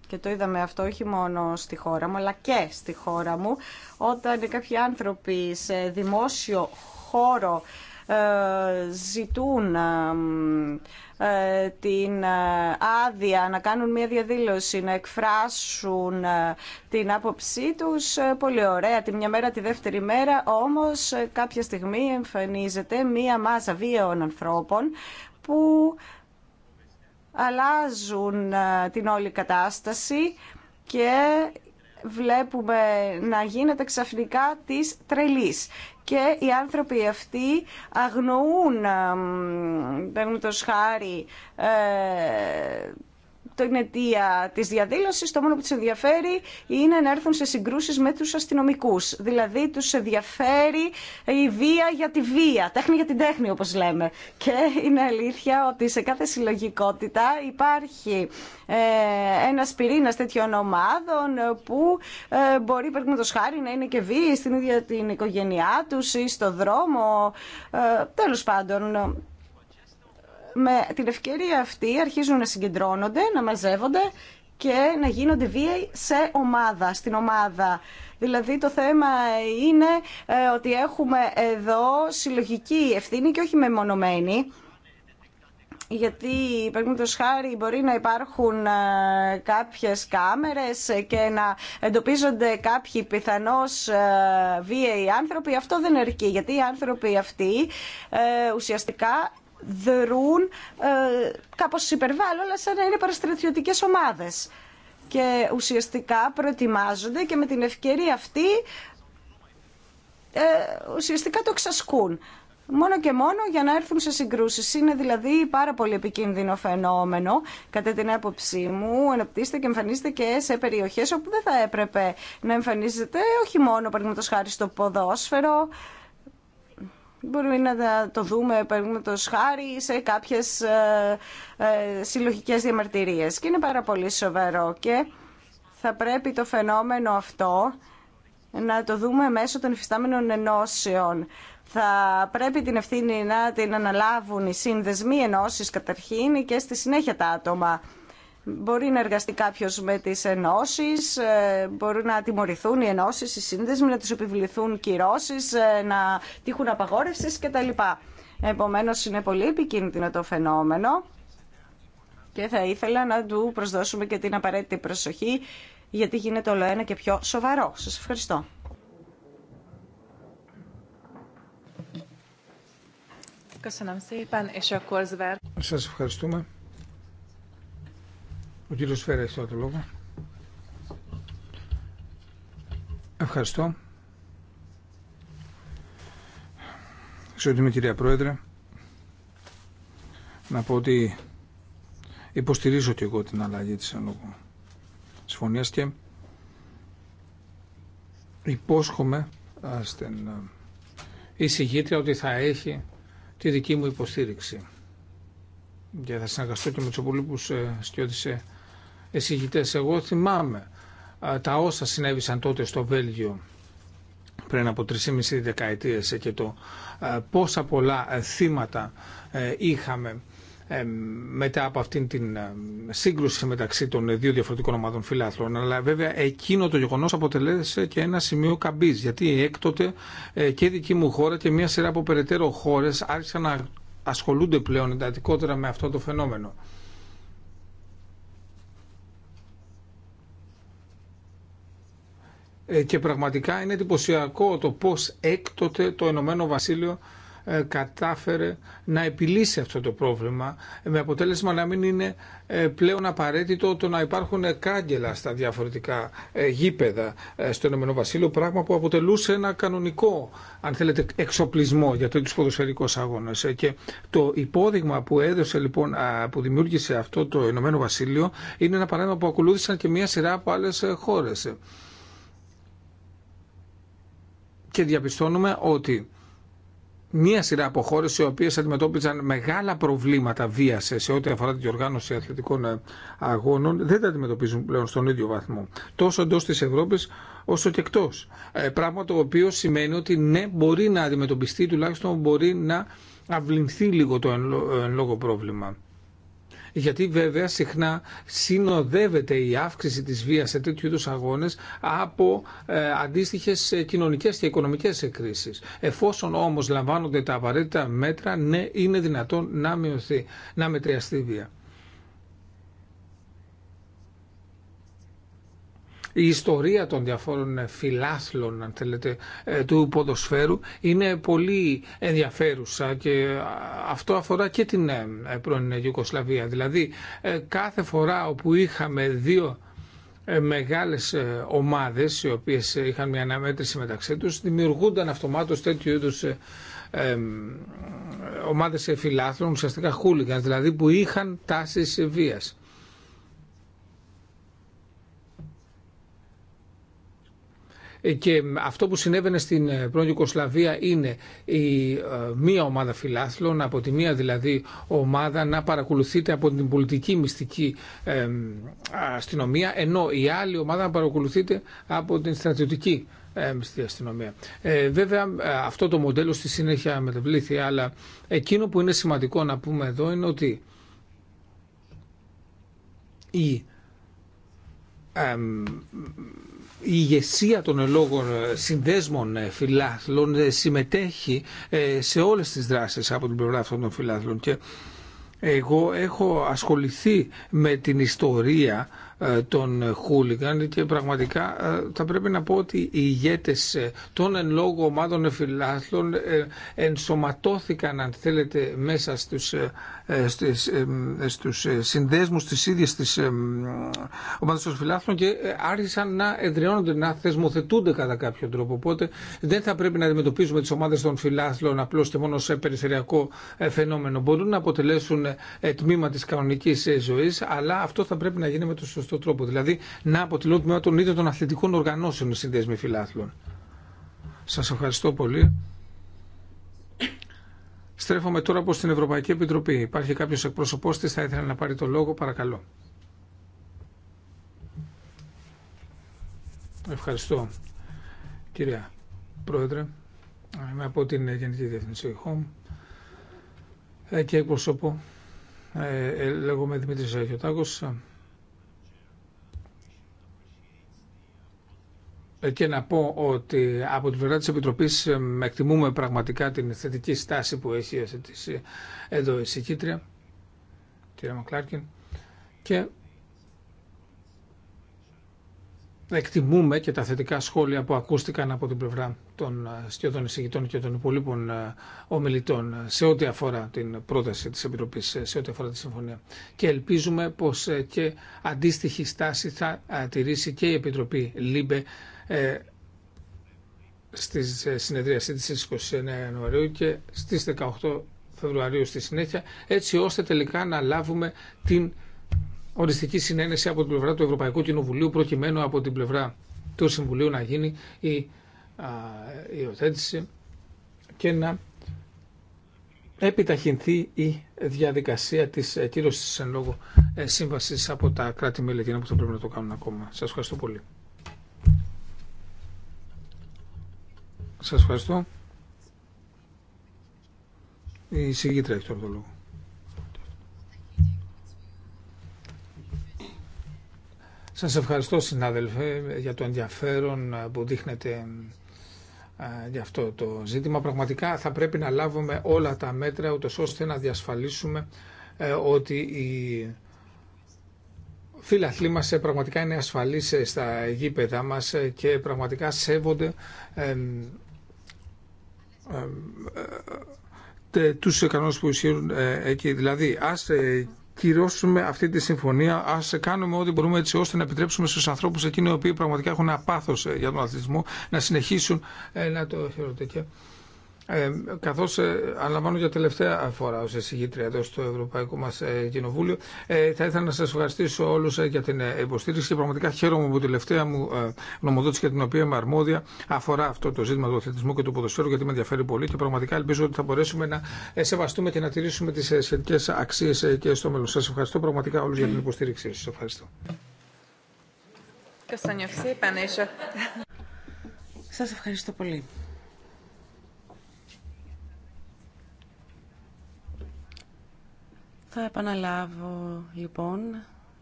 και το είδαμε αυτό όχι μόνο στη χώρα μου, αλλά και στη χώρα μου, όταν κάποιοι άνθρωποι σε δημόσιο χώρο ε, ζητούν ε, ε, την άδεια να κάνουν μια διαδήλωση, να εκφράσουν την άποψή τους. Πολύ ωραία τη μια μέρα, τη δεύτερη μέρα, όμως κάποια στιγμή εμφανίζεται μια μάζα βίαιων ανθρώπων που αλλάζουν την όλη κατάσταση και βλέπουμε να γίνεται ξαφνικά της τρελής. Και οι άνθρωποι αυτοί αγνοούν, παίρνουν το σχάρι, ε, την αιτία της διαδήλωσης, το μόνο που τους ενδιαφέρει είναι να έρθουν σε συγκρούσεις με τους αστυνομικούς. Δηλαδή τους ενδιαφέρει η βία για τη βία, τέχνη για την τέχνη όπως λέμε. Και είναι αλήθεια ότι σε κάθε συλλογικότητα υπάρχει ε, ένας πυρήνας τέτοιων ομάδων που ε, μπορεί το χάρη να είναι και βίοι στην ίδια την οικογένειά τους ή στο δρόμο. Ε, τέλος πάντων, με την ευκαιρία αυτή αρχίζουν να συγκεντρώνονται, να μαζεύονται και να γίνονται βίαιοι σε ομάδα, στην ομάδα. Δηλαδή το θέμα είναι ε, ότι έχουμε εδώ συλλογική ευθύνη και όχι μεμονωμένη. Γιατί, παραδείγματο χάρη, μπορεί να υπάρχουν ε, κάποιε κάμερε και να εντοπίζονται κάποιοι πιθανώ ε, βίαιοι άνθρωποι. Αυτό δεν αρκεί, γιατί οι άνθρωποι αυτοί ουσιαστικά δρούν ε, κάπως υπερβάλλω, αλλά σαν να είναι παραστρατιωτικές ομάδες. Και ουσιαστικά προετοιμάζονται και με την ευκαιρία αυτή ε, ουσιαστικά το εξασκούν. Μόνο και μόνο για να έρθουν σε συγκρούσεις. Είναι δηλαδή πάρα πολύ επικίνδυνο φαινόμενο, κατά την άποψή μου, αναπτύσσεται και εμφανίζεται και σε περιοχές όπου δεν θα έπρεπε να εμφανίζεται, όχι μόνο, παραδείγματος χάρη στο ποδόσφαιρο, Μπορούμε να το δούμε, παραδείγματο χάρη, σε κάποιε ε, συλλογικέ διαμαρτυρίε. Και είναι πάρα πολύ σοβαρό και θα πρέπει το φαινόμενο αυτό να το δούμε μέσω των υφιστάμενων ενώσεων. Θα πρέπει την ευθύνη να την αναλάβουν οι σύνδεσμοι ενώσεις καταρχήν και στη συνέχεια τα άτομα. Μπορεί να εργαστεί κάποιο με τι ενώσει, ε, μπορεί να τιμωρηθούν οι ενώσει, οι σύνδεσμοι, να του επιβληθούν κυρώσει, ε, να τύχουν απαγόρευση κτλ. Επομένω, είναι πολύ επικίνδυνο το φαινόμενο και θα ήθελα να του προσδώσουμε και την απαραίτητη προσοχή γιατί γίνεται όλο ένα και πιο σοβαρό. Σας ευχαριστώ. Σας ευχαριστούμε. Ο κύριο Φέρα έχει το λόγο. Ευχαριστώ. Εξαιρετική κυρία Πρόεδρε, να πω ότι υποστηρίζω και εγώ την αλλαγή της ενόγου συμφωνίας και υπόσχομαι στην εισηγήτρια ότι θα έχει τη δική μου υποστήριξη και θα συνεργαστώ και με τους υπολείπους ε, σκιώτησε εγώ θυμάμαι τα όσα συνέβησαν τότε στο Βέλγιο πριν από 3,5 δεκαετίες και το πόσα πολλά ε, θύματα ε, είχαμε ε, μετά από αυτήν την σύγκρουση μεταξύ των δύο διαφορετικών ομάδων φιλάθλων. Αλλά βέβαια εκείνο το γεγονό αποτελέσε και ένα σημείο καμπή. Γιατί έκτοτε και η δική μου χώρα και μια σειρά από περαιτέρω χώρε άρχισαν να ασχολούνται πλέον εντατικότερα με αυτό το φαινόμενο. Ε, και πραγματικά είναι εντυπωσιακό το πώς έκτοτε το Ηνωμένο Βασίλειο ε, κατάφερε να επιλύσει αυτό το πρόβλημα με αποτέλεσμα να μην είναι ε, πλέον απαραίτητο το να υπάρχουν κάγκελα στα διαφορετικά γήπεδα στο Ηνωμένο Βασίλειο, πράγμα που αποτελούσε ένα κανονικό, αν θέλετε, εξοπλισμό για τέτοιους ποδοσφαιρικούς αγώνες. Και το υπόδειγμα που έδωσε λοιπόν, που δημιούργησε αυτό το Ηνωμένο Βασίλειο είναι ένα παράδειγμα που ακολούθησαν και μια σειρά από άλλες χώρες και διαπιστώνουμε ότι μία σειρά από χώρε οι οποίε αντιμετώπιζαν μεγάλα προβλήματα βία σε ό,τι αφορά την διοργάνωση αθλητικών ε, αγώνων, δεν τα αντιμετωπίζουν πλέον στον ίδιο βαθμό. Τόσο εντό τη Ευρώπη όσο και εκτό. Ε, πράγμα το οποίο σημαίνει ότι ναι, μπορεί να αντιμετωπιστεί, τουλάχιστον μπορεί να αυλυνθεί λίγο το εν λόγω πρόβλημα γιατί βέβαια συχνά συνοδεύεται η αύξηση της βίας σε τέτοιου είδους αγώνες από ε, αντίστοιχες ε, κοινωνικές και οικονομικές κρίσεις. Εφόσον όμως λαμβάνονται τα απαραίτητα μέτρα, ναι, είναι δυνατόν να μειωθεί, να μετριαστεί η βία. η ιστορία των διαφόρων ε, φιλάθλων αν θέλετε, ε, του ποδοσφαίρου είναι πολύ ενδιαφέρουσα και ε, αυτό αφορά και την πρώην Ιουκοσλαβία. Δηλαδή κάθε φορά όπου είχαμε δύο μεγάλες ομάδες οι οποίες είχαν μια αναμέτρηση μεταξύ τους δημιουργούνταν αυτομάτως τέτοιου είδους ε, ομάδες φιλάθλων, ουσιαστικά χούλιγκαν, δηλαδή που είχαν τάσεις βίας. Ε, και αυτό που συνέβαινε στην ε, πρώην Ιουκοσλαβία είναι η ε, μία ομάδα φιλάθλων, από τη μία δηλαδή ομάδα να παρακολουθείται από την πολιτική μυστική αστυνομία, ενώ η άλλη ομάδα να παρακολουθείται από την στρατιωτική στην αστυνομία. Ε, βέβαια αυτό το μοντέλο στη συνέχεια μετεβλήθη, αλλά εκείνο που είναι σημαντικό να πούμε εδώ είναι ότι η η ηγεσία των ελόγων ε, συνδέσμων ε, φιλάθλων ε, συμμετέχει σε όλες τις δράσεις από την πλευρά αυτών των φιλάθλων και εγώ έχω ασχοληθεί με την ιστορία των χούλιγκαν και πραγματικά θα πρέπει να πω ότι οι ηγέτες των εν λόγω ομάδων φιλάθλων ενσωματώθηκαν αν θέλετε μέσα στους ε, στις, ε, ε, στους συνδέσμους της ίδιας της ομάδας των φιλάθλων και άρχισαν να εδραιώνονται, να θεσμοθετούνται κατά κάποιο τρόπο. Οπότε δεν θα πρέπει να αντιμετωπίζουμε τις ομάδες των φιλάθλων απλώς και μόνο σε περιφερειακό φαινόμενο. Μπορούν να αποτελέσουν τμήμα της κανονικής ζωής, αλλά αυτό θα πρέπει να γίνει με τον σωστό τρόπο. Δηλαδή να αποτελούν τμήμα των ίδιων των αθλητικών οργανώσεων οι συνδέσμοι φιλάθλων. Σας ευχαριστώ πολύ. Στρέφομαι τώρα προ την Ευρωπαϊκή Επιτροπή. Υπάρχει κάποιος εκπροσωπός της, θα ήθελα να πάρει το λόγο, παρακαλώ. Ευχαριστώ, κυρία Πρόεδρε. Είμαι από την Γενική Διεθνή Home ε, και εκπροσωπώ. Ε, ε λέγομαι Δημήτρη Αγιοτάκο. και να πω ότι από την πλευρά της Επιτροπής ε, εκτιμούμε πραγματικά την θετική στάση που έχει εδώ η συγκήτρια, κυρία Μακλάρκιν, και εκτιμούμε και τα θετικά σχόλια που ακούστηκαν από την πλευρά των ε, στιωτών εισηγητών και των υπολείπων ε, ομιλητών σε ό,τι αφορά την πρόταση της Επιτροπής, σε ό,τι αφορά τη συμφωνία. Και ελπίζουμε πως και αντίστοιχη στάση θα τηρήσει και η Επιτροπή ΛΥΜΠΕ ε, στη ε, συνεδρίασή της 29 Ιανουαρίου και στις 18 Φεβρουαρίου στη συνέχεια, έτσι ώστε τελικά να λάβουμε την οριστική συνένεση από την πλευρά του Ευρωπαϊκού Κοινοβουλίου, προκειμένου από την πλευρά του Συμβουλίου να γίνει η υιοθέτηση και να επιταχυνθεί η διαδικασία της ε, κύρωσης εν λόγω σύμβασης από τα κράτη-μέλη, γιατί είναι που θα πρέπει να το κάνουν ακόμα. Σας ευχαριστώ πολύ. Σα ευχαριστώ. Η συγκήτρια έχει τώρα το λόγο. Σας ευχαριστώ συνάδελφε για το ενδιαφέρον που δείχνετε ε, για αυτό το ζήτημα. Πραγματικά θα πρέπει να λάβουμε όλα τα μέτρα ούτω ώστε να διασφαλίσουμε ε, ότι η φίλαθλοί μας ε, πραγματικά είναι ασφαλείς στα γήπεδά μας και πραγματικά σέβονται τους κανόνες που ισχύουν ε, εκεί. Δηλαδή, ας ε, κυρώσουμε αυτή τη συμφωνία, ας κάνουμε ό,τι μπορούμε έτσι ώστε να επιτρέψουμε στους ανθρώπους εκείνοι οι οποίοι πραγματικά έχουν απάθος ε, για τον αθλητισμό να συνεχίσουν να το χαιρετούν. Ε, καθώς ε, αναλαμβάνω για τελευταία φορά ω εισηγήτρια εδώ στο Ευρωπαϊκό μα ε, Κοινοβούλιο, ε, θα ήθελα να σα ευχαριστήσω όλους ε, για την ε, υποστήριξη και πραγματικά χαίρομαι που η τελευταία μου ε, νομοδότηση για την οποία είμαι αρμόδια αφορά αυτό το ζήτημα του αθλητισμού και του ποδοσφαίρου γιατί με ενδιαφέρει πολύ και πραγματικά ελπίζω ότι θα μπορέσουμε να σεβαστούμε και να τηρήσουμε τις σχετικές αξίες και στο μέλλον. Σα ευχαριστώ πραγματικά όλου για την υποστήριξή Σα Ευχαριστώ. Σα ευχαριστώ πολύ. Θα επαναλάβω λοιπόν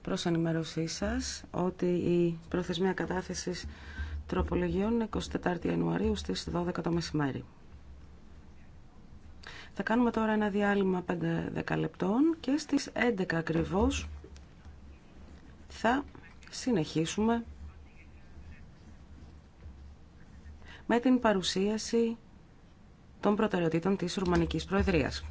προς ενημερωσή σας ότι η προθεσμία κατάθεσης τροπολογιών είναι 24 Ιανουαρίου στις 12 το μεσημέρι. Θα κάνουμε τώρα ένα διάλειμμα 5-10 λεπτών και στις 11 ακριβώς θα συνεχίσουμε με την παρουσίαση των προτεραιοτήτων της Ρουμανικής Προεδρίας.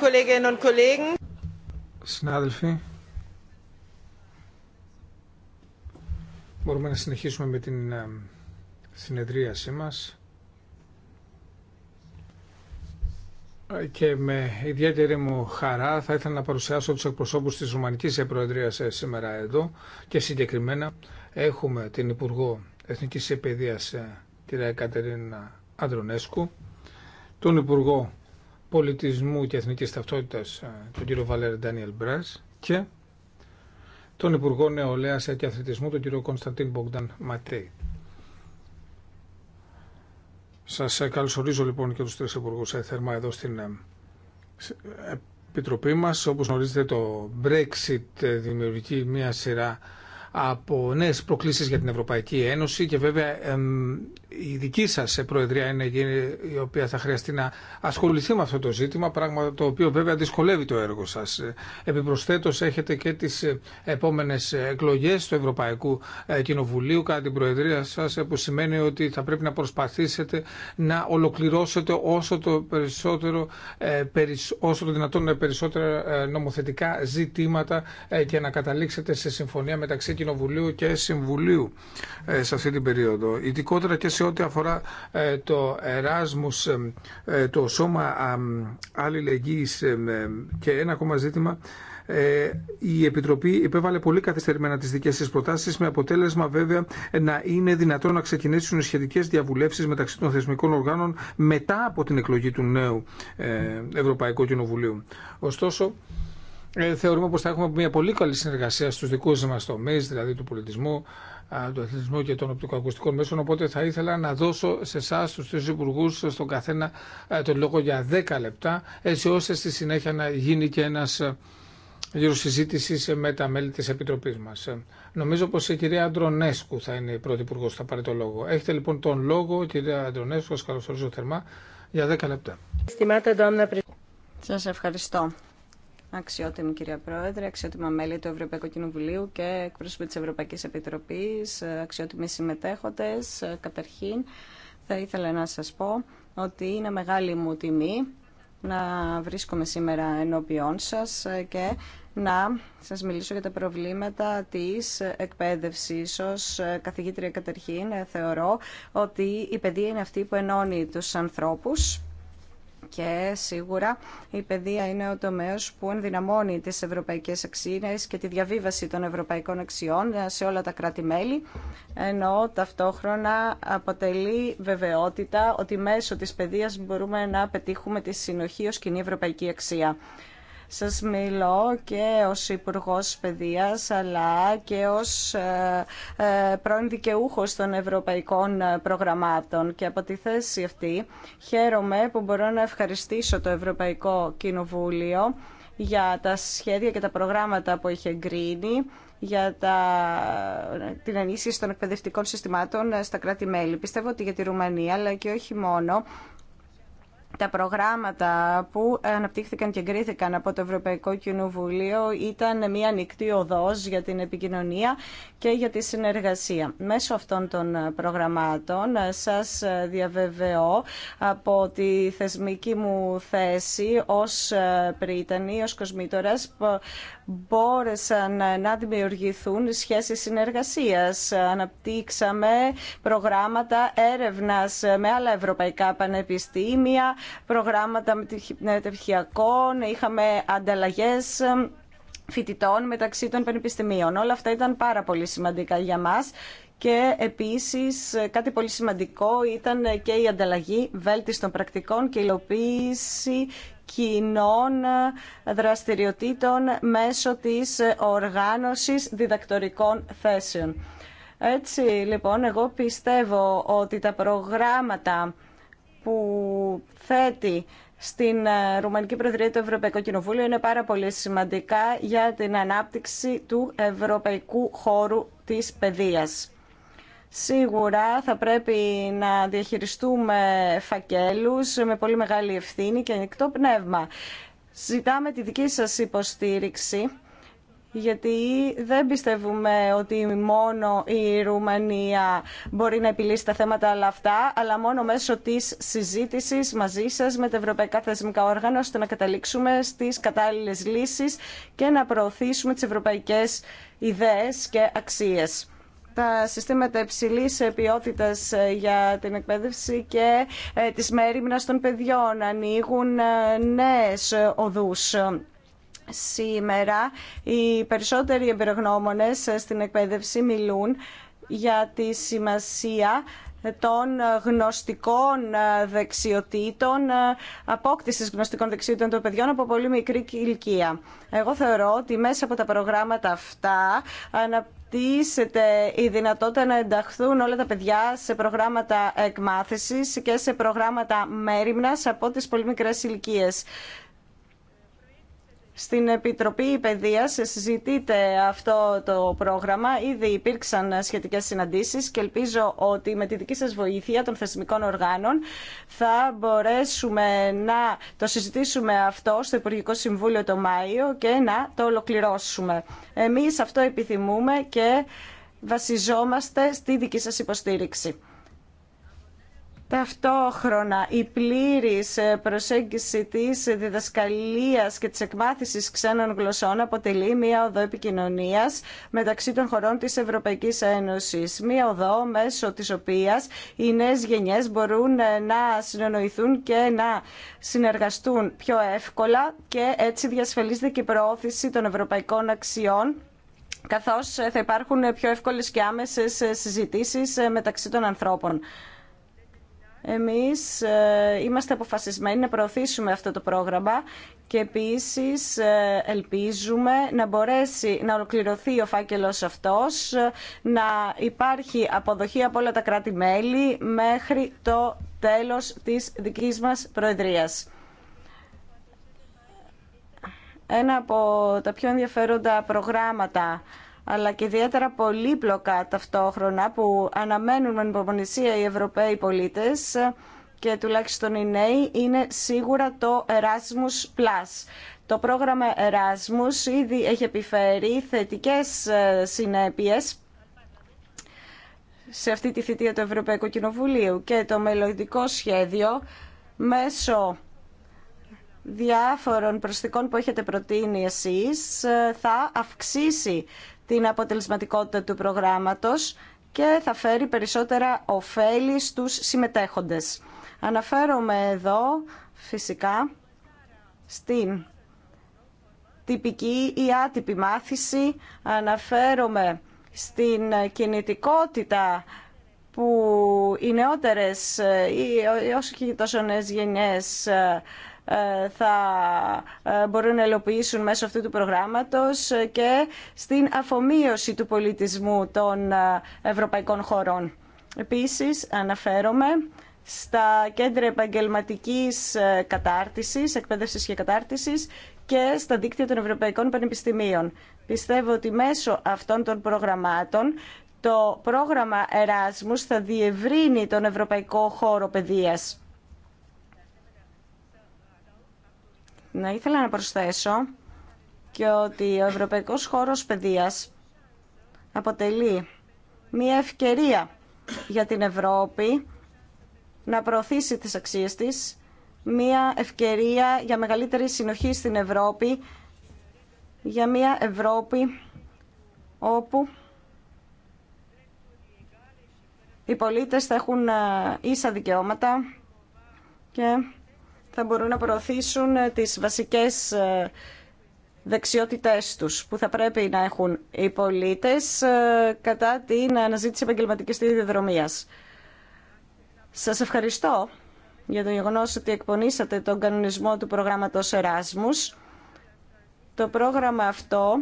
Kolleginnen und Kollegen. Συνάδελφοι, μπορούμε να συνεχίσουμε με την ε, συνεδρίασή μας ε, και με ιδιαίτερη μου χαρά θα ήθελα να παρουσιάσω τους εκπροσώπους της Ρουμανικής Προεδρία ε, σήμερα εδώ και συγκεκριμένα έχουμε την Υπουργό Εθνικής Επαιδείας κυρία Κατερίνα Ανδρονέσκου τον Υπουργό πολιτισμού και εθνικής ταυτότητας ε, τον κύριο Βαλέρ Ντάνιελ Μπράς και τον Υπουργό Νεολαίας και Αθλητισμού τον κύριο Κωνσταντίν Μπογκδάν Ματέι. Σας ε, καλωσορίζω λοιπόν και τους τρεις υπουργούς ε, θερμά εδώ στην Επιτροπή μας. Όπως γνωρίζετε το Brexit δημιουργεί μια σειρά από νέε προκλήσει για την Ευρωπαϊκή Ένωση και βέβαια η δική σα Προεδρία είναι η οποία θα χρειαστεί να ασχοληθεί με αυτό το ζήτημα, πράγμα το οποίο βέβαια δυσκολεύει το έργο σα. Επιπροσθέτω, έχετε και τι επόμενε εκλογέ του Ευρωπαϊκού ε, Κοινοβουλίου κατά την Προεδρία σα, που σημαίνει ότι θα πρέπει να προσπαθήσετε να ολοκληρώσετε όσο το, περισσότερο, ε, όσο το δυνατόν ε, περισσότερα νομοθετικά ζητήματα και να καταλήξετε σε συμφωνία μεταξύ Κοινοβουλίου και Συμβουλίου ε, σε αυτή την περίοδο. Ειδικότερα και σε ό,τι αφορά ε, το Εράσμους, ε, το Σώμα Αλληλεγγύης και ένα ακόμα ζήτημα η Επιτροπή υπέβαλε πολύ καθυστερημένα τις δικές της προτάσεις με αποτέλεσμα βέβαια να είναι δυνατόν να ξεκινήσουν οι σχετικές διαβουλεύσεις μεταξύ των θεσμικών οργάνων μετά από την εκλογή του νέου Ευρωπαϊκού Κοινοβουλίου. Ωστόσο, ε, θεωρούμε πως θα έχουμε μια πολύ καλή συνεργασία στους δικούς μας τομείς, δηλαδή του πολιτισμού, του αθλητισμού και των οπτικοακουστικών μέσων. Οπότε θα ήθελα να δώσω σε εσά, στου τρει υπουργού, στον καθένα τον λόγο για 10 λεπτά, έτσι ώστε στη συνέχεια να γίνει και ένα γύρω συζήτηση με τα μέλη τη Επιτροπή μα. Ε, νομίζω πω η κυρία Αντρονέσκου θα είναι η πρώτη υπουργό που θα πάρει το λόγο. Έχετε λοιπόν τον λόγο, κυρία Αντρονέσκου, σα καλωσορίζω θερμά για 10 λεπτά. Σα ευχαριστώ. Αξιότιμη κυρία Πρόεδρε, αξιότιμα μέλη του Ευρωπαϊκού Κοινοβουλίου και εκπρόσωποι της Ευρωπαϊκής Επιτροπής, αξιότιμοι συμμετέχοντες, καταρχήν θα ήθελα να σας πω ότι είναι μεγάλη μου τιμή να βρίσκομαι σήμερα ενώπιόν σας και να σας μιλήσω για τα προβλήματα της εκπαίδευσης. Ως καθηγήτρια καταρχήν θεωρώ ότι η παιδεία είναι αυτή που ενώνει τους ανθρώπους και σίγουρα η παιδεία είναι ο τομέας που ενδυναμώνει τις ευρωπαϊκές αξίες και τη διαβίβαση των ευρωπαϊκών αξιών σε όλα τα κράτη-μέλη, ενώ ταυτόχρονα αποτελεί βεβαιότητα ότι μέσω της παιδείας μπορούμε να πετύχουμε τη συνοχή ως κοινή ευρωπαϊκή αξία. Σας μιλώ και ως Υπουργός Παιδείας αλλά και ως ε, ε, πρώην δικαιούχος των ευρωπαϊκών ε, προγραμμάτων και από τη θέση αυτή χαίρομαι που μπορώ να ευχαριστήσω το Ευρωπαϊκό Κοινοβούλιο για τα σχέδια και τα προγράμματα που έχει εγκρίνει για τα, την ενίσχυση των εκπαιδευτικών συστημάτων στα κράτη-μέλη. Πιστεύω ότι για τη Ρουμανία, αλλά και όχι μόνο, τα προγράμματα που αναπτύχθηκαν και εγκρίθηκαν από το Ευρωπαϊκό Κοινοβουλίο ήταν μια ανοιχτή οδός για την επικοινωνία και για τη συνεργασία. Μέσω αυτών των προγραμμάτων σας διαβεβαιώ από τη θεσμική μου θέση ως Πρίτανη, ως κοσμήτορας μπόρεσαν να δημιουργηθούν σχέσεις συνεργασίας. Αναπτύξαμε προγράμματα έρευνας με άλλα ευρωπαϊκά πανεπιστήμια, προγράμματα μετευχιακών, είχαμε ανταλλαγές φοιτητών μεταξύ των πανεπιστημίων. Όλα αυτά ήταν πάρα πολύ σημαντικά για μας και επίσης κάτι πολύ σημαντικό ήταν και η ανταλλαγή βέλτιστων πρακτικών και υλοποίηση κοινών δραστηριοτήτων μέσω της οργάνωσης διδακτορικών θέσεων. Έτσι λοιπόν εγώ πιστεύω ότι τα προγράμματα που θέτει στην Ρουμανική Προεδρία του Ευρωπαϊκού Κοινοβούλιο είναι πάρα πολύ σημαντικά για την ανάπτυξη του ευρωπαϊκού χώρου της παιδείας. Σίγουρα θα πρέπει να διαχειριστούμε φακέλους με πολύ μεγάλη ευθύνη και ανοιχτό πνεύμα. Ζητάμε τη δική σας υποστήριξη γιατί δεν πιστεύουμε ότι μόνο η Ρουμανία μπορεί να επιλύσει τα θέματα όλα αυτά, αλλά μόνο μέσω της συζήτησης μαζί σας με τα ευρωπαϊκά θεσμικά όργανα, ώστε να καταλήξουμε στις κατάλληλες λύσεις και να προωθήσουμε τις ευρωπαϊκές ιδέες και αξίες τα συστήματα υψηλή ποιότητα ε, για την εκπαίδευση και ε, τη μέρημνα των παιδιών. Ανοίγουν ε, νέε οδού. Σήμερα οι περισσότεροι εμπειρογνώμονες στην εκπαίδευση μιλούν για τη σημασία των γνωστικών δεξιοτήτων, απόκτησης γνωστικών δεξιοτήτων των παιδιών από πολύ μικρή ηλικία. Εγώ θεωρώ ότι μέσα από τα προγράμματα αυτά αναπτύσσεται η δυνατότητα να ενταχθούν όλα τα παιδιά σε προγράμματα εκμάθησης και σε προγράμματα μέριμνας από τις πολύ μικρές ηλικίες. Στην Επιτροπή Παιδείας συζητείτε αυτό το πρόγραμμα. Ήδη υπήρξαν σχετικές συναντήσεις και ελπίζω ότι με τη δική σας βοήθεια των θεσμικών οργάνων θα μπορέσουμε να το συζητήσουμε αυτό στο Υπουργικό Συμβούλιο το Μάιο και να το ολοκληρώσουμε. Εμείς αυτό επιθυμούμε και βασιζόμαστε στη δική σας υποστήριξη. Ταυτόχρονα η πλήρης ε, προσέγγιση της διδασκαλίας και της εκμάθησης ξένων γλωσσών αποτελεί μια οδό επικοινωνίας μεταξύ των χωρών της Ευρωπαϊκής Ένωσης. Μια οδό μέσω της οποίας οι νέες γενιές μπορούν ε, να συνονοηθούν και να συνεργαστούν πιο εύκολα και έτσι διασφαλίζεται και η προώθηση των ευρωπαϊκών αξιών καθώς ε, θα υπάρχουν πιο εύκολες και άμεσες συζητήσεις μεταξύ των ανθρώπων. Εμείς ε, είμαστε αποφασισμένοι να προωθήσουμε αυτό το πρόγραμμα και επίσης ε, ελπίζουμε να μπορέσει να ολοκληρωθεί ο φάκελος αυτός, να υπάρχει αποδοχή από όλα τα κράτη-μέλη μέχρι το τέλος της δικής μας Προεδρίας. Ένα από τα πιο ενδιαφέροντα προγράμματα αλλά και ιδιαίτερα πολύπλοκα ταυτόχρονα που αναμένουν με υπομονησία οι Ευρωπαίοι πολίτες και τουλάχιστον οι νέοι είναι σίγουρα το Erasmus Plus. Το πρόγραμμα Erasmus ήδη έχει επιφέρει θετικές ε, συνέπειες σε αυτή τη θητεία του Ευρωπαϊκού Κοινοβουλίου και το μελλοντικό σχέδιο μέσω διάφορων προσθήκων που έχετε προτείνει εσείς ε, θα αυξήσει την αποτελεσματικότητα του προγράμματος και θα φέρει περισσότερα ωφέλη στους συμμετέχοντες. Αναφέρομαι εδώ φυσικά στην τυπική ή άτυπη μάθηση, αναφέρομαι στην κινητικότητα που οι νεότερες ή όχι τόσο νέες γενιές ε, θα ε, μπορούν να ελοποιήσουν μέσω αυτού του προγράμματος και στην αφομοίωση του πολιτισμού των ε, ευρωπαϊκών χωρών. Επίσης, αναφέρομαι στα κέντρα επαγγελματικής κατάρτισης, εκπαίδευσης και κατάρτισης και στα δίκτυα των Ευρωπαϊκών Πανεπιστημίων. Πιστεύω ότι μέσω αυτών των προγραμμάτων το πρόγραμμα Εράσμους θα διευρύνει τον ευρωπαϊκό χώρο παιδείας. Να ήθελα να προσθέσω και ότι ο Ευρωπαϊκός Χώρος Παιδείας αποτελεί μια ευκαιρία για την Ευρώπη να προωθήσει τις αξίες της, μια ευκαιρία για μεγαλύτερη συνοχή στην Ευρώπη, για μια Ευρώπη όπου οι πολίτες θα έχουν ε, ίσα δικαιώματα και θα μπορούν να προωθήσουν ε, τις βασικές ε, δεξιότητές τους που θα πρέπει να έχουν οι πολίτες ε, κατά την αναζήτηση επαγγελματικής διαδρομίας. Σας ευχαριστώ για το γεγονός ότι εκπονήσατε τον κανονισμό του προγράμματος Εράσμους. Το πρόγραμμα αυτό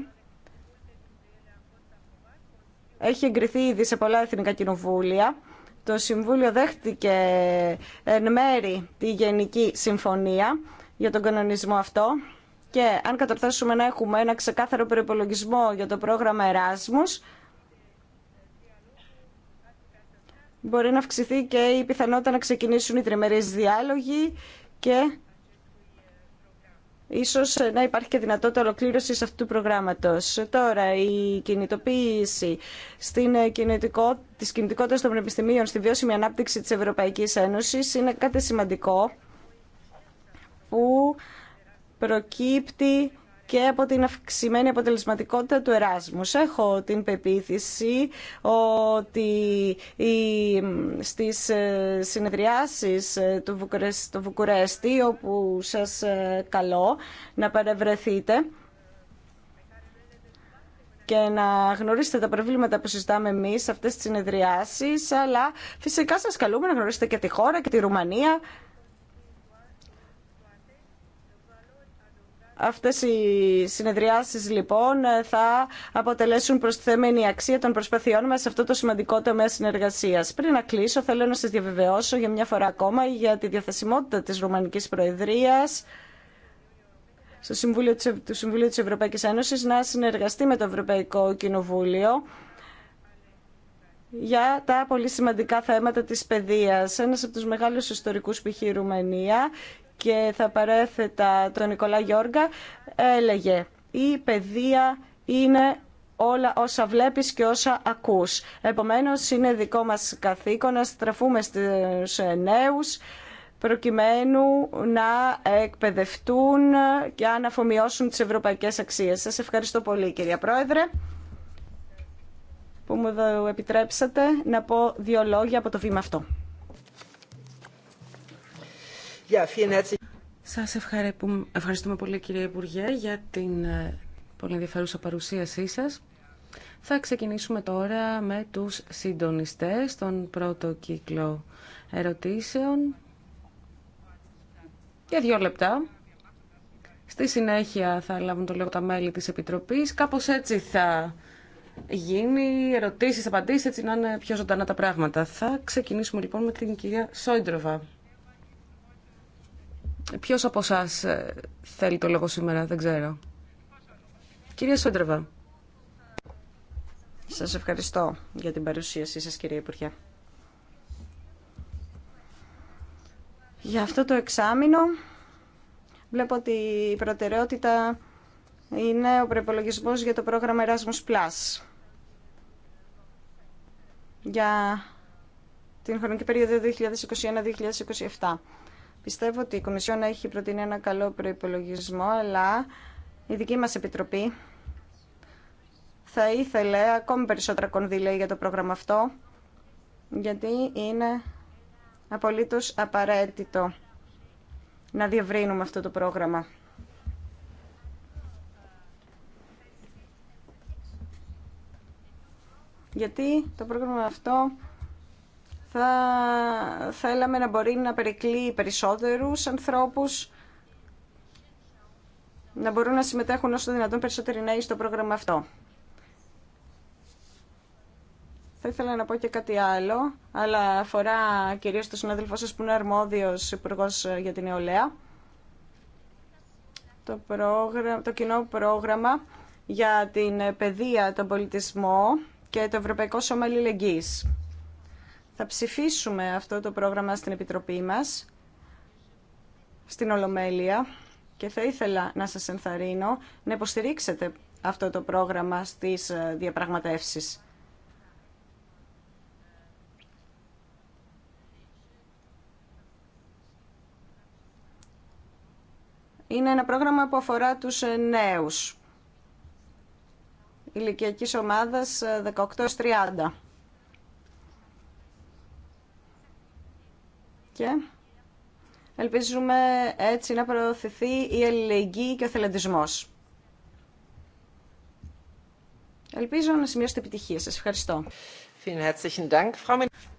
έχει εγκριθεί ήδη σε πολλά εθνικά κοινοβούλια το Συμβούλιο δέχτηκε εν μέρη τη Γενική Συμφωνία για τον κανονισμό αυτό και αν κατορθώσουμε να έχουμε ένα ξεκάθαρο προπολογισμό για το πρόγραμμα Εράσμους, μπορεί να αυξηθεί και η πιθανότητα να ξεκινήσουν οι τριμερείς διάλογοι και ίσως να υπάρχει και δυνατότητα ολοκλήρωσης αυτού του προγράμματος. Τώρα, η κινητοποίηση στην ε, κινητικό, της κινητικότητας των πανεπιστημίων στη βιώσιμη ανάπτυξη της Ευρωπαϊκής Ένωσης είναι κάτι σημαντικό που προκύπτει και από την αυξημένη αποτελεσματικότητα του Εράσμους. Έχω την πεποίθηση ότι στις ε, συνεδριάσεις ε, του Βουκουρέστη, όπου σας ε, καλώ να παρευρεθείτε, και να γνωρίσετε τα προβλήματα που συζητάμε εμείς σε αυτές τις συνεδριάσεις, αλλά φυσικά σας καλούμε να γνωρίσετε και τη χώρα και τη Ρουμανία Αυτές οι συνεδριάσεις λοιπόν θα αποτελέσουν προσθεμένη αξία των προσπαθειών μας σε αυτό το σημαντικό τομέα συνεργασίας. Πριν να κλείσω θέλω να σας διαβεβαιώσω για μια φορά ακόμα για τη διαθεσιμότητα της Ρουμανικής Προεδρίας στο Συμβούλιο της, του Συμβουλίου της Ευρωπαϊκής Ένωσης να συνεργαστεί με το Ευρωπαϊκό Κοινοβούλιο για τα πολύ σημαντικά θέματα της παιδείας. Ένας από τους μεγάλους ιστορικούς π.χ. η Ρουμανία και θα παρέθετα τον Νικολά Γιώργα, έλεγε «Η παιδεία είναι όλα όσα βλέπεις και όσα ακούς». Επομένως, είναι δικό μας καθήκον να στραφούμε στους νέους, προκειμένου να εκπαιδευτούν και να αφομοιώσουν τις ευρωπαϊκές αξίες. Σας ευχαριστώ πολύ κυρία Πρόεδρε που μου επιτρέψατε να πω δύο λόγια από το βήμα αυτό. Σας ευχαριστούμε πολύ κύριε Υπουργέ για την ε, πολύ ενδιαφέρουσα παρουσίασή σας. Θα ξεκινήσουμε τώρα με τους συντονιστές, τον πρώτο κύκλο ερωτήσεων. Για δύο λεπτά. Στη συνέχεια θα λάβουν το λόγο τα μέλη της Επιτροπής. Κάπως έτσι θα γίνει, ερωτήσεις, απαντήσεις, έτσι να είναι πιο ζωντανά τα πράγματα. Θα ξεκινήσουμε λοιπόν με την κυρία Σόιντροβα. Ποιο από εσά ε, θέλει το λόγο σήμερα, δεν ξέρω. Κυρία Σόντρεβα. Σας ευχαριστώ για την παρουσίασή σας, κυρία Υπουργέ. Για αυτό το εξάμεινο βλέπω ότι η προτεραιότητα είναι ο προπολογισμό για το πρόγραμμα Erasmus Plus. Για την χρονική περίοδο 2021-2027. Πιστεύω ότι η Κομισιόν έχει προτείνει ένα καλό προϋπολογισμό, αλλά η δική μας Επιτροπή θα ήθελε ακόμη περισσότερα κονδύλια για το πρόγραμμα αυτό, γιατί είναι απολύτως απαραίτητο να διευρύνουμε αυτό το πρόγραμμα. Γιατί το πρόγραμμα αυτό θα θέλαμε να μπορεί να περικλεί περισσότερους ανθρώπους να μπορούν να συμμετέχουν όσο δυνατόν περισσότεροι νέοι στο πρόγραμμα αυτό. Θα ήθελα να πω και κάτι άλλο, αλλά αφορά κυρίως τον συνάδελφό σας που είναι αρμόδιος υπουργό για την νεολαία. Το, πρόγραμμα, το κοινό πρόγραμμα για την παιδεία, τον πολιτισμό και το Ευρωπαϊκό Σώμα Αλληλεγγύης. Θα ψηφίσουμε αυτό το πρόγραμμα στην Επιτροπή μας, στην Ολομέλεια και θα ήθελα να σας ενθαρρύνω να υποστηρίξετε αυτό το πρόγραμμα στις ε, διαπραγματεύσεις. Είναι ένα πρόγραμμα που αφορά τους ε, νέους ηλικιακής ομάδας 18-30. Ε, και ελπίζουμε έτσι να προωθηθεί η ελληνική και ο θελαντισμός. Ελπίζω να σημειώσετε επιτυχία. Σας ευχαριστώ.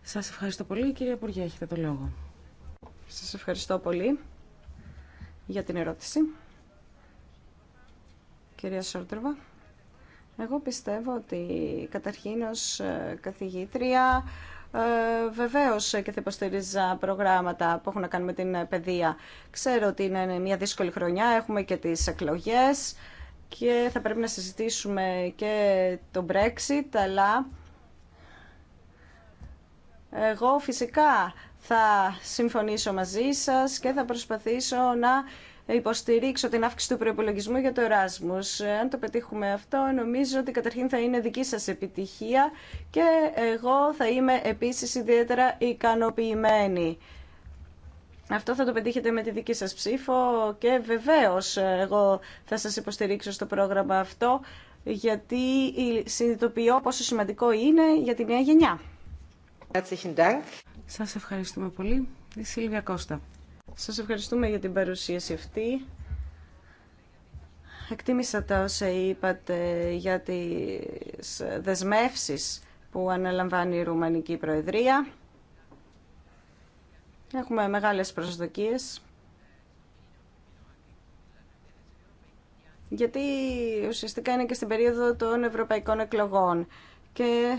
Σας ευχαριστώ πολύ. Κυρία Υπουργέ, έχετε το λόγο. Σας ευχαριστώ πολύ για την ερώτηση. Κυρία Σόρτρεβα. Εγώ πιστεύω ότι καταρχήν ως ε, καθηγήτρια ε, Βεβαίω και θα υποστηρίζα προγράμματα που έχουν να κάνουν με την παιδεία. Ξέρω ότι είναι μια δύσκολη χρονιά, έχουμε και τις εκλογέ και θα πρέπει να συζητήσουμε και το Brexit, αλλά εγώ φυσικά θα συμφωνήσω μαζί σας και θα προσπαθήσω να υποστηρίξω την αύξηση του προπολογισμού για το Εράσμος. Αν το πετύχουμε αυτό, νομίζω ότι καταρχήν θα είναι δική σας επιτυχία και εγώ θα είμαι επίσης ιδιαίτερα ικανοποιημένη. Αυτό θα το πετύχετε με τη δική σας ψήφο και βεβαίως εγώ θα σας υποστηρίξω στο πρόγραμμα αυτό γιατί συνειδητοποιώ πόσο σημαντικό είναι για τη νέα γενιά. Σας ευχαριστούμε πολύ. Η Σίλβια Κώστα. Σας ευχαριστούμε για την παρουσίαση αυτή. Εκτίμησα τα όσα είπατε για τις δεσμεύσεις που αναλαμβάνει η Ρουμανική Προεδρία. Έχουμε μεγάλες προσδοκίες. Γιατί ουσιαστικά είναι και στην περίοδο των ευρωπαϊκών εκλογών. Και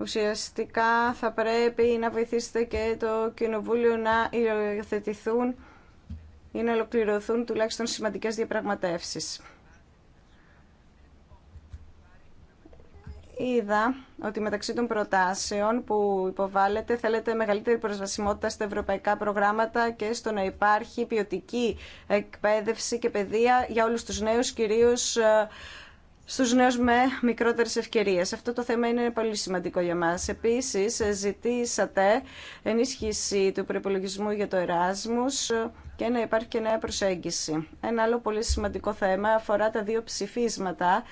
Ουσιαστικά θα πρέπει να βοηθήσετε και το Κοινοβούλιο να υιοθετηθούν ή να ολοκληρωθούν τουλάχιστον σημαντικές διαπραγματεύσεις. Είδα ότι μεταξύ των προτάσεων που υποβάλλετε θέλετε μεγαλύτερη προσβασιμότητα στα ευρωπαϊκά προγράμματα και στο να υπάρχει ποιοτική εκπαίδευση και παιδεία για όλους τους νέους, κυρίως ε, Στου νέου με μικρότερε ευκαιρίε. Αυτό το θέμα είναι πολύ σημαντικό για μα. Επίση, ζητήσατε ενίσχυση του προπολογισμού για το Εράσμους και να υπάρχει και νέα προσέγγιση. Ένα άλλο πολύ σημαντικό θέμα αφορά τα δύο ψηφίσματα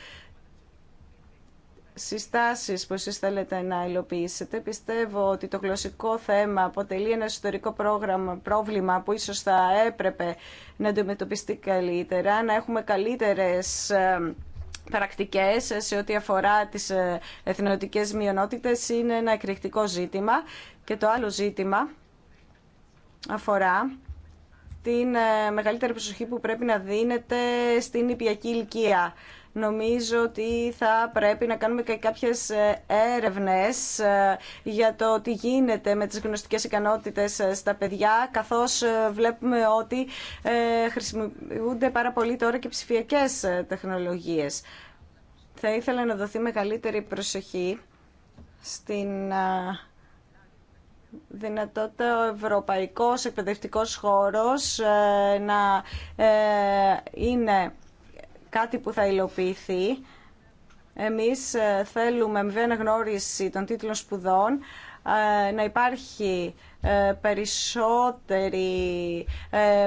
συστάσεις που εσείς θέλετε να υλοποιήσετε. Πιστεύω ότι το γλωσσικό θέμα αποτελεί ένα ιστορικό πρόγραμμα, πρόβλημα που ίσως θα έπρεπε να αντιμετωπιστεί καλύτερα, να έχουμε καλύτερε. Ε, πρακτικέ σε ό,τι αφορά τι ε, εθνοτικές μειονότητε, είναι ένα εκρηκτικό ζήτημα και το άλλο ζήτημα αφορά την ε, μεγαλύτερη προσοχή που πρέπει να δίνεται στην υπιακή ηλικία νομίζω ότι θα πρέπει να κάνουμε και κάποιες ε, έρευνες ε, για το τι γίνεται με τις γνωστικές ικανότητες ε, στα παιδιά, καθώς βλέπουμε ότι χρησιμοποιούνται πάρα πολύ τώρα και ψηφιακές τεχνολογίες. Θα ήθελα να δοθεί μεγαλύτερη προσοχή στην δυνατότητα ο ευρωπαϊκός εκπαιδευτικός χώρος να είναι κάτι που θα υλοποιηθεί. Εμείς ε, θέλουμε με αναγνώριση των τίτλων σπουδών ε, να υπάρχει ε, περισσότερη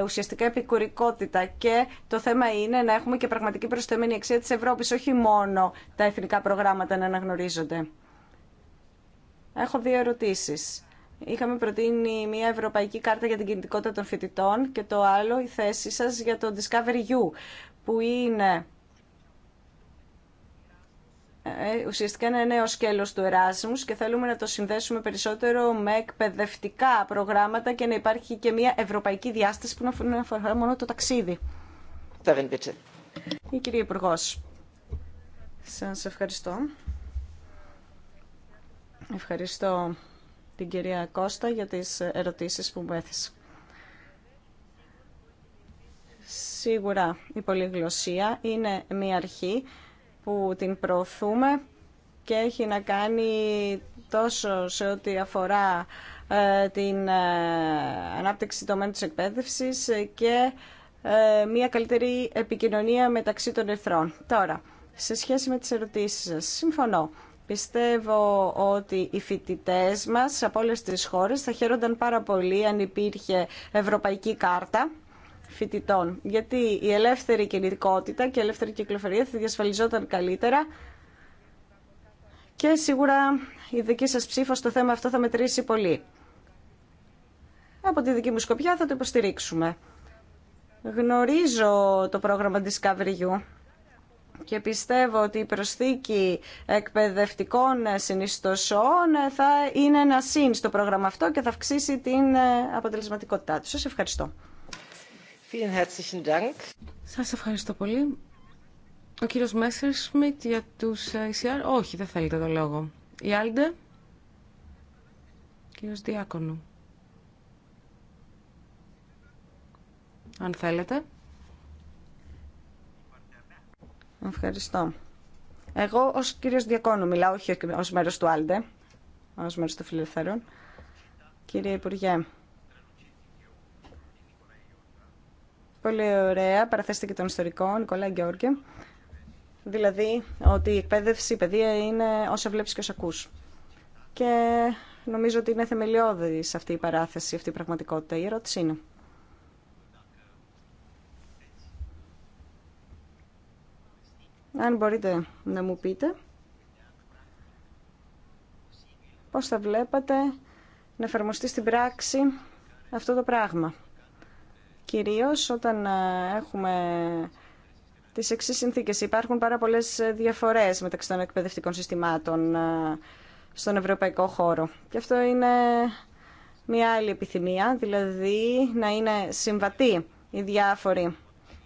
ουσιαστικά επικουρικότητα και το θέμα είναι να έχουμε και πραγματική προσθεμένη αξία της Ευρώπης, όχι μόνο τα εθνικά προγράμματα να αναγνωρίζονται. Έχω δύο ερωτήσεις. Είχαμε προτείνει μια ευρωπαϊκή κάρτα για την κινητικότητα των φοιτητών και το άλλο η θέση σας για το Discovery U που είναι ε, ουσιαστικά ένα νέο σκέλος του Εράσμους και θέλουμε να το συνδέσουμε περισσότερο με εκπαιδευτικά προγράμματα και να υπάρχει και μια ευρωπαϊκή διάσταση που να αφορά μόνο το ταξίδι. Η κυρία Υπουργό. Σας ευχαριστώ. Ευχαριστώ την κυρία Κώστα για τις ερωτήσεις που μου έθεσε. Σίγουρα η πολυγλωσία είναι μια αρχή που την προωθούμε και έχει να κάνει τόσο σε ό,τι αφορά ε, την ε, ανάπτυξη των τομέων της εκπαίδευσης και ε, μια καλύτερη επικοινωνία μεταξύ των εθρών. Τώρα, σε σχέση με τις ερωτήσεις σας, συμφωνώ. Πιστεύω ότι οι φοιτητέ μας από όλες τις χώρες θα χαίρονταν πάρα πολύ αν υπήρχε ευρωπαϊκή κάρτα φοιτητών. Γιατί η ελεύθερη κινητικότητα και η ελεύθερη κυκλοφορία θα διασφαλιζόταν καλύτερα και σίγουρα η δική σας ψήφο στο θέμα αυτό θα μετρήσει πολύ. Από τη δική μου σκοπιά θα το υποστηρίξουμε. Γνωρίζω το πρόγραμμα Discovery U και πιστεύω ότι η προσθήκη εκπαιδευτικών συνιστοσών θα είναι ένα συν στο πρόγραμμα αυτό και θα αυξήσει την ε, αποτελεσματικότητά του. Σας ευχαριστώ. Σας ευχαριστώ πολύ. Ο κύριος Μέσσερ Σμιτ για τους ICR. Ε, όχι, δεν θέλετε το λόγο. Η Άλντε. Κύριος Διάκονου. Αν θέλετε. Ευχαριστώ. Εγώ ως κύριος Διακόνου μιλάω, όχι ως μέρος του Άλντε, ως μέρος του φιλελευθέρων. Κύριε Υπουργέ, Πολύ ωραία. Παραθέστε και τον ιστορικό Νικολά Γκιόργκε. Δηλαδή ότι η εκπαίδευση, η παιδεία είναι όσα βλέπεις και όσα ακούς. Και νομίζω ότι είναι σε αυτή η παράθεση, αυτή η πραγματικότητα. Η ερώτηση είναι. Αν μπορείτε να μου πείτε πώς θα βλέπατε να εφαρμοστεί στην πράξη αυτό το πράγμα κυρίως όταν ε, έχουμε τις εξής συνθήκες. Υπάρχουν πάρα πολλές ε, διαφορές μεταξύ των εκπαιδευτικών συστημάτων ε, στον ευρωπαϊκό χώρο. Και αυτό είναι μια άλλη επιθυμία, δηλαδή να είναι συμβατή η διάφορη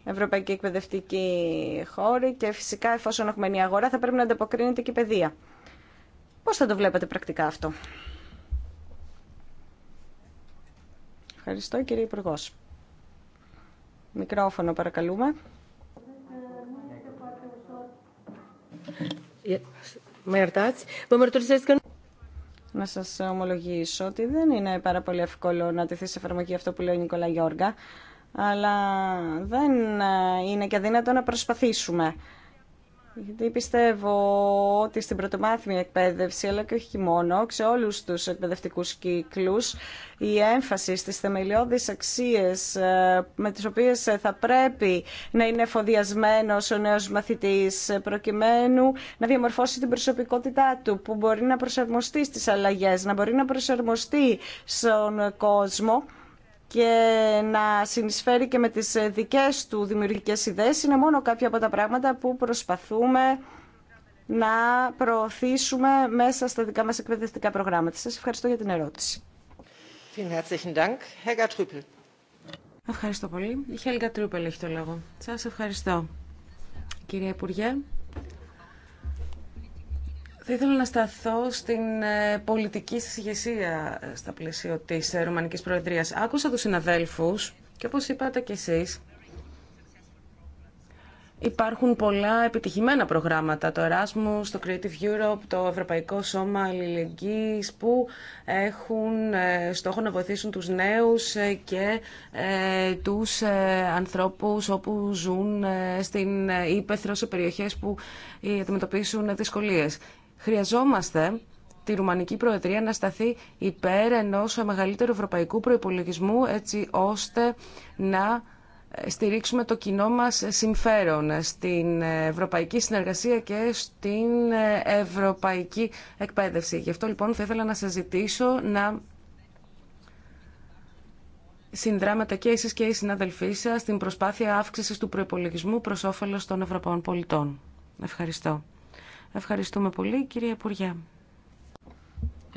ευρωπαϊκή εκπαιδευτική χώροι και φυσικά εφόσον έχουμε μια αγορά θα πρέπει να ανταποκρίνεται και η παιδεία. Πώς θα το βλέπετε πρακτικά αυτό. Ευχαριστώ κύριε Υπουργός. Μικρόφωνο παρακαλούμε. Να σα ομολογήσω ότι δεν είναι πάρα πολύ εύκολο να τεθεί σε εφαρμογή αυτό που λέει ο Νικόλα Γιώργα, αλλά δεν ε, είναι και αδύνατο να προσπαθήσουμε. Γιατί πιστεύω ότι στην πρωτομάθημη εκπαίδευση, αλλά και όχι μόνο, σε όλους τους εκπαιδευτικού κύκλου, η έμφαση στις θεμελιώδει αξίες ε, με τι οποίε θα πρέπει να είναι εφοδιασμένο ο νέος μαθητής, προκειμένου να διαμορφώσει την προσωπικότητά του, που μπορεί να προσαρμοστεί στις αλλαγές, να μπορεί να προσαρμοστεί στον κόσμο, και να συνεισφέρει και με τις ε, δικές του δημιουργικές ιδέες είναι μόνο κάποια από τα πράγματα που προσπαθούμε να προωθήσουμε μέσα στα δικά μας εκπαιδευτικά προγράμματα. Σας ευχαριστώ για την ερώτηση. Ευχαριστώ πολύ. Η Χέλγα Τρούπελ έχει το λόγο. Σας ευχαριστώ. Κυρία Υπουργέ. Θα ήθελα να σταθώ στην ε, πολιτική ηγεσία ε, στα πλαίσια της ε, Ρουμανικής Προεδρίας. Άκουσα τους συναδέλφους και όπως είπατε κι εσείς, Υπάρχουν πολλά επιτυχημένα προγράμματα, το Erasmus, το Creative Europe, το Ευρωπαϊκό Σώμα Αλληλεγγύης που έχουν στόχο να βοηθήσουν τους νέους και τους ανθρώπους όπου ζουν στην ύπεθρο σε περιοχές που αντιμετωπίσουν δυσκολίες. Χρειαζόμαστε τη Ρουμανική Προεδρία να σταθεί υπέρ ενός μεγαλύτερου ευρωπαϊκού προϋπολογισμού έτσι ώστε να στηρίξουμε το κοινό μας συμφέρον στην ευρωπαϊκή συνεργασία και στην ευρωπαϊκή εκπαίδευση. Γι' αυτό λοιπόν θα ήθελα να σας ζητήσω να συνδράμετε και εσείς και οι συναδελφοί σας στην προσπάθεια αύξησης του προϋπολογισμού προς όφελος των Ευρωπαίων πολιτών. Ευχαριστώ. Ευχαριστούμε πολύ, κυρία Υπουργέ.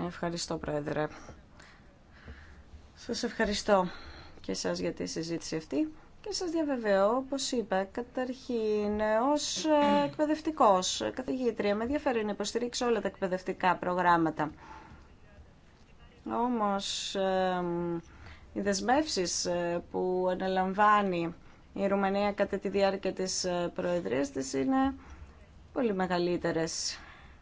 Ευχαριστώ, Πρόεδρε. Σας ευχαριστώ και σας για τη συζήτηση αυτή. Και σας διαβεβαιώ, όπως είπα, καταρχήν ως ε, εκπαιδευτικός καθηγήτρια με ενδιαφέρει να υποστηρίξω όλα τα εκπαιδευτικά προγράμματα. Όμως, οι δεσμεύσει ε, που αναλαμβάνει η Ρουμανία κατά τη διάρκεια της ε, Προεδρίας της είναι πολύ μεγαλύτερες.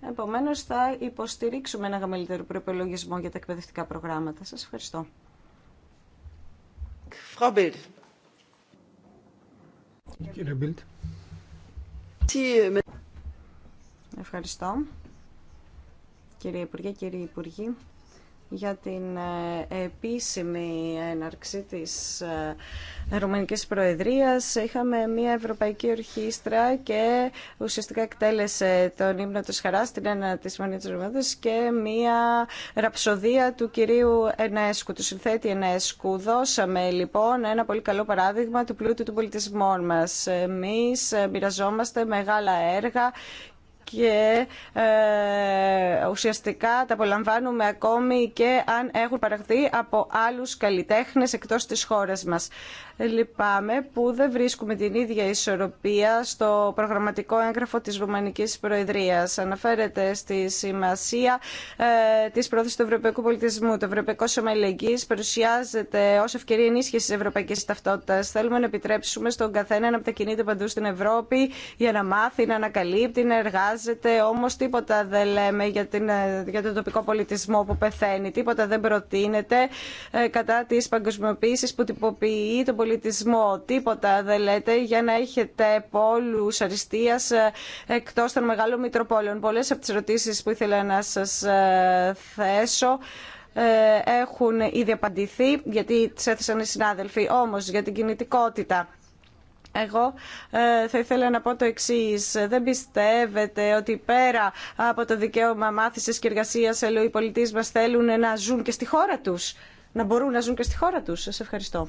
Επομένως θα υποστηρίξουμε ένα μεγαλύτερο προπολογισμό για τα εκπαιδευτικά προγράμματα. Σας ευχαριστώ. Κύριε Μπίλτ. Ευχαριστώ. Κύριε Υπουργέ, κύριοι Υπουργοί για την ε, επίσημη έναρξη της ε, Ρουμανικής Προεδρίας. Είχαμε μια Ευρωπαϊκή Ορχήστρα και ουσιαστικά εκτέλεσε τον ύμνο της Χαράς την ένα της Μανία της Ρουμανίας και μια ραψοδία του κυρίου Ενέσκου, του συνθέτη Ενέσκου. Δώσαμε λοιπόν ένα πολύ καλό παράδειγμα του πλούτου του πολιτισμού μας. Εμείς ε, μοιραζόμαστε μεγάλα έργα και ε, ουσιαστικά τα απολαμβάνουμε ακόμη και αν έχουν παραχθεί από άλλους καλλιτέχνες εκτός της χώρας μας. Λυπάμαι που δεν βρίσκουμε την ίδια ισορροπία στο προγραμματικό έγγραφο της Ρουμανικής Προεδρίας. Αναφέρεται στη σημασία ε, της πρόθεσης του ευρωπαϊκού πολιτισμού. Το Ευρωπαϊκό Σώμα Ελεγγύης παρουσιάζεται ως ευκαιρία ενίσχυσης τη ευρωπαϊκής ταυτότητας. Θέλουμε να επιτρέψουμε στον καθένα να μετακινείται παντού στην Ευρώπη για να μάθει, να ανακαλύπτει, να εργάζεται. Όμως τίποτα δεν λέμε για, την, ε, για τον τοπικό πολιτισμό που πεθαίνει. Τίποτα δεν προτείνεται ε, κατά της παγκοσμιοποίησης που τυποποιεί πολιτισμό. Τίποτα δεν λέτε για να έχετε πόλου αριστείας ε, εκτός των μεγάλων Μητροπόλεων. Πολλέ από τι ερωτήσει που ήθελα να σας ε, θέσω ε, έχουν ήδη απαντηθεί γιατί τις έθεσαν οι συνάδελφοι. Όμως για την κινητικότητα. Εγώ θα ήθελα να πω το εξή. Δεν πιστεύετε ότι πέρα από το δικαίωμα μάθηση και εργασία, οι πολιτεί μα θέλουν να ζουν και στη χώρα του. Να μπορούν να ζουν και στη χώρα του. Σα ευχαριστώ.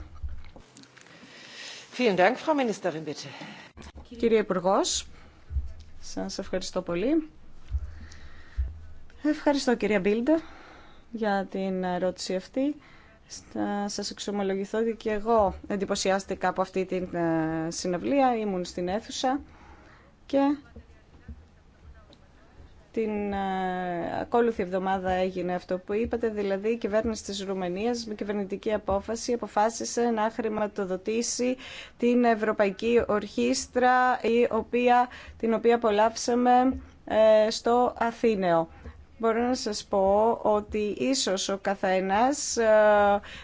Κύριε Υπουργό, σα ευχαριστώ πολύ. Ευχαριστώ κυρία Μπίλντε για την ερώτηση αυτή. Σα σας εξομολογηθώ ότι και εγώ εντυπωσιάστηκα από αυτή την ε, συναυλία, ήμουν στην αίθουσα και την ε, ακόλουθη εβδομάδα έγινε αυτό που είπατε, δηλαδή η κυβέρνηση της Ρουμανίας με κυβερνητική απόφαση αποφάσισε να χρηματοδοτήσει την Ευρωπαϊκή Ορχήστρα η οποία, την οποία απολαύσαμε ε, στο Αθήνεο μπορώ να σας πω ότι ίσως ο καθένας ε,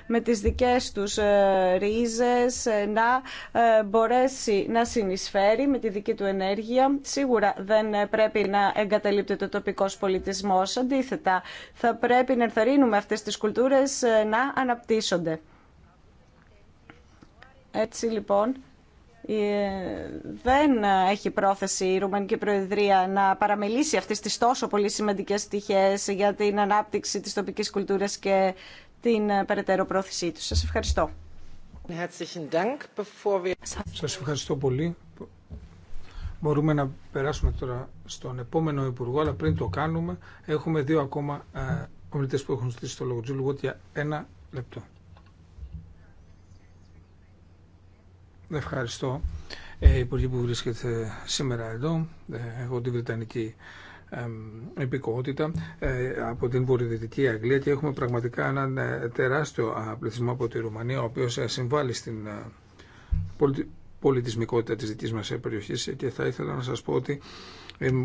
με τις δικές τους ε, ρίζες ε, να μπορέσει να συνεισφέρει με τη δική του ενέργεια. Σίγουρα δεν πρέπει να εγκαταλείπτεται το τοπικός πολιτισμός. Αντίθετα, θα πρέπει να ενθαρρύνουμε αυτές τις κουλτούρες να αναπτύσσονται. Έτσι λοιπόν ε, δεν έχει πρόθεση η Ρουμανική Προεδρία να παραμελήσει αυτές τις τόσο πολύ σημαντικές στοιχείες για την ανάπτυξη της τοπικής κουλτούρας και την περαιτέρω πρόθεσή τους. Σας ευχαριστώ. Σας ευχαριστώ πολύ. Μπορούμε να περάσουμε τώρα στον επόμενο Υπουργό, αλλά πριν το κάνουμε έχουμε δύο ακόμα ε, ομιλητές που έχουν στήσει το λόγο. Τζούλου, για ένα λεπτό. Ευχαριστώ. Ε, Υπουργή που βρίσκεται σήμερα εδώ, ε, έχω την Βρετανική επικότητα ε, από την βορειοδυτική Αγγλία και έχουμε πραγματικά έναν ε, τεράστιο πληθυσμό από τη Ρουμανία ο οποίος συμβάλλει στην πολιτισμικότητα της δικής μας περιοχής και θα ήθελα να σας πω ότι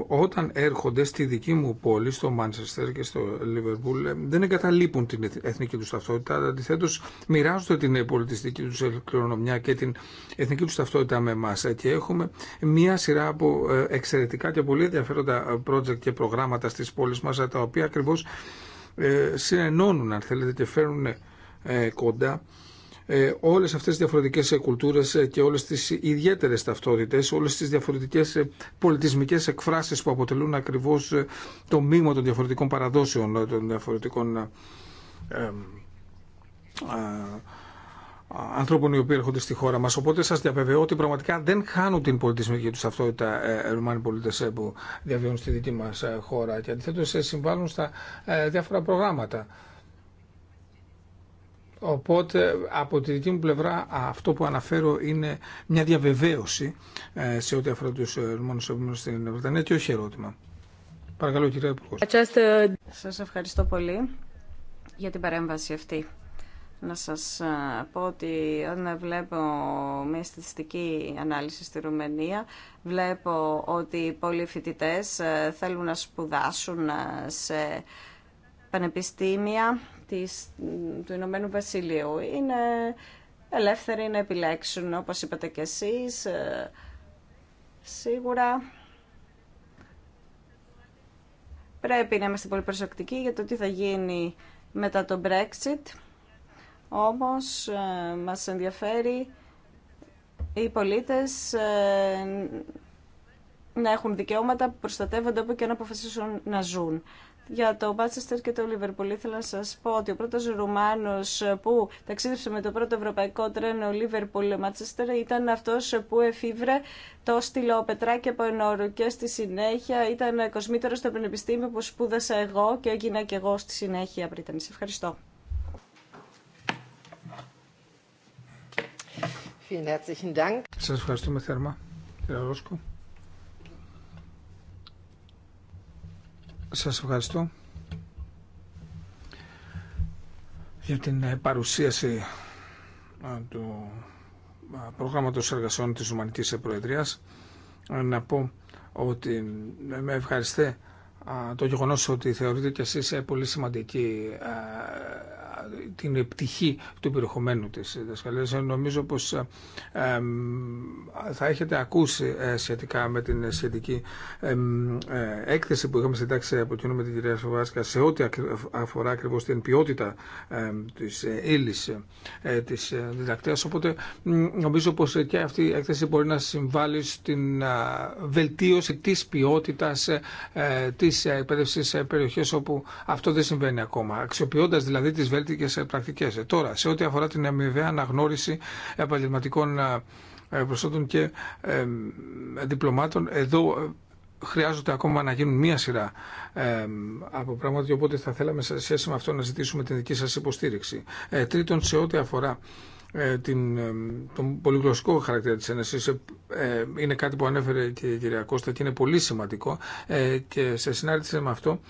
όταν έρχονται στη δική μου πόλη, στο Μάντσεστερ και στο Λιβερπούλ, δεν εγκαταλείπουν την εθνική του ταυτότητα. Αντιθέτω, μοιράζονται την ε, πολιτιστική του κληρονομιά και την εθνική του ταυτότητα με εμά. Ε, και έχουμε μία σειρά από ε, εξαιρετικά και πολύ ενδιαφέροντα project και προγράμματα στι πόλει μα, τα οποία ακριβώ συνενώνουν, αν θέλετε, και φέρνουν κοντά ε, όλες αυτές τις διαφορετικές ε, κουλτούρες ε, και όλες τις ιδιαίτερες ταυτότητες, όλες τις διαφορετικές πολιτισμικές εκφράσεις που αποτελούν ακριβώς το μείγμα των διαφορετικών παραδόσεων, των διαφορετικών ανθρώπων οι οποίοι έρχονται στη χώρα μας. Οπότε σας διαβεβαιώ ότι πραγματικά δεν χάνουν την πολιτισμική τους ταυτότητα Ρουμάνοι πολίτες που διαβιώνουν στη δική μας χώρα και αντιθέτως συμβάλλουν στα διάφορα προγράμματα Οπότε από τη δική μου πλευρά αυτό που αναφέρω είναι μια διαβεβαίωση ε, σε ό,τι αφορά τους ερμόνους επόμενους στην Βρετανία και όχι ερώτημα. Παρακαλώ κύριε Υπουργό. Ε, σας ευχαριστώ πολύ για την παρέμβαση αυτή. Να σας ε, πω ότι όταν βλέπω μια στατιστική ανάλυση στη Ρουμανία, βλέπω ότι πολλοί φοιτητές θέλουν να σπουδάσουν σε πανεπιστήμια της, του Ηνωμένου Βασιλείου. Είναι ελεύθεροι να επιλέξουν, όπως είπατε και εσείς. Ε, σίγουρα πρέπει να είμαστε πολύ προσεκτικοί για το τι θα γίνει μετά το Brexit. Όμως ε, μας ενδιαφέρει οι πολίτες ε, να έχουν δικαιώματα που προστατεύονται όπου και να αποφασίσουν να ζουν. Για το Μάτσεστερ και το Λίβερπουλ ήθελα να σας πω ότι ο πρώτος Ρουμάνος που ταξίδευσε με το πρώτο ευρωπαϊκό τρένο Λίβερπουλ-Μάτσεστερ ήταν αυτός που εφήβρε το στυλό πετράκι από ενόρου και στη συνέχεια ήταν κοσμήτερο στο πανεπιστήμιο που σπούδασα εγώ και έγινα και εγώ στη συνέχεια πριν. Σε ευχαριστώ. Σα ευχαριστούμε θερμά, κύριε Ρόσκο. Σας ευχαριστώ για την ε, παρουσίαση ε, του ε, προγράμματος εργασιών της Ρουμανικής Προεδρίας. Να πω ότι με ευχαριστεί το γεγονός ότι θεωρείτε κι εσείς πολύ σημαντική την πτυχή του περιεχομένου της δασκαλίας. Νομίζω πως ε, θα έχετε ακούσει ε, σχετικά με την σχετική ε, έκθεση που είχαμε συντάξει από κοινού με την κυρία Σοβάσκα σε ό,τι αφορά ακριβώς την ποιότητα της ύλης της διδακτέας. Οπότε νομίζω πως και αυτή η έκθεση μπορεί να συμβάλλει στην βελτίωση της ποιότητας της εκπαίδευσης σε περιοχές όπου αυτό δεν συμβαίνει ακόμα. Αξιοποιώντας δηλαδή τις σε πρακτικές. Ε, τώρα, σε ό,τι αφορά την αμοιβαία αναγνώριση επαγγελματικών ε, ε, προσόντων και διπλωμάτων, εδώ χρειάζονται ακόμα να γίνουν μία σειρά ε, από πράγματα οπότε θα θέλαμε σε σχέση με αυτό να ζητήσουμε την δική σας υποστήριξη. Ε, τρίτον, σε ό,τι αφορά την, τον πολυγλωσσικό χαρακτήρα της ΕΝΕΣ είναι κάτι που ανέφερε και η κυρία Κώστα και είναι πολύ σημαντικό και σε συνάρτηση με αυτό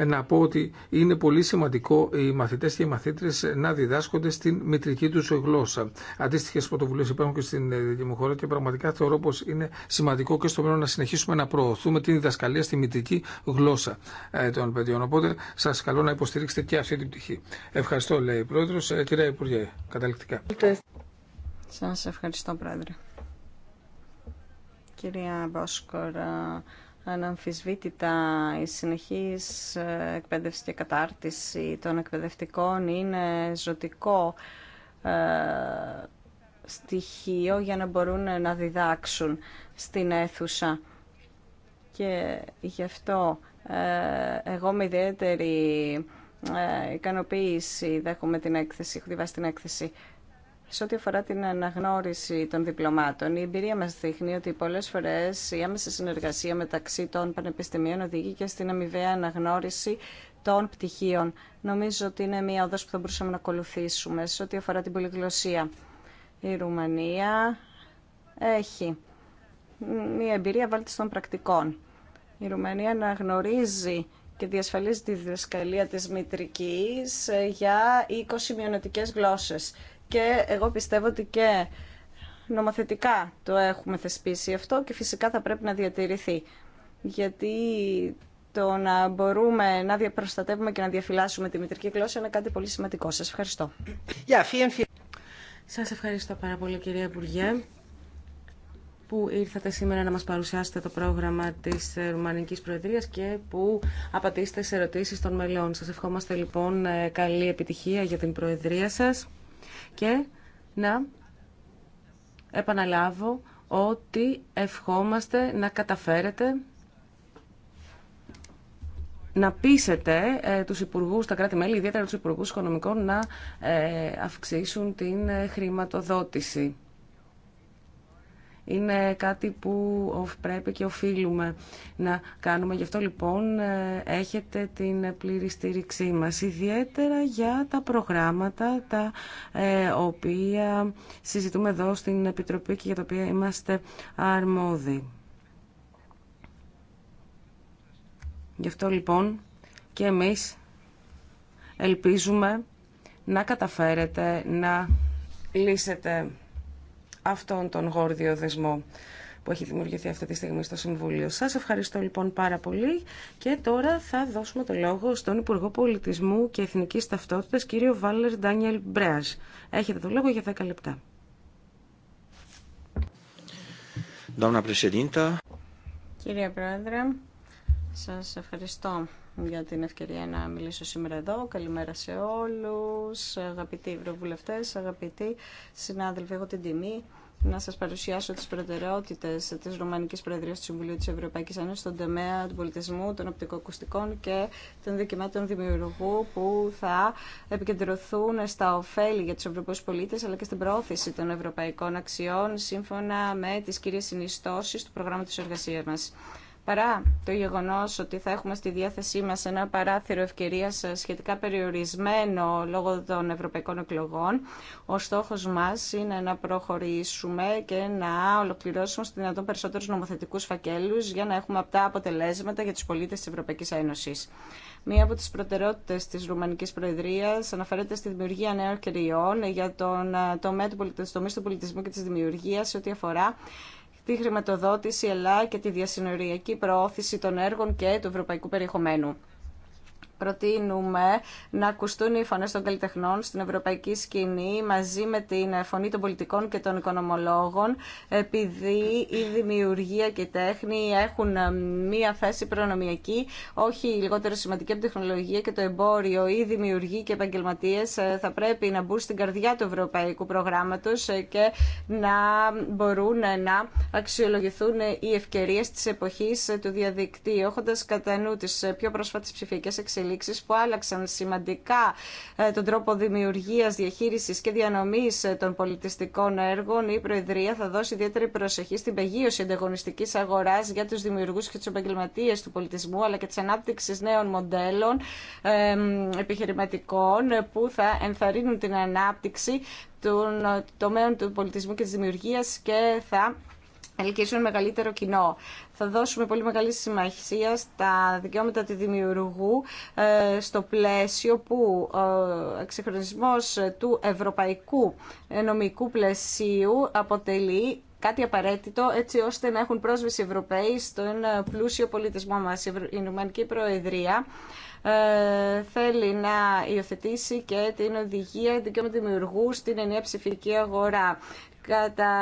ε, να πω ότι είναι πολύ σημαντικό οι μαθητές και οι μαθήτρες να διδάσκονται στην μητρική τους γλώσσα. Αντίστοιχες πρωτοβουλίες υπάρχουν και στην ε, δική μου χώρα και πραγματικά θεωρώ πως είναι σημαντικό και στο μέλλον να συνεχίσουμε να προωθούμε την διδασκαλία στη μητρική γλώσσα ε, των παιδιών. Οπότε σας καλώ να υποστηρίξετε και αυτή την πτυχή. Ευχαριστώ λέει η Πρόεδρος. Κυρία Υπουργέ, καταληκτικά. Σας ευχαριστώ Πρόεδρε. Κυρία Μπόσκορα, Αναμφισβήτητα η συνεχής ε, εκπαίδευση και κατάρτιση των εκπαιδευτικών είναι ζωτικό ε, στοιχείο για να μπορούν να διδάξουν στην αίθουσα. Και γι' αυτό ε, εγώ με ιδιαίτερη ικανοποίηση δέχομαι την έκθεση, έχω διβάσει την έκθεση σε ό,τι αφορά την αναγνώριση των διπλωμάτων, η εμπειρία μα δείχνει ότι πολλέ φορέ η άμεση συνεργασία μεταξύ των πανεπιστημίων οδηγεί και στην αμοιβαία αναγνώριση των πτυχίων. Νομίζω ότι είναι μία οδό που θα μπορούσαμε να ακολουθήσουμε σε ό,τι αφορά την πολυγλωσία. Η Ρουμανία έχει μία εμπειρία βάλτη των πρακτικών. Η Ρουμανία αναγνωρίζει και διασφαλίζει τη διδασκαλία της μητρικής για 20 μειονοτικές γλώσσες και εγώ πιστεύω ότι και νομοθετικά το έχουμε θεσπίσει αυτό και φυσικά θα πρέπει να διατηρηθεί. Γιατί το να μπορούμε να διαπροστατεύουμε και να διαφυλάσσουμε τη μητρική γλώσσα είναι κάτι πολύ σημαντικό. Σας ευχαριστώ. Yeah, Σας ευχαριστώ πάρα πολύ κυρία Υπουργέ που ήρθατε σήμερα να μας παρουσιάσετε το πρόγραμμα της Ρουμανικής Προεδρίας και που απαντήσετε σε ερωτήσεις των μελών. Σας ευχόμαστε λοιπόν καλή επιτυχία για την Προεδρία σας και να επαναλάβω ότι ευχόμαστε να καταφέρετε να πείσετε ε, τους υπουργούς, τα κράτη-μέλη, ιδιαίτερα τους υπουργούς οικονομικών, να ε, αυξήσουν την ε, χρηματοδότηση είναι κάτι που πρέπει και οφείλουμε να κάνουμε. Γι' αυτό λοιπόν ε, έχετε την πλήρη στήριξή μας, ιδιαίτερα για τα προγράμματα τα ε, οποία συζητούμε εδώ στην Επιτροπή και για τα οποία είμαστε αρμόδιοι. Γι' αυτό λοιπόν και εμείς ελπίζουμε να καταφέρετε να λύσετε αυτόν τον γόρδιο δεσμό που έχει δημιουργηθεί αυτή τη στιγμή στο Συμβούλιο. Σας ευχαριστώ λοιπόν πάρα πολύ και τώρα θα δώσουμε το λόγο στον Υπουργό Πολιτισμού και Εθνικής Ταυτότητας, κύριο Βάλερ Ντάνιελ Μπρέας. Έχετε το λόγο για 10 λεπτά. Κύριε Πρόεδρε, σας ευχαριστώ για την ευκαιρία να μιλήσω σήμερα εδώ. Καλημέρα σε όλους, αγαπητοί ευρωβουλευτέ, αγαπητοί συνάδελφοι. Έχω την τιμή να σας παρουσιάσω τις προτεραιότητες της Ρουμανικής Προεδρίας του Συμβουλίου της Ευρωπαϊκής Ένωσης στον τομέα του πολιτισμού, των οπτικοακουστικών και των δικαιωμάτων δημιουργού που θα επικεντρωθούν στα ωφέλη για τους Ευρωπαίους πολίτες αλλά και στην προώθηση των ευρωπαϊκών αξιών σύμφωνα με τις κύριες συνιστώσεις του προγράμματος εργασίας μας παρά το γεγονός ότι θα έχουμε στη διάθεσή μας ένα παράθυρο ευκαιρίας σχετικά περιορισμένο λόγω των ευρωπαϊκών εκλογών, ο στόχος μας είναι να προχωρήσουμε και να ολοκληρώσουμε στις δυνατόν περισσότερους νομοθετικούς φακέλους για να έχουμε αυτά αποτελέσματα για τους πολίτες της Ευρωπαϊκής Ένωσης. Μία από τις προτεραιότητες της Ρουμανικής Προεδρίας αναφέρεται στη δημιουργία νέων ευκαιριών για τον ε, τομέα του πολιτισμού και της δημιουργίας ό,τι αφορά τη χρηματοδότηση αλλά και τη διασυνοριακή προώθηση των έργων και του ευρωπαϊκού περιεχομένου προτείνουμε να ακουστούν οι φωνές των καλλιτεχνών στην ευρωπαϊκή σκηνή μαζί με την φωνή των πολιτικών και των οικονομολόγων επειδή η δημιουργία και η τέχνη έχουν ε, μία θέση προνομιακή όχι λιγότερο σημαντική από τεχνολογία και το εμπόριο ή δημιουργοί και επαγγελματίε ε, θα πρέπει να μπουν στην καρδιά του ευρωπαϊκού προγράμματος ε, και να μπορούν να αξιολογηθούν οι ευκαιρίες της εποχής του διαδικτύου έχοντας κατά νου τις πιο πρόσφατε ψηφιακές εξελίξεις που άλλαξαν σημαντικά ε, τον τρόπο δημιουργία, διαχείριση και διανομής ε, των πολιτιστικών έργων, η Προεδρία θα δώσει ιδιαίτερη προσοχή στην πεγίωση ανταγωνιστική αγοράς για τους δημιουργούς και του επαγγελματίε του πολιτισμού, αλλά και τη ανάπτυξη νέων μοντέλων επιχειρηματικών ε, που θα ενθαρρύνουν την ανάπτυξη των τομέων του πολιτισμού και της δημιουργίας και θα ελκύσουν μεγαλύτερο κοινό. Θα δώσουμε πολύ μεγάλη σημασία στα δικαιώματα του δημιουργού ε, στο πλαίσιο που ο ε, εξυγχρονισμός του ευρωπαϊκού ε, νομικού πλαισίου αποτελεί κάτι απαραίτητο έτσι ώστε να έχουν πρόσβαση οι Ευρωπαίοι στον πλούσιο πολιτισμό μας. Η Νουμανική Προεδρία θέλει να υιοθετήσει και την οδηγία δικαιώματος δημιουργού στην ενιαία ψηφιακή αγορά. Κατά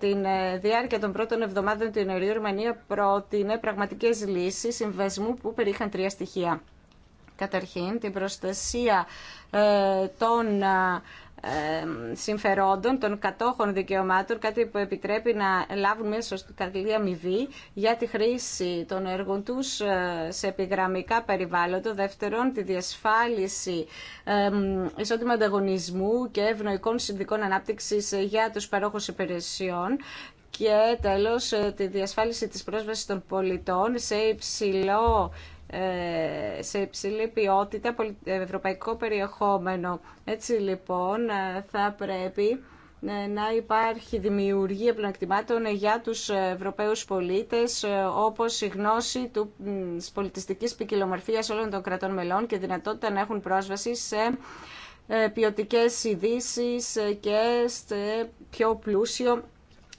τη ε, διάρκεια των πρώτων εβδομάδων την Ιανουαρίου, η Ρουμανία πρότεινε πραγματικές λύσεις συμβεσμού που περιείχαν τρία στοιχεία. Καταρχήν, την προστασία ε, των συμφερόντων των κατόχων δικαιωμάτων, κάτι που επιτρέπει να λάβουν μια του καλή αμοιβή για τη χρήση των έργων τους ε, σε επιγραμμικά περιβάλλοντα. Δεύτερον, τη διασφάλιση ισότιμα ανταγωνισμού και ευνοϊκών συνδικών ανάπτυξη για τους παρόχου υπηρεσιών και τέλος ε, τη διασφάλιση της πρόσβασης των πολιτών σε υψηλό ε, σε υψηλή ποιότητα ε, ευρωπαϊκό περιεχόμενο. Έτσι λοιπόν ε, θα πρέπει να υπάρχει δημιουργία πλεονεκτημάτων για τους Ευρωπαίους πολίτες όπως η γνώση του πολιτιστικής ποικιλομορφίας όλων των κρατών μελών και δυνατότητα να έχουν πρόσβαση σε ποιοτικές ειδήσει και σε πιο πλούσιο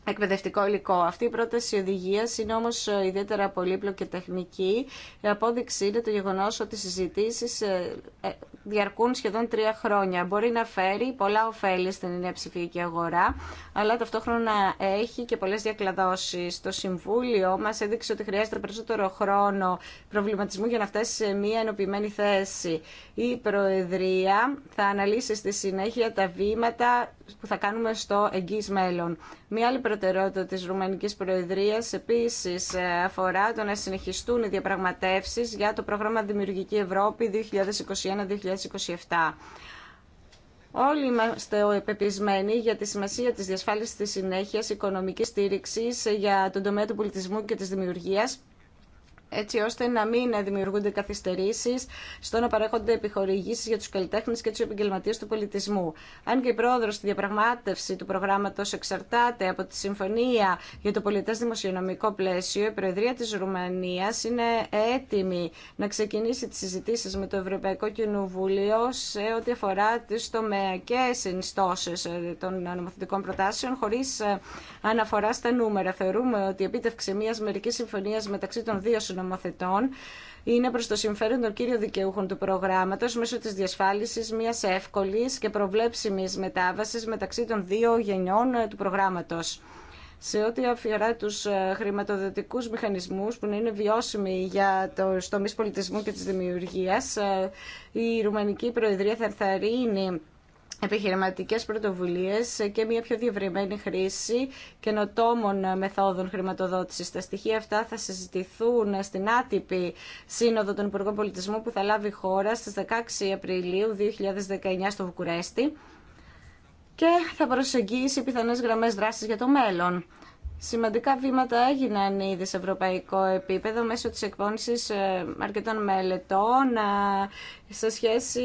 εκπαιδευτικό υλικό. Αυτή η πρόταση οδηγία είναι όμω ε, ιδιαίτερα πολύπλοκη και τεχνική. Η απόδειξη είναι το γεγονό ότι οι συζητήσει ε, ε, διαρκούν σχεδόν τρία χρόνια. Μπορεί να φέρει πολλά ωφέλη στην νέα ψηφιακή αγορά, αλλά ταυτόχρονα έχει και πολλέ διακλαδώσει. Το Συμβούλιο μα έδειξε ότι χρειάζεται περισσότερο χρόνο προβληματισμού για να φτάσει σε μία ενωπημένη θέση. Η Προεδρία θα αναλύσει στη συνέχεια τα βήματα που θα κάνουμε στο εγγύς μέλλον. Μία άλλη προτεραιότητα τη Ρουμανική Προεδρία επίσης ε, αφορά το να συνεχιστούν οι διαπραγματεύσεις για το πρόγραμμα Δημιουργική Ευρώπη 2021-2027. Όλοι είμαστε πεπισμένοι για τη σημασία της διασφάλισης της συνέχειας οικονομικής στήριξης για τον τομέα του πολιτισμού και της δημιουργίας έτσι ώστε να μην δημιουργούνται καθυστερήσει στο να παρέχονται επιχορηγήσει για του καλλιτέχνε και του επαγγελματίε του πολιτισμού. Αν και η πρόοδο στη διαπραγμάτευση του προγράμματο εξαρτάται από τη Συμφωνία για το Πολιτέ Δημοσιονομικό Πλαίσιο, η Προεδρία τη Ρουμανία είναι έτοιμη να ξεκινήσει τι συζητήσει με το Ευρωπαϊκό Κοινοβούλιο σε ό,τι αφορά τι τομεακέ ενιστώσει ε, των νομοθετικών προτάσεων, χωρί ε, αναφορά στα νούμερα. Θεωρούμε ότι η επίτευξη μια μερική συμφωνία μεταξύ των δύο είναι προς το συμφέρον των κύριων δικαιούχων του προγράμματο μέσω της διασφάλισης μιας εύκολης και προβλέψιμης μετάβασης μεταξύ των δύο γενιών ε, του προγράμματος. Σε ό,τι αφορά τους ε, χρηματοδοτικού μηχανισμούς που είναι βιώσιμοι για το τομεί πολιτισμού και της δημιουργίας, ε, η Ρουμανική Προεδρία θα ενθαρρύνει Επιχειρηματικέ πρωτοβουλίες και μια πιο διευρυμένη χρήση καινοτόμων μεθόδων χρηματοδότησης. Τα στοιχεία αυτά θα συζητηθούν στην άτυπη Σύνοδο των Υπουργών Πολιτισμού που θα λάβει η χώρα στις 16 Απριλίου 2019 στο Βουκουρέστι και θα προσεγγίσει πιθανέ γραμμές δράσης για το μέλλον. Σημαντικά βήματα έγιναν ήδη σε ευρωπαϊκό επίπεδο μέσω της εκπόνησης ε, αρκετών μελετών ε, σε σχέση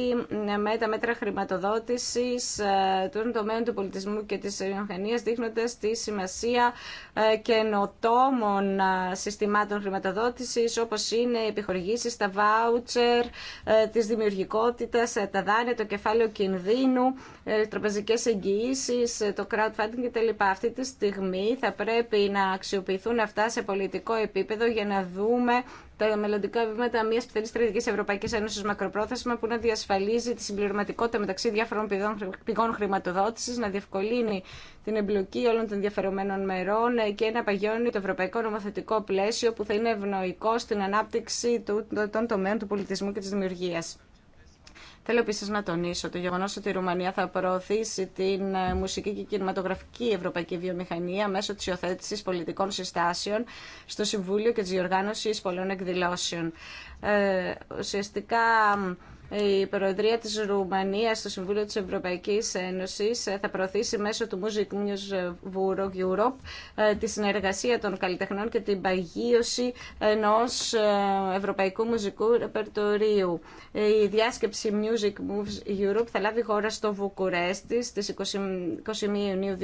ε, με τα μέτρα χρηματοδότησης ε, των τομέων του πολιτισμού και της βιομηχανία, δείχνοντα τη σημασία ε, καινοτόμων συστημάτων χρηματοδότησης όπω είναι οι επιχορηγήσει, τα βάουτσερ, της δημιουργικότητας, τα δάνεια, το κεφάλαιο κινδύνου, τραπεζικές εγγυήσει, το crowdfunding κτλ. Αυτή τη στιγμή θα πρέπει να αξιοποιηθούν αυτά σε πολιτικό επίπεδο για να δούμε τα μελλοντικά βήματα μια πιθανή στρατηγική Ευρωπαϊκή Ένωση μακροπρόθεσμα που να διασφαλίζει τη συμπληρωματικότητα μεταξύ διάφορων πηγών χρηματοδότηση, να διευκολύνει την εμπλοκή όλων των ενδιαφερομένων μερών και να παγιώνει το ευρωπαϊκό νομοθετικό πλαίσιο που θα είναι ευνοϊκό στην ανάπτυξη των τομέων του πολιτισμού και τη δημιουργία. Θέλω επίση να τονίσω το γεγονό ότι η Ρουμανία θα προωθήσει την ε, μουσική και κινηματογραφική ευρωπαϊκή βιομηχανία μέσω τη υιοθέτηση πολιτικών συστάσεων στο Συμβούλιο και τη διοργάνωση πολλών εκδηλώσεων. Ε, ουσιαστικά η Προεδρία της Ρουμανίας στο Συμβούλιο της Ευρωπαϊκής Ένωσης θα προωθήσει μέσω του Music News Europe ε, τη συνεργασία των καλλιτεχνών και την παγίωση ενός ε, ευρωπαϊκού μουσικού ρεπερτορίου. Η διάσκεψη Music Moves Europe θα λάβει χώρα στο Βουκουρέστι στις 21 Ιουνίου 2019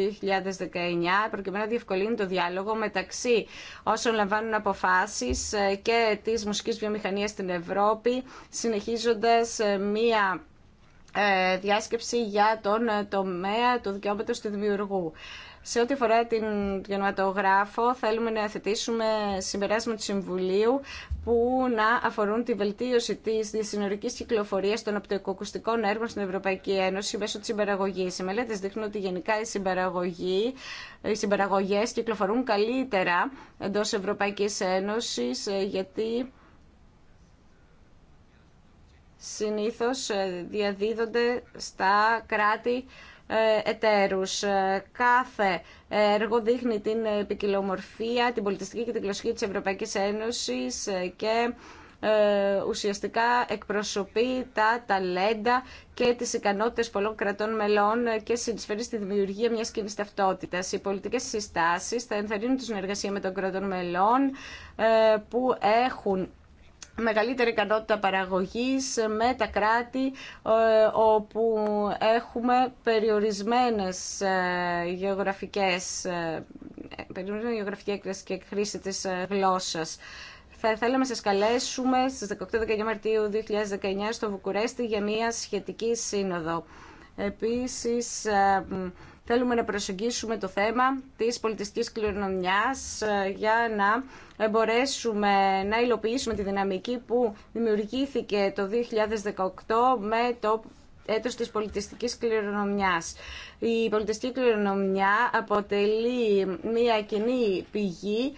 προκειμένου να διευκολύνει το διάλογο μεταξύ όσων λαμβάνουν αποφάσεις ε, και της μουσικής βιομηχανίας στην Ευρώπη συνεχίζοντας σε μία ε, διάσκεψη για τον ε, τομέα του δικαιώματος του δημιουργού. Σε ό,τι αφορά την γενοματογράφο, θέλουμε να θετήσουμε συμπεράσματα του Συμβουλίου που να αφορούν τη βελτίωση τη διασυνορική κυκλοφορία των οπτικοακουστικών έργων στην Ευρωπαϊκή Ένωση μέσω τη συμπαραγωγή. Οι μελέτε δείχνουν ότι γενικά οι, οι συμπαραγωγέ κυκλοφορούν καλύτερα εντό Ευρωπαϊκή Ένωση, ε, γιατί συνήθως ε, διαδίδονται στα κράτη ε, εταίρους. Ε, κάθε έργο δείχνει την επικοινομορφία, την πολιτιστική και την κλωσική της Ευρωπαϊκής Ένωσης και ουσιαστικά εκπροσωπεί τα ταλέντα και τις ικανότητες πολλών κρατών μελών και συνεισφέρει στη δημιουργία μιας κοινή ταυτότητα. Οι πολιτικές συστάσεις θα ενθαρρύνουν τη συνεργασία με των κρατών μελών που έχουν μεγαλύτερη ικανότητα παραγωγής με τα κράτη ε, όπου έχουμε περιορισμένες ε, γεωγραφικές, ε, περιορισμένη γεωγραφική και χρήση της γλώσσας. Θα θέλαμε να σας καλέσουμε στις 18-19 Μαρτίου 2019 στο Βουκουρέστι για μια σχετική σύνοδο. Επίσης, Θέλουμε να προσεγγίσουμε το θέμα της πολιτιστικής κληρονομιάς ε, για να μπορέσουμε να υλοποιήσουμε τη δυναμική που δημιουργήθηκε το 2018 με το έτος της πολιτιστικής κληρονομιάς. Η πολιτιστική κληρονομιά αποτελεί μια κοινή πηγή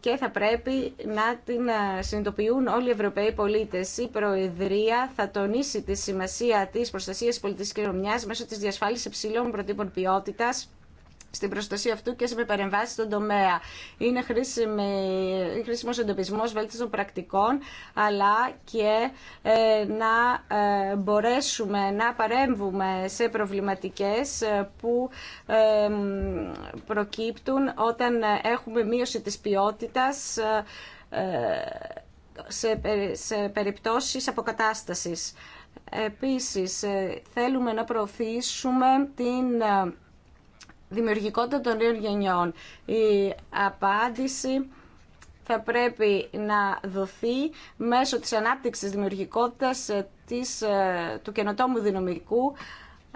και θα πρέπει να την ε, συνειδητοποιούν όλοι οι Ευρωπαίοι πολίτες. Η Προεδρία θα τονίσει τη σημασία της προστασίας πολιτιστικής κληρονομιάς μέσω της διασφάλισης υψηλών προτύπων ποιότητας στην προστασία αυτού και σε παρεμβάσει στον τομέα. Είναι χρήσιμος εντοπισμός βέλτιστων πρακτικών, αλλά και ε, να ε, μπορέσουμε να παρέμβουμε σε προβληματικές ε, που προκύπτουν όταν έχουμε μείωση της ποιότητας σε περιπτώσεις αποκατάστασης. Επίσης, θέλουμε να προωθήσουμε την δημιουργικότητα των νέων γενιών. Η απάντηση θα πρέπει να δοθεί μέσω της ανάπτυξης δημιουργικότητας ε, της, ε, του καινοτόμου δυναμικού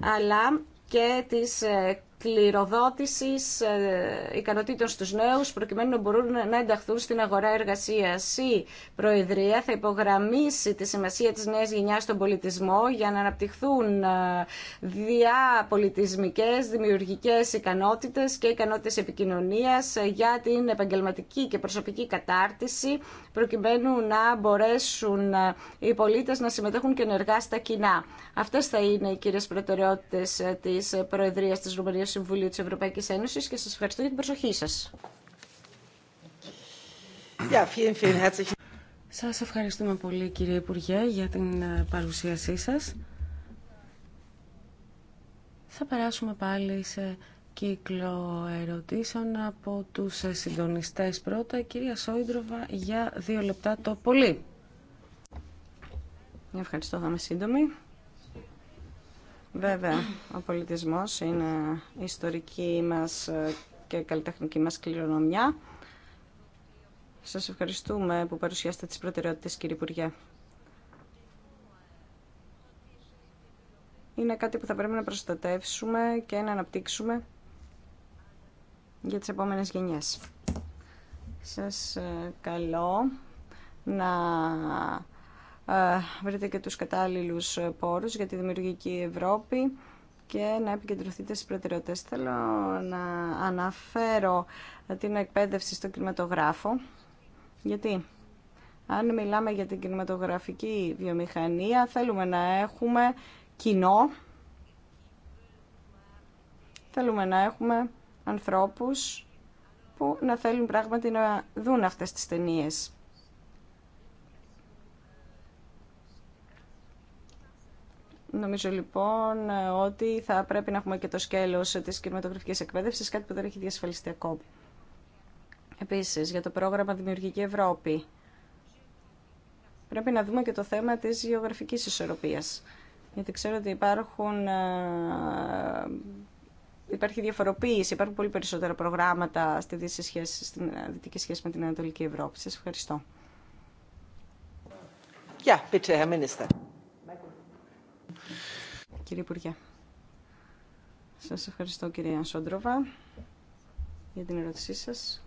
αλλά και της ε, κληροδότησης ε, ικανοτήτων στους νέου προκειμένου να μπορούν να ενταχθούν στην αγορά έργασία Η Προεδρία θα υπογραμμίσει τη σημασία της νέα γενιά στον πολιτισμό για να αναπτυχθούν ε, διαπολιτισμικέ, δημιουργικέ ικανότητε και ικανότητες επικοινωνίας ε, για την επαγγελματική και προσωπική κατάρτιση προκειμένου να μπορέσουν οι πολίτε να συμμετέχουν και ενεργά στα κοινά. Αυτέ θα είναι οι κύριε προτεραιότητε τη προεδρία τη Ρουμανία Συμβουλίου της Ευρωπαϊκής Ένωσης και σας ευχαριστώ για την προσοχή σας. Σας ευχαριστούμε πολύ κύριε Υπουργέ για την ε, παρουσίασή σας. Θα περάσουμε πάλι σε κύκλο ερωτήσεων από τους ε, συντονιστές πρώτα. Κυρία Σόιντροβα, για δύο λεπτά το πολύ. Ευχαριστώ, θα είμαι σύντομη. Βέβαια, ο πολιτισμός είναι ιστορική μας ε, και καλλιτεχνική μας κληρονομιά. Σας ευχαριστούμε που παρουσιάσατε τις προτεραιότητες, κύριε Υπουργέ. Είναι κάτι που θα πρέπει να προστατεύσουμε και να αναπτύξουμε για τις επόμενες γενιές. Σας ε, καλώ να βρείτε και τους κατάλληλους πόρους για τη δημιουργική Ευρώπη και να επικεντρωθείτε στις προτεραιότητες. Θέλω να αναφέρω την εκπαίδευση στον κινηματογράφο. Γιατί αν μιλάμε για την κινηματογραφική βιομηχανία θέλουμε να έχουμε κοινό, θέλουμε να έχουμε ανθρώπους που να θέλουν πράγματι να δουν αυτές τις ταινίες. Νομίζω λοιπόν ότι θα πρέπει να έχουμε και το σκέλος της κινηματογραφικής εκπαίδευσης, κάτι που δεν έχει διασφαλιστεί ακόμα. Επίσης, για το πρόγραμμα Δημιουργική Ευρώπη, πρέπει να δούμε και το θέμα της γεωγραφικής ισορροπίας. Γιατί ξέρω ότι υπάρχουν, ε, υπάρχει διαφοροποίηση, υπάρχουν πολύ περισσότερα προγράμματα στη δύση σχέση, στην ε, δυτική σχέση με την Ανατολική Ευρώπη. Σας ευχαριστώ. Yeah, bitte, Herr Minister κύριε Υπουργέ. Σας ευχαριστώ κυρία Σόντροβα για την ερώτησή σας.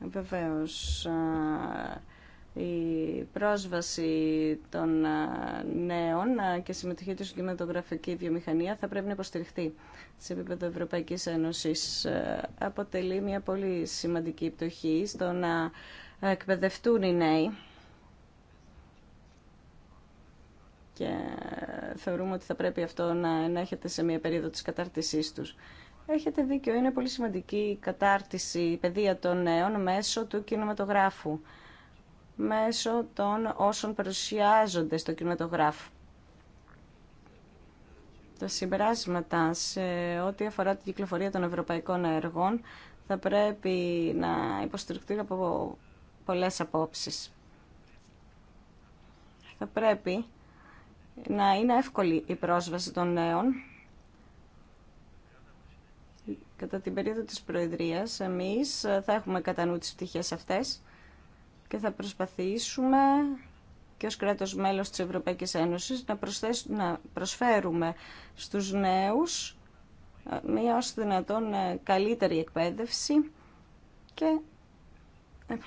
Βεβαίως, η πρόσβαση των νέων και συμμετοχή του στην κινηματογραφική βιομηχανία θα πρέπει να υποστηριχθεί σε επίπεδο Ευρωπαϊκής Ένωσης. Αποτελεί μια πολύ σημαντική πτωχή στο να εκπαιδευτούν οι νέοι και θεωρούμε ότι θα πρέπει αυτό να ενέχεται σε μια περίοδο της κατάρτισής τους. Έχετε δίκιο, είναι πολύ σημαντική η κατάρτιση, η παιδεία των νέων μέσω του κινηματογράφου, μέσω των όσων παρουσιάζονται στο κινηματογράφο. Τα συμπεράσματα σε ό,τι αφορά την κυκλοφορία των ευρωπαϊκών έργων θα πρέπει να υποστηριχθεί από πολλές απόψεις. Θα πρέπει να είναι εύκολη η πρόσβαση των νέων. Κατά την περίοδο της Προεδρίας, εμείς θα έχουμε κατά νου τις πτυχές αυτές και θα προσπαθήσουμε και ως κράτος μέλος της Ευρωπαϊκής Ένωσης να, να προσφέρουμε στους νέους ε, μία ως δυνατόν ε, καλύτερη εκπαίδευση και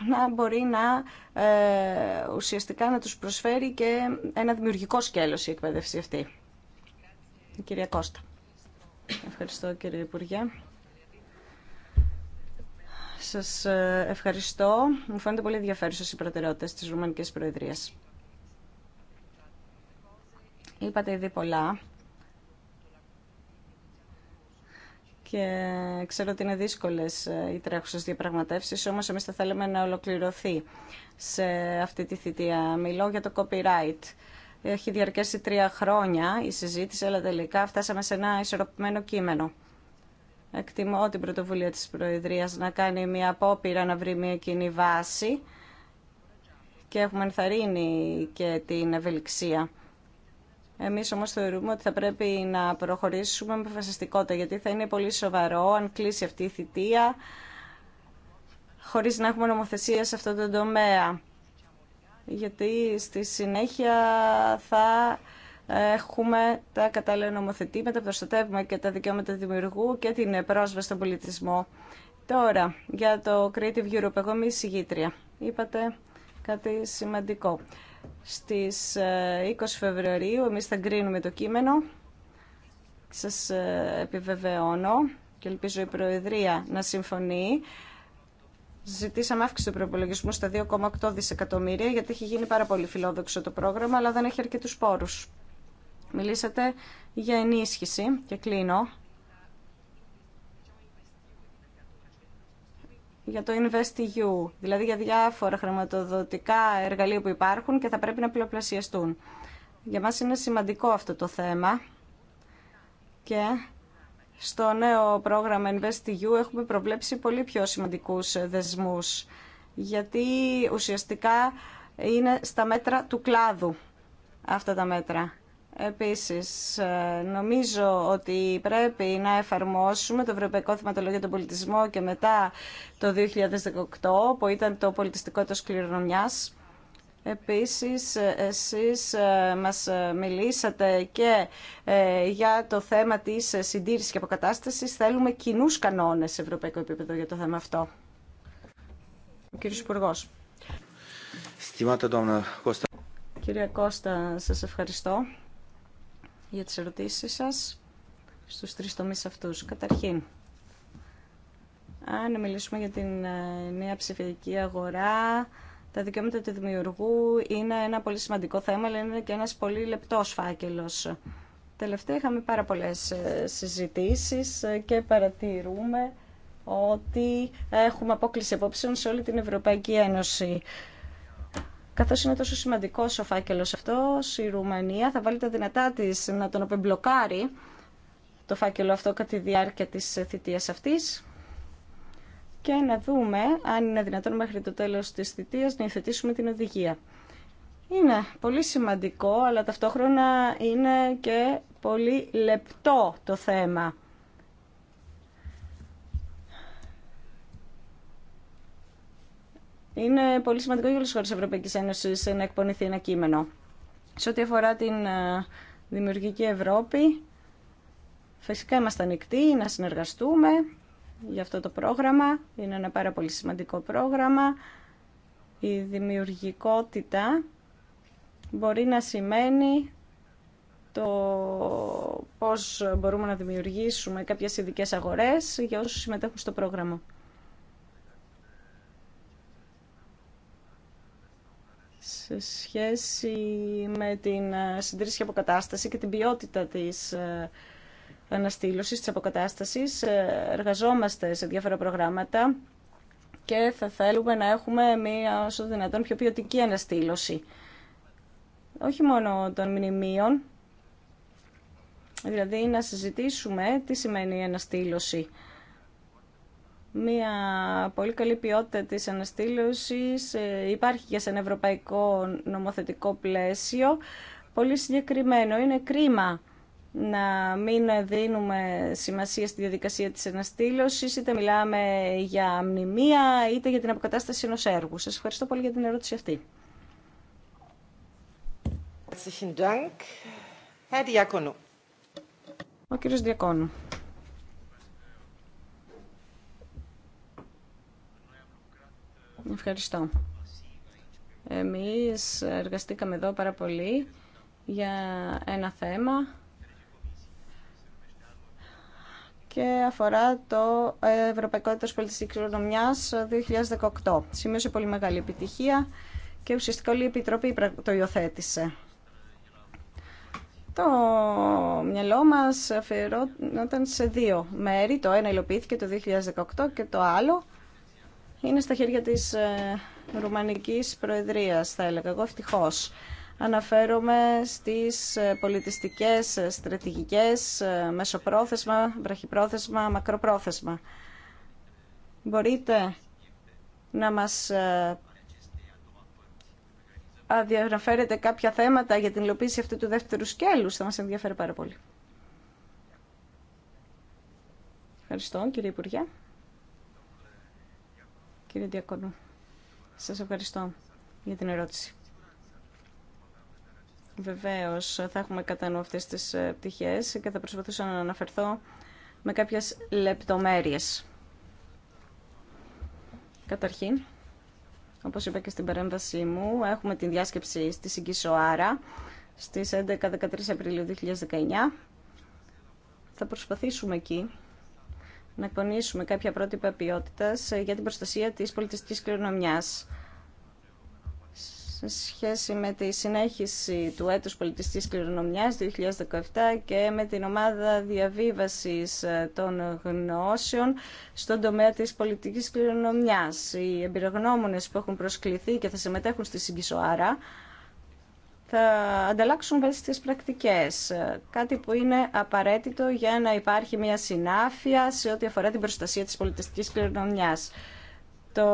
να μπορεί να ε, ουσιαστικά να τους προσφέρει και ένα δημιουργικό σκέλος η εκπαίδευση αυτή. Η κυρία Κώστα. Ευχαριστώ κύριε Υπουργέ. Σας ε, ευχαριστώ. Μου φαίνονται πολύ ενδιαφέρουσες οι προτεραιότητε της Ρουμανικής Προεδρίας. Είπατε ήδη πολλά και ξέρω ότι είναι δύσκολε ε, οι τρέχουσε διαπραγματεύσει. Όμω εμεί θα θέλαμε να ολοκληρωθεί σε αυτή τη θητεία. Μιλώ για το copyright. Έχει διαρκέσει τρία χρόνια η συζήτηση, αλλά τελικά φτάσαμε σε ένα ισορροπημένο κείμενο. Εκτιμώ την πρωτοβουλία της Προεδρίας να κάνει μια απόπειρα να βρει μια κοινή βάση και έχουμε ενθαρρύνει και την ευελιξία εμείς όμως θεωρούμε ότι θα πρέπει να προχωρήσουμε με φασιστικότητα, γιατί θα είναι πολύ σοβαρό αν κλείσει αυτή η θητεία, χωρίς να έχουμε νομοθεσία σε αυτό το τομέα. Γιατί στη συνέχεια θα έχουμε τα κατάλληλα νομοθετήματα, προστατεύουμε και τα δικαιώματα δημιουργού και την πρόσβαση στον πολιτισμό. Τώρα, για το Creative Europe, εγώ είμαι η συγγήτρια. Είπατε κάτι σημαντικό. Στις 20 ε, Φεβρουαρίου εμείς θα γκρίνουμε το κείμενο. Σας ε, επιβεβαιώνω και ελπίζω η Προεδρία να συμφωνεί. Ζητήσαμε αύξηση του προπολογισμού στα 2,8 δισεκατομμύρια γιατί έχει γίνει πάρα πολύ φιλόδοξο το πρόγραμμα αλλά δεν έχει αρκετούς πόρους. Μιλήσατε για ενίσχυση και κλείνω για το InvestEU, δηλαδή για διάφορα χρηματοδοτικά εργαλεία που υπάρχουν και θα πρέπει να πλειοπλασιαστούν. Για μας είναι σημαντικό αυτό το θέμα και στο νέο πρόγραμμα InvestEU έχουμε προβλέψει πολύ πιο σημαντικούς δεσμούς, γιατί ουσιαστικά είναι στα μέτρα του κλάδου αυτά τα μέτρα. Επίσης, ε, νομίζω ότι πρέπει να εφαρμόσουμε το Ευρωπαϊκό Θεματολόγιο τον Πολιτισμό και μετά το 2018, που ήταν το πολιτιστικό της κληρονομιάς. Επίσης, εσείς ε, μας ε, μιλήσατε και για το θέμα της συντήρησης και αποκατάστασης. Θέλουμε κοινού κανόνες σε ευρωπαϊκό επίπεδο για το θέμα αυτό. Ο κύριος Υπουργός. Κυρία Κώστα, σας ευχαριστώ για τις ερωτήσεις σας στους τρεις τομείς αυτούς. Καταρχήν, αν μιλήσουμε για την ε, νέα ψηφιακή αγορά, τα δικαιώματα του δημιουργού είναι ένα πολύ σημαντικό θέμα, αλλά είναι και ένας πολύ λεπτός φάκελος. Τελευταία είχαμε πάρα πολλές ε, συζητήσεις ε, και παρατηρούμε ότι έχουμε απόκληση απόψεων σε όλη την Ευρωπαϊκή Ένωση. Καθώς είναι τόσο σημαντικό ο φάκελος αυτός, η Ρουμανία θα βάλει τα δυνατά της να τον απεμπλοκάρει το φάκελο αυτό κατά τη διάρκεια τη θητεία αυτής και να δούμε αν είναι δυνατόν μέχρι το τέλος της θητείας να υιοθετήσουμε την οδηγία. Είναι πολύ σημαντικό, αλλά ταυτόχρονα είναι και πολύ λεπτό το θέμα. είναι πολύ σημαντικό για όλε τι χώρε τη Ευρωπαϊκή Ένωση να εκπονηθεί ένα κείμενο. Σε ό,τι αφορά την ε, δημιουργική Ευρώπη, φυσικά είμαστε ανοιχτοί να συνεργαστούμε για αυτό το πρόγραμμα. Είναι ένα πάρα πολύ σημαντικό πρόγραμμα. Η δημιουργικότητα μπορεί να σημαίνει το πώς μπορούμε να δημιουργήσουμε κάποιες ειδικές αγορές για όσους συμμετέχουν στο πρόγραμμα. σε σχέση με την ε, συντήρηση και αποκατάσταση και την ποιότητα της ε, αναστήλωσης, της αποκατάστασης. Ε, εργαζόμαστε σε διάφορα προγράμματα και θα θέλουμε να έχουμε μία όσο δυνατόν πιο ποιοτική αναστήλωση. Όχι μόνο των μνημείων, δηλαδή να συζητήσουμε τι σημαίνει η αναστήλωση μια πολύ καλή ποιότητα της αναστήλωσης ε, υπάρχει και σε ένα ευρωπαϊκό νομοθετικό πλαίσιο πολύ συγκεκριμένο. Είναι κρίμα να μην δίνουμε σημασία στη διαδικασία της αναστήλωσης, είτε μιλάμε για μνημεία, είτε για την αποκατάσταση ενός έργου. Σας ευχαριστώ πολύ για την ερώτηση αυτή. Ο κύριος Διακόνου. Ευχαριστώ. Εμείς εργαστήκαμε εδώ πάρα πολύ για ένα θέμα και αφορά το Ευρωπαϊκό Έτος Πολιτιστικής Κληρονομιάς 2018. Σημείωσε πολύ μεγάλη επιτυχία και ουσιαστικά όλη η Επιτροπή το υιοθέτησε. Το μυαλό μας αφιερώνονταν σε δύο μέρη. Το ένα υλοποιήθηκε το 2018 και το άλλο είναι στα χέρια της ε, Ρουμανικής Προεδρίας, θα έλεγα εγώ, ευτυχώς. Αναφέρομαι στις ε, πολιτιστικές, ε, στρατηγικές, μεσοπρόθεσμα, βραχυπρόθεσμα, μακροπρόθεσμα. Μπορείτε να μας αδιαφέρετε κάποια θέματα για την υλοποίηση αυτού του δεύτερου σκέλους. Θα μας ενδιαφέρει πάρα πολύ. Ευχαριστώ, κύριε Υπουργέ. Κύριε Διακόνο, σας ευχαριστώ για την ερώτηση. Βεβαίως, θα έχουμε κατά νου αυτές τις ε, πτυχές και θα προσπαθήσω να αναφερθώ με κάποιες λεπτομέρειες. Καταρχήν, όπως είπα και στην παρέμβασή μου, έχουμε την διάσκεψη στη Συγκισοάρα στις 11-13 Απριλίου 2019. Θα προσπαθήσουμε εκεί να εκπονήσουμε κάποια πρότυπα ποιότητα ε, για την προστασία της πολιτιστική κληρονομιάς. Σε σχέση με τη συνέχιση του έτους πολιτιστική κληρονομιάς 2017 και με την ομάδα διαβίβαση ε, των γνώσεων στον τομέα της πολιτικής κληρονομιάς. Οι εμπειρογνώμονε που έχουν προσκληθεί και θα συμμετέχουν στη Συγκισοάρα θα ανταλλάξουν βέστιες πρακτικές. Κάτι που είναι απαραίτητο για να υπάρχει μια συνάφεια σε ό,τι αφορά την προστασία της πολιτιστικής κληρονομιάς. Το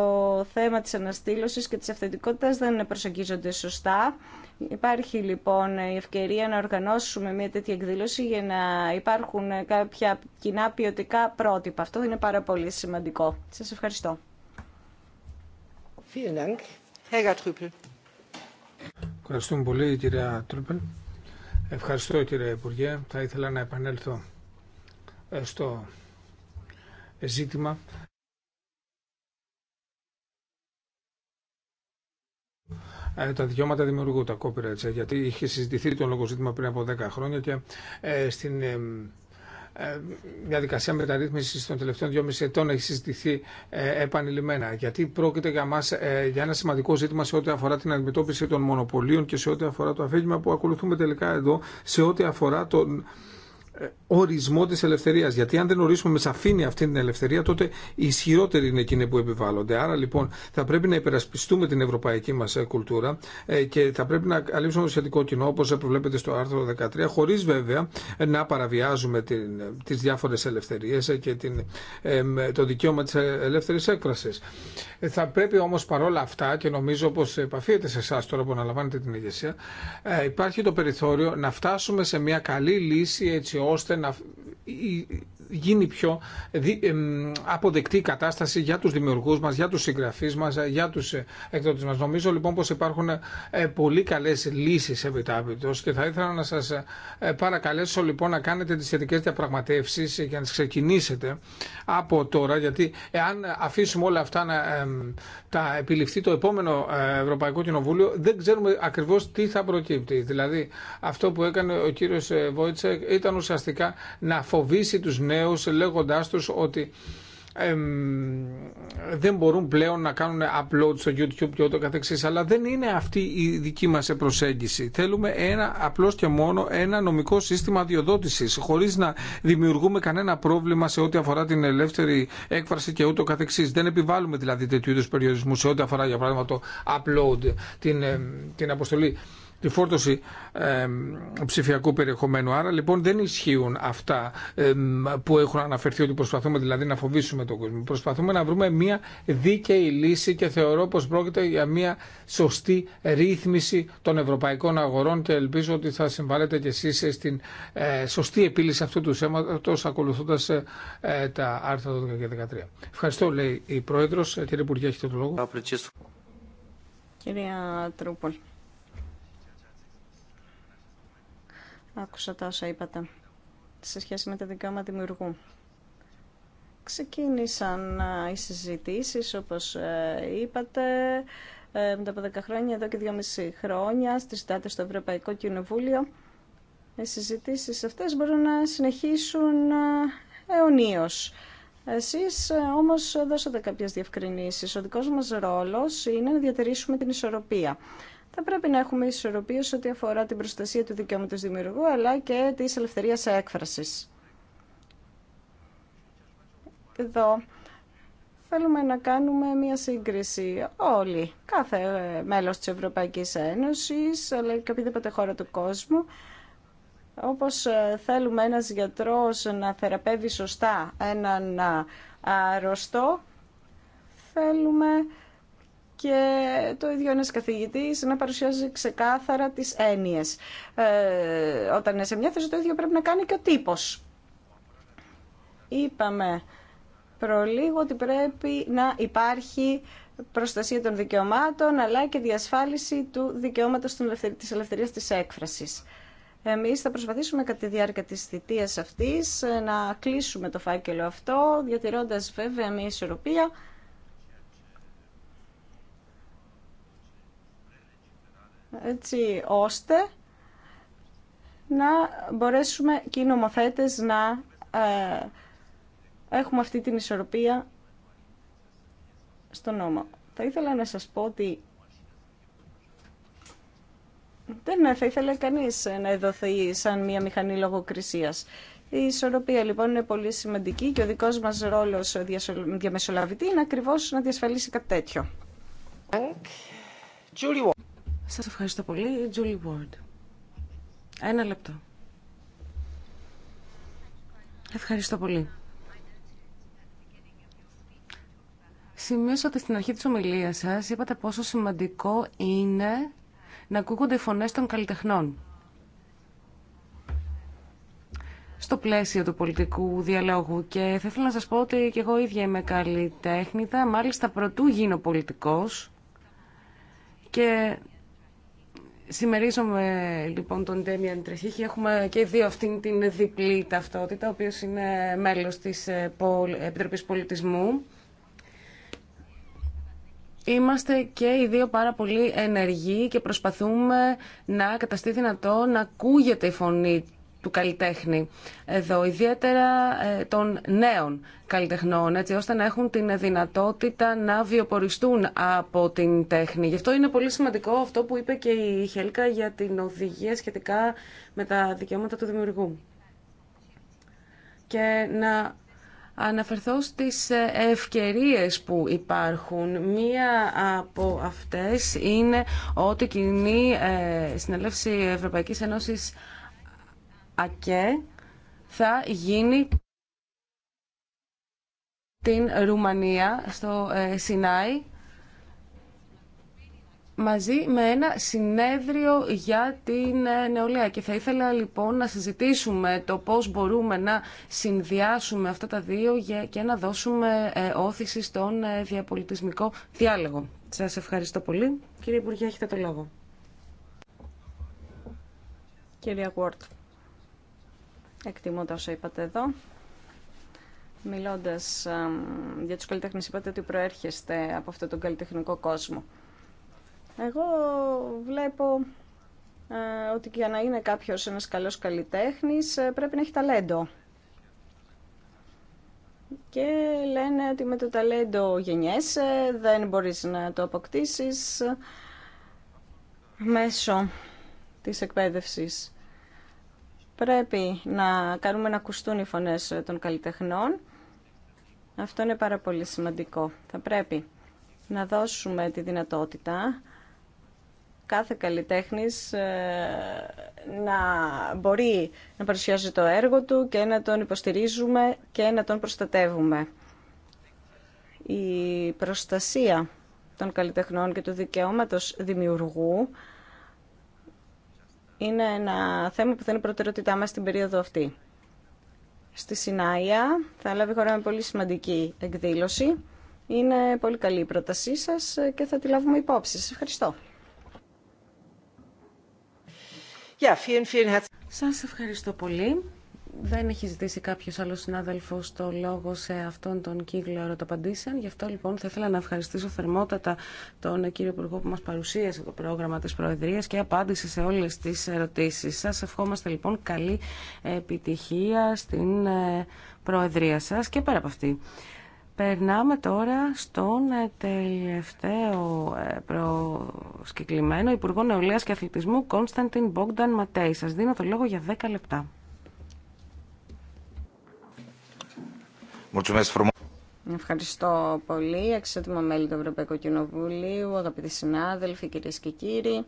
θέμα της αναστήλωσης και της αυθεντικότητας δεν προσεγγίζονται σωστά. Υπάρχει λοιπόν η ευκαιρία να οργανώσουμε μια τέτοια εκδήλωση για να υπάρχουν κάποια κοινά ποιοτικά πρότυπα. Αυτό είναι πάρα πολύ σημαντικό. Σας ευχαριστώ. Vielen Dank. Ευχαριστούμε πολύ κυρία Τρούπελ. Ευχαριστώ κύριε Υπουργέ. Θα ήθελα να επανέλθω ε, στο ζήτημα ε, τα δικαιώματα δημιουργού, τα κόπηρα, ε, γιατί είχε συζητηθεί το λόγο ζήτημα πριν από 10 χρόνια και στην ε, διαδικασία μεταρρύθμισης των τελευταίων δυόμιση ετών έχει συζητηθεί ε, επανειλημμένα. Γιατί πρόκειται για, μας, ε, για ένα σημαντικό ζήτημα σε ό,τι αφορά την αντιμετώπιση των μονοπωλίων και σε ό,τι αφορά το αφήγημα που ακολουθούμε τελικά εδώ, σε ό,τι αφορά τον ορισμό της ελευθερίας. Γιατί αν δεν ορίσουμε με σαφήνεια αυτή την ελευθερία, τότε ισχυρότεροι είναι εκείνοι που επιβάλλονται. Άρα λοιπόν θα πρέπει να υπερασπιστούμε την ευρωπαϊκή μας ε, κουλτούρα ε, και θα πρέπει να καλύψουμε το σχετικό κοινό, όπως ε, προβλέπεται στο άρθρο 13, χωρίς βέβαια να παραβιάζουμε την, τις διάφορες ελευθερίες και την, το δικαίωμα της ελεύθερης έκφρασης. Θα πρέπει όμως παρόλα αυτά, και νομίζω πως επαφείτε σε εσά τώρα που αναλαμβάνετε την ηγεσία, υπάρχει το περιθώριο να φτάσουμε σε μια καλή λύση έτσι ώστε να γίνει πιο αποδεκτή η κατάσταση για τους δημιουργούς μας, για τους συγγραφείς μας, για τους ε, εκδότες μας. Νομίζω λοιπόν πως υπάρχουν ε, πολύ καλές λύσεις επιτάπητος και θα ήθελα να σας ε, παρακαλέσω λοιπόν να κάνετε τις σχετικές διαπραγματεύσεις για να τις ξεκινήσετε από τώρα γιατί εάν αφήσουμε όλα αυτά να τα επιληφθεί το επόμενο Ευρωπαϊκό Κοινοβούλιο δεν ξέρουμε ακριβώς τι θα προκύπτει. Δηλαδή αυτό που έκανε ο κύριος Βόιτσεκ ήταν ουσιαστικά να φοβήσει τους νέους νέους λέγοντάς τους ότι ε, δεν μπορούν πλέον να κάνουν upload στο YouTube και ούτω καθεξής αλλά δεν είναι αυτή η δική μας προσέγγιση θέλουμε ένα, απλώς και μόνο ένα νομικό σύστημα διοδότησης χωρίς να δημιουργούμε κανένα πρόβλημα σε ό,τι αφορά την ελεύθερη έκφραση και ούτω καθεξής δεν επιβάλλουμε δηλαδή τέτοιου είδους περιορισμού σε ό,τι αφορά για παράδειγμα το upload την, την αποστολή τη φόρτωση ε, ψηφιακού περιεχομένου. Άρα λοιπόν δεν ισχύουν αυτά που έχουν αναφερθεί ότι προσπαθούμε δηλαδή να φοβήσουμε τον κόσμο. Προσπαθούμε να βρούμε μια δίκαιη λύση και θεωρώ πως πρόκειται για μια σωστή ρύθμιση των ευρωπαϊκών αγορών και ελπίζω ότι θα συμβάλλετε κι εσείς στην ε, σωστή επίλυση αυτού του θέματος ακολουθώντας ε, ε, τα άρθρα 12 και 13. Ευχαριστώ λέει η Πρόεδρος. Κύριε Υπουργέ, έχετε το λόγο. Κυρία Τρούπολ. Άκουσα τα όσα είπατε σε σχέση με τα δικαίωμα δημιουργού. Ξεκίνησαν οι συζητήσεις, όπως ε, είπατε, ε, μετά από 10 χρόνια, εδώ και 2,5 χρόνια, στι συζητάτε στο Ευρωπαϊκό Κοινοβούλιο. Οι συζητήσεις αυτές μπορούν να συνεχίσουν αιωνίως. Εσείς ε, όμως δώσατε κάποιες διευκρινήσει. Ο δικός μας ρόλος είναι να διατηρήσουμε την ισορροπία θα πρέπει να έχουμε ισορροπίε ό,τι αφορά την προστασία του δικαιώματος δημιουργού αλλά και τη ελευθερία έκφραση. Εδώ θέλουμε να κάνουμε μία σύγκριση. Όλοι, κάθε μέλος της Ευρωπαϊκής Ένωσης, αλλά και οποιαδήποτε χώρα του κόσμου, όπως θέλουμε ένας γιατρός να θεραπεύει σωστά έναν αρρωστό, θέλουμε και το ίδιο ένας καθηγητής να παρουσιάζει ξεκάθαρα τις έννοιες. Ε, όταν είναι σε μια θέση το ίδιο πρέπει να κάνει και ο τύπος. Είπαμε προλίγο ότι πρέπει να υπάρχει προστασία των δικαιωμάτων αλλά και διασφάλιση του δικαιώματος της ελευθερίας της έκφρασης. Εμείς θα προσπαθήσουμε κατά τη διάρκεια της θητείας αυτής να κλείσουμε το φάκελο αυτό, διατηρώντας βέβαια μια ισορροπία έτσι ώστε να μπορέσουμε και οι νομοθέτες να ε, έχουμε αυτή την ισορροπία στο νόμο. Θα ήθελα να σας πω ότι δεν θα ήθελε κανείς να εδωθεί σαν μια μηχανή λογοκρισίας. Η ισορροπία λοιπόν είναι πολύ σημαντική και ο δικός μας ρόλος διαμεσολαβητή είναι ακριβώς να διασφαλίσει κάτι τέτοιο. Σας ευχαριστώ πολύ. Julie Ward. Ένα λεπτό. Ευχαριστώ πολύ. Σημείωσα ότι στην αρχή της ομιλίας σας είπατε πόσο σημαντικό είναι να ακούγονται οι φωνές των καλλιτεχνών. στο πλαίσιο του πολιτικού διαλόγου και θα ήθελα να σας πω ότι και εγώ ίδια είμαι καλλιτέχνητα, μάλιστα πρωτού γίνω πολιτικός και Συμμερίζομαι λοιπόν τον Ντέμιαν Τρεχίχη. Έχουμε και δύο αυτήν την διπλή ταυτότητα, ο οποίο είναι μέλο της ε, επιτροπή Πολιτισμού. Είμαστε και οι δύο πάρα πολύ ενεργοί και προσπαθούμε να καταστεί δυνατό να ακούγεται η φωνή του καλλιτέχνη εδώ, ιδιαίτερα ε, των νέων καλλιτεχνών, έτσι ώστε να έχουν την δυνατότητα να βιοποριστούν από την τέχνη. Γι' αυτό είναι πολύ σημαντικό αυτό που είπε και η Χέλκα για την οδηγία σχετικά με τα δικαιώματα του δημιουργού. Και να αναφερθώ στις ε, ευκαιρίες που υπάρχουν. Μία από αυτές είναι ότι η κοινή ε, συνελεύση Ευρωπαϊκής Ένωσης ΑΚΕ θα γίνει την Ρουμανία, στο ε, Σινάι, μαζί με ένα συνέδριο για την ε, νεολαία. Και θα ήθελα λοιπόν να συζητήσουμε το πώς μπορούμε να συνδυάσουμε αυτά τα δύο και να δώσουμε ε, όθηση στον διαπολιτισμικό διάλογο. Σας ευχαριστώ πολύ. Κύριε Υπουργέ, έχετε το λόγο. Κύριε Ακουόρτ. Εκτιμώ τα όσα είπατε εδώ. Μιλώντας για τους καλλιτέχνες είπατε ότι προέρχεστε από αυτόν τον καλλιτεχνικό κόσμο. Εγώ βλέπω ε, ότι για να είναι κάποιος ένας καλός καλλιτέχνης ε, πρέπει να έχει ταλέντο. Και λένε ότι με το ταλέντο γεννιέσαι, δεν μπορείς να το αποκτήσεις ε, μέσω της εκπαίδευσης. Πρέπει να κάνουμε να ακουστούν οι φωνές των καλλιτεχνών. Αυτό είναι πάρα πολύ σημαντικό. Θα πρέπει να δώσουμε τη δυνατότητα κάθε καλλιτέχνης ε, να μπορεί να παρουσιάζει το έργο του και να τον υποστηρίζουμε και να τον προστατεύουμε. Η προστασία των καλλιτεχνών και του δικαιώματος δημιουργού είναι ένα θέμα που θα είναι προτεραιότητά μας στην περίοδο αυτή. Στη Σινάια θα λάβει χώρα με πολύ σημαντική εκδήλωση. Είναι πολύ καλή η πρότασή σας και θα τη λάβουμε υπόψη. Σας ευχαριστώ. Σας ευχαριστώ πολύ δεν έχει ζητήσει κάποιο άλλο συνάδελφο το λόγο σε αυτόν τον κύκλο ερωταπαντήσεων. Γι' αυτό λοιπόν θα ήθελα να ευχαριστήσω θερμότατα τον κύριο Υπουργό που μα παρουσίασε το πρόγραμμα τη Προεδρία και απάντησε σε όλε τι ερωτήσει. Σα ευχόμαστε λοιπόν καλή επιτυχία στην ε, Προεδρία σα και πέρα από αυτή. Περνάμε τώρα στον ε, τελευταίο ε, προσκεκλημένο Υπουργό Νεολαίας και Αθλητισμού Κόνσταντιν Μπόγκταν Ματέη. Σας δίνω το λόγο για 10 λεπτά. Ευχαριστώ πολύ, εξέτοιμο μέλη του Ευρωπαϊκού Κοινοβουλίου, αγαπητοί συνάδελφοι, κυρίε και κύριοι.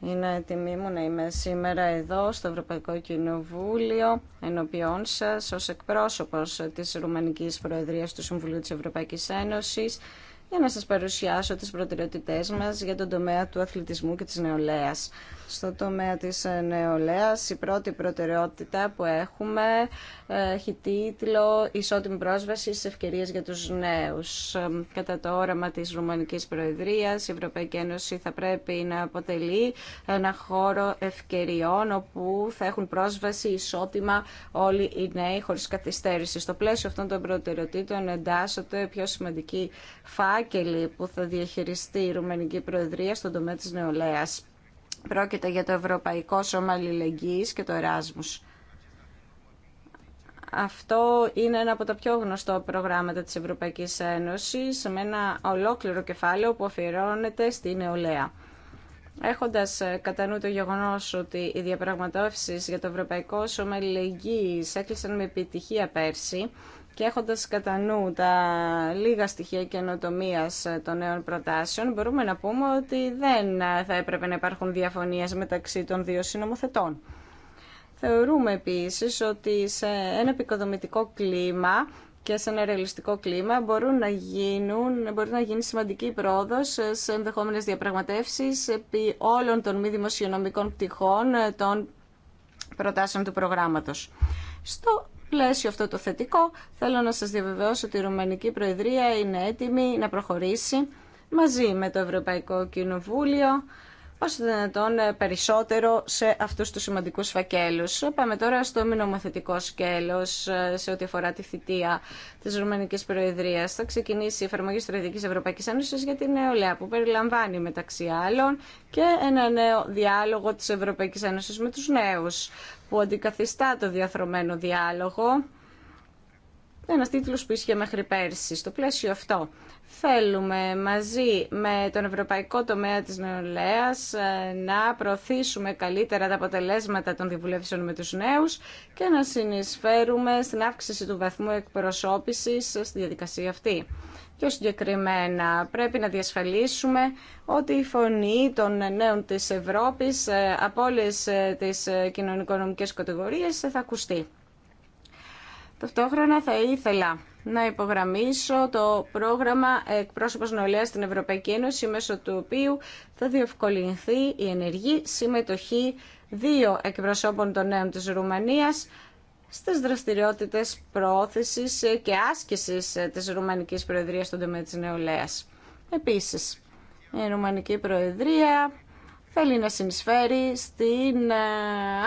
Είναι τιμή μου να είμαι σήμερα εδώ στο Ευρωπαϊκό Κοινοβούλιο ενώπιόν σας ως εκπρόσωπος της Ρουμανικής Προεδρίας του Συμβουλίου της Ευρωπαϊκής Ένωσης για να σας παρουσιάσω τις προτεραιότητές μας για τον τομέα του αθλητισμού και της νεολαίας. Στο τομέα της ε, νεολαίας η πρώτη προτεραιότητα που έχουμε ε, έχει τίτλο «Ισότιμη πρόσβαση σε ευκαιρίες για τους νέους». Ε, κατά το όραμα της Ρουμανικής Προεδρίας η Ευρωπαϊκή Ένωση θα πρέπει να αποτελεί ένα χώρο ευκαιριών όπου θα έχουν πρόσβαση ισότιμα όλοι οι νέοι χωρίς καθυστέρηση. Στο πλαίσιο αυτών των προτεραιοτήτων εντάσσονται πιο σημαντική που θα διαχειριστεί η Ρουμανική Προεδρία στον τομέα της νεολαίας. Πρόκειται για το Ευρωπαϊκό Σώμα Αλληλεγγύης και το Εράσμους. Αυτό είναι ένα από τα πιο γνωστά προγράμματα της Ευρωπαϊκής Ένωσης με ένα ολόκληρο κεφάλαιο που αφιερώνεται στη νεολαία. Έχοντας ε, κατά νου το γεγονός ότι οι διαπραγματεύσεις για το Ευρωπαϊκό Σώμα Αλληλεγγύης έκλεισαν με επιτυχία πέρσι, και έχοντας κατά νου τα λίγα στοιχεία καινοτομία ε, των νέων προτάσεων, μπορούμε να πούμε ότι δεν ε, θα έπρεπε να υπάρχουν διαφωνίες μεταξύ των δύο συνομοθετών. Θεωρούμε επίσης ότι σε ένα επικοδομητικό κλίμα και σε ένα ρεαλιστικό κλίμα μπορούν να γίνουν, μπορεί να γίνει σημαντική πρόοδος σε ενδεχόμενες διαπραγματεύσεις επί όλων των μη δημοσιονομικών πτυχών ε, των προτάσεων του προγράμματος πλαίσιο αυτό το θετικό, θέλω να σας διαβεβαιώσω ότι η Ρουμανική Προεδρία είναι έτοιμη να προχωρήσει μαζί με το Ευρωπαϊκό Κοινοβούλιο όσο δυνατόν ε, περισσότερο σε αυτούς τους σημαντικούς φακέλους. Πάμε τώρα στο μη νομοθετικό σκέλος ε, σε ό,τι αφορά τη θητεία της Ρουμανικής Προεδρίας. Θα ξεκινήσει η εφαρμογή στρατηγικής Ευρωπαϊκής Ένωσης για την νεολαία που περιλαμβάνει μεταξύ άλλων και ένα νέο διάλογο της Ευρωπαϊκής Ένωσης με τους νέους που αντικαθιστά το διαθρωμένο διάλογο ένα τίτλο που ίσχυε μέχρι πέρσι. Στο πλαίσιο αυτό, θέλουμε μαζί με τον ευρωπαϊκό τομέα της νεολαία ε, να προωθήσουμε καλύτερα τα αποτελέσματα των διαβουλεύσεων με του νέου και να συνεισφέρουμε στην αύξηση του βαθμού εκπροσώπηση στη διαδικασία αυτή. Πιο συγκεκριμένα πρέπει να διασφαλίσουμε ότι η φωνή των νέων της Ευρώπης ε, από όλε ε, τις ε, κοινωνικονομικές κατηγορίες θα ακουστεί. Ταυτόχρονα θα ήθελα να υπογραμμίσω το πρόγραμμα εκπρόσωπος νεολαίας στην Ευρωπαϊκή Ένωση μέσω του οποίου θα διευκολυνθεί η ενεργή συμμετοχή δύο εκπροσώπων των νέων της Ρουμανίας στις δραστηριότητες πρόθεσης και άσκησης της Ρουμανικής Προεδρίας στον τομέα της νεολαίας. Επίσης, η Ρουμανική Προεδρία θέλει να συνεισφέρει στην ε,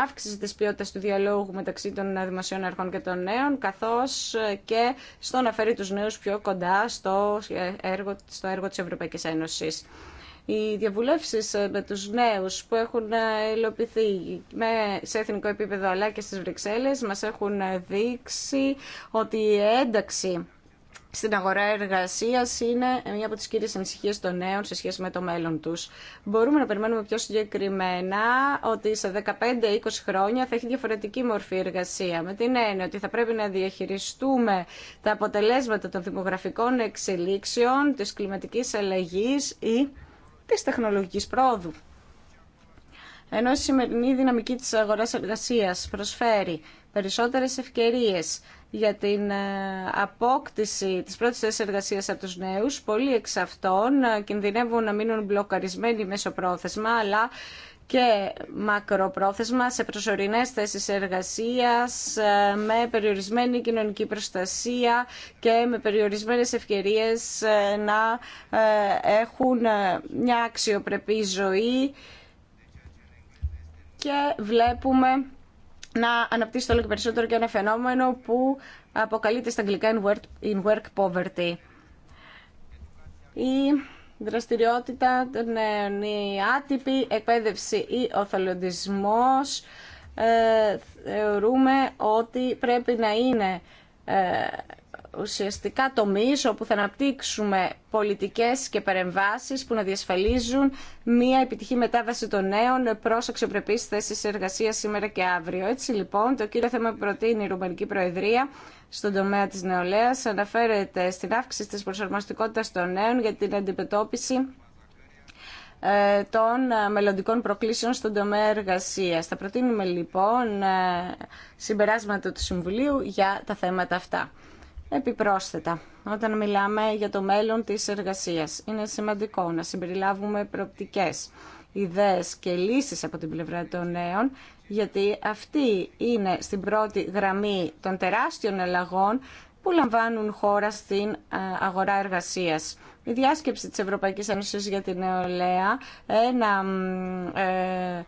αύξηση της ποιότητας του διαλόγου μεταξύ των δημοσίων αρχών και των νέων, καθώς ε, και στο να φέρει τους νέους πιο κοντά στο ε, έργο, στο έργο της Ευρωπαϊκής Ένωσης. Οι διαβουλεύσεις ε, με τους νέους που έχουν ε, υλοποιηθεί σε εθνικό επίπεδο αλλά και στις Βρυξέλλες μας έχουν ε, δείξει ότι η ένταξη στην αγορά εργασία είναι μία από τι κύριε ανησυχίε των νέων σε σχέση με το μέλλον του. Μπορούμε να περιμένουμε πιο συγκεκριμένα ότι σε 15-20 χρόνια θα έχει διαφορετική μορφή εργασία. Με την έννοια ότι θα πρέπει να διαχειριστούμε τα αποτελέσματα των δημογραφικών εξελίξεων, τη κλιματική αλλαγή ή της τεχνολογικής πρόοδου. Ενώ η σημερινή δυναμική της αγοράς εργασίας προσφέρει περισσότερες ευκαιρίες για την ε, απόκτηση της πρώτης θέσης εργασίας από τους νέους. Πολλοί εξ αυτών ε, κινδυνεύουν να μείνουν μπλοκαρισμένοι μέσω πρόθεσμα, αλλά και μακροπρόθεσμα σε προσωρινές θέσεις εργασίας ε, με περιορισμένη κοινωνική προστασία και με περιορισμένες ευκαιρίες ε, να ε, έχουν μια αξιοπρεπή ζωή και βλέπουμε να αναπτύσσεται όλο και περισσότερο και ένα φαινόμενο που αποκαλείται στα αγγλικά in work poverty. Η δραστηριότητα των ναι, νέων, η άτυπη εκπαίδευση ή ο θελοντισμός ε, θεωρούμε ότι πρέπει να είναι ε, ουσιαστικά τομείς όπου θα αναπτύξουμε πολιτικές και παρεμβάσεις που να διασφαλίζουν μια επιτυχή μετάβαση των νέων προς αξιοπρεπείς θέσεις εργασίας σήμερα και αύριο. Έτσι λοιπόν το κύριο θέμα που προτείνει η Ρουμανική Προεδρία στον τομέα της νεολαίας αναφέρεται στην αύξηση της προσαρμοστικότητα των νέων για την αντιμετώπιση ε, των ε, μελλοντικών προκλήσεων στον τομέα εργασία. Θα προτείνουμε λοιπόν ε, συμπεράσματα του Συμβουλίου για τα θέματα αυτά επιπρόσθετα όταν μιλάμε για το μέλλον της εργασίας. Είναι σημαντικό να συμπεριλάβουμε προοπτικές, ιδέες και λύσεις από την πλευρά των νέων, γιατί αυτή είναι στην πρώτη γραμμή των τεράστιων αλλαγών που λαμβάνουν χώρα στην ε, αγορά εργασίας. Η διάσκεψη της Ευρωπαϊκής Ένωσης για την Νεολαία, ένα ε,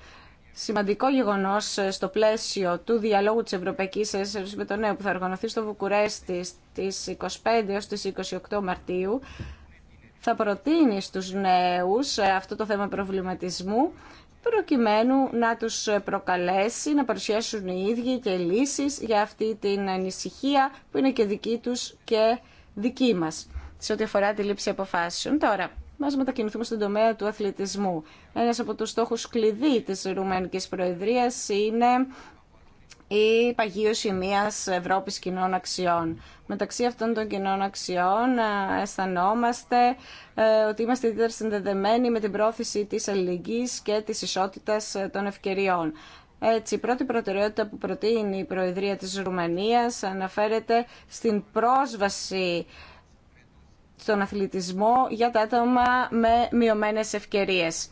σημαντικό γεγονός ε, στο πλαίσιο του διαλόγου της Ευρωπαϊκής Ένωσης με το νέο που θα οργανωθεί στο Βουκουρέστι στις 25 έως τι 28 Μαρτίου θα προτείνει στους νέους ε, αυτό το θέμα προβληματισμού προκειμένου να τους προκαλέσει να παρουσιάσουν οι ίδιοι και λύσεις για αυτή την ανησυχία που είναι και δική τους και δική μας σε ό,τι αφορά τη λήψη αποφάσεων. Τώρα, να μετακινηθούμε στον τομέα του αθλητισμού. Ένα από του στόχου κλειδί της Ρουμανική Προεδρίας είναι η παγίωση μια Ευρώπη κοινών αξιών. Μεταξύ αυτών των κοινών αξιών αισθανόμαστε ε, ότι είμαστε ιδιαίτερα συνδεδεμένοι με την πρόθεση της αλληλεγγύης και της ισότητας ε, των ευκαιριών. Έτσι, η πρώτη προτεραιότητα που προτείνει η Προεδρία της Ρουμανίας αναφέρεται στην πρόσβαση στον αθλητισμό για τα άτομα με μειωμένες ευκαιρίες.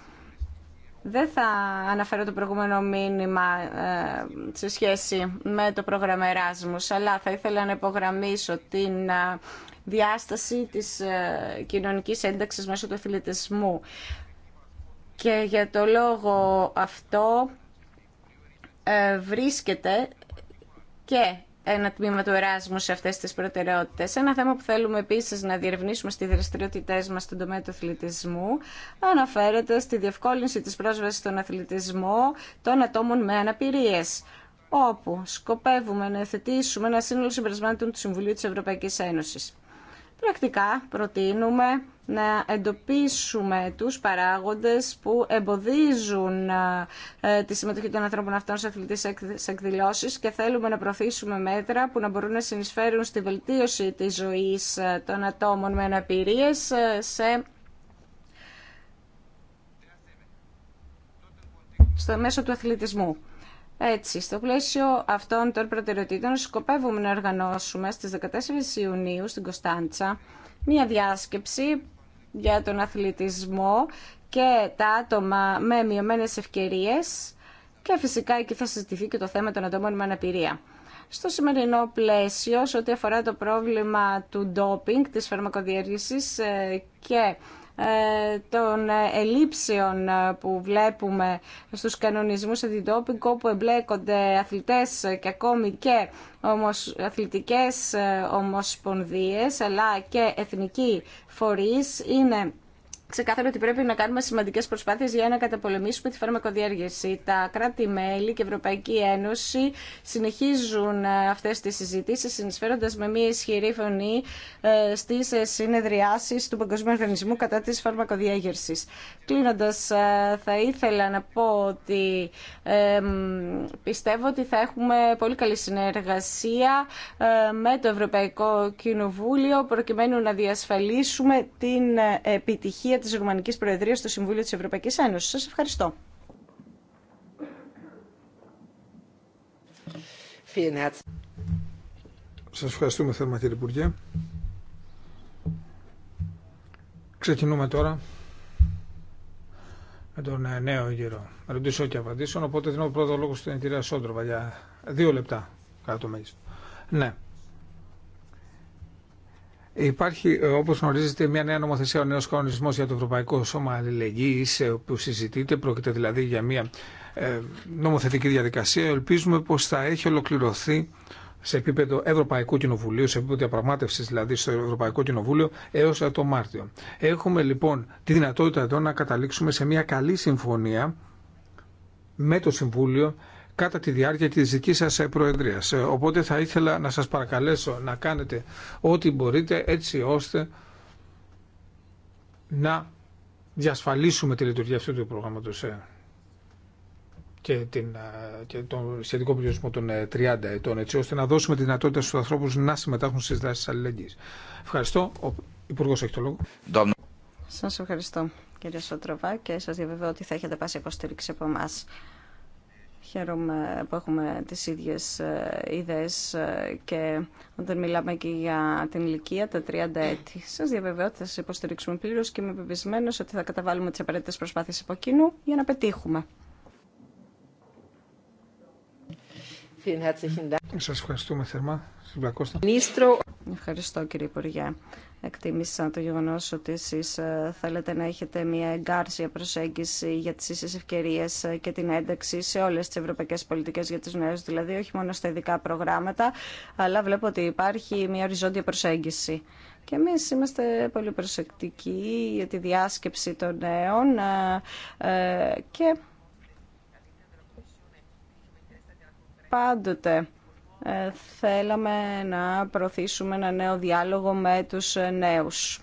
Δεν θα αναφέρω το προηγούμενο μήνυμα ε, σε σχέση με το πρόγραμμα Εράσμους, αλλά θα ήθελα να υπογραμμίσω την ε, διάσταση της ε, κοινωνικής ένταξης μέσω του αθλητισμού. Και για το λόγο αυτό βρίσκεται και ένα τμήμα του Εράσμου σε αυτές τις προτεραιότητε. Ένα θέμα που θέλουμε επίσης να διερευνήσουμε στι δραστηριότητέ μα στον τομέα του αθλητισμού αναφέρεται στη διευκόλυνση της πρόσβαση στον αθλητισμό των ατόμων με αναπηρίε. όπου σκοπεύουμε να εθετήσουμε ένα σύνολο συμπερασμάτων του Συμβουλίου της Ευρωπαϊκής Ένωσης πρακτικά προτείνουμε να εντοπίσουμε τους παράγοντες που εμποδίζουν ε, τη συμμετοχή των ανθρώπων αυτών σε αθλητές εκδηλώσεις και θέλουμε να προωθήσουμε μέτρα που να μπορούν να συνεισφέρουν στη βελτίωση της ζωής ε, των ατόμων με αναπηρίες ε, σε στο μέσο του αθλητισμού. Έτσι, στο πλαίσιο αυτών των προτεραιοτήτων σκοπεύουμε να οργανώσουμε στις 14 Ιουνίου στην Κωνσταντσα μια διάσκεψη για τον αθλητισμό και τα άτομα με μειωμένες ευκαιρίες και φυσικά εκεί θα συζητηθεί και το θέμα των ατόμων με αναπηρία. Στο σημερινό πλαίσιο, σε ό,τι αφορά το πρόβλημα του ντόπινγκ, της φαρμακοδιέργησης ε, και ε, των ε, ελλείψεων ε, που βλέπουμε στους κανονισμούς αντιτόπικ όπου εμπλέκονται αθλητές και ακόμη και ομοσ... αθλητικές ομοσπονδίες αλλά και εθνικοί φορείς είναι ξεκάθαρο ότι πρέπει να κάνουμε σημαντικέ προσπάθειε για να καταπολεμήσουμε τη φαρμακοδιέργεση. Τα κράτη-μέλη και η Ευρωπαϊκή Ένωση συνεχίζουν ε, αυτέ τι συζητήσει, συνεισφέροντα με μια ισχυρή φωνή ε, στι ε, συνεδριάσει του Παγκοσμίου Οργανισμού κατά τη φαρμακοδιέγερση. Κλείνοντα, θα ήθελα να πω ότι πιστεύω ότι θα έχουμε πολύ καλή συνεργασία με το Ευρωπαϊκό Κοινοβούλιο προκειμένου να διασφαλίσουμε την επιτυχία επιτυχία της Ρουμανικής Προεδρίας στο Συμβούλιο της Ευρωπαϊκής Ένωσης. Σας ευχαριστώ. Σας ευχαριστούμε θερμά κύριε Υπουργέ. Ξεκινούμε τώρα με τον ε, νέο γύρο Ρωτήσω και απαντήσω, Οπότε δίνω πρώτο λόγο στην κυρία Σόντροβα για δύο λεπτά κατά το μέγιστο. Ναι. Υπάρχει, ε, όπω γνωρίζετε, μια νέα νομοθεσία, ο νέο κανονισμό για το Ευρωπαϊκό Σώμα Αλληλεγγύη ε, που συζητείται. Πρόκειται δηλαδή για μια ε, νομοθετική διαδικασία. Ελπίζουμε πω θα έχει ολοκληρωθεί σε επίπεδο Ευρωπαϊκού Κοινοβουλίου, σε επίπεδο διαπραγμάτευση δηλαδή στο Ευρωπαϊκό Κοινοβούλιο έω το Μάρτιο. Έχουμε λοιπόν τη δυνατότητα εδώ να καταλήξουμε σε μια καλή συμφωνία με το Συμβούλιο κατά τη διάρκεια της δικής σας ε, προεδρίας. Ε, οπότε θα ήθελα να σας παρακαλέσω να κάνετε ό,τι μπορείτε έτσι ώστε να διασφαλίσουμε τη λειτουργία αυτού του προγράμματος ε, και, την, και τον σχετικό πληθυσμό των 30 ετών, έτσι ώστε να δώσουμε τη δυνατότητα στους ανθρώπους να συμμετάχουν στις δράσεις αλληλεγγύης. Ευχαριστώ. Ο Υπουργός έχει το λόγο. Σας ευχαριστώ κύριε Σότροβα και σας διαβεβαιώ ότι θα έχετε πάση υποστήριξη από εμάς. Χαίρομαι που έχουμε τις ίδιες ε, ιδέες ε, και όταν μιλάμε και για την ηλικία, τα 30 έτη. Σας διαβεβαιώ ότι θα σας υποστηρίξουμε πλήρως και είμαι επιβεβαισμένος ότι θα καταβάλουμε τις απαραίτητες προσπάθειες από κοινού για να πετύχουμε. Σας ευχαριστούμε θερμά. Ευχαριστώ κύριε Υπουργέ. Εκτίμησα το γεγονό ότι εσεί ε, θέλετε να έχετε μια εγκάρσια προσέγγιση για τι ίσε ευκαιρίε ε, και την ένταξη σε όλε τι ευρωπαϊκέ πολιτικέ για του νέου, δηλαδή όχι μόνο στα ειδικά προγράμματα, αλλά βλέπω ότι υπάρχει μια οριζόντια προσέγγιση. Και εμεί είμαστε πολύ προσεκτικοί για τη διάσκεψη των νέων ε, και Πάντοτε ε, θέλαμε να προωθήσουμε ένα νέο διάλογο με τους ε, νέους.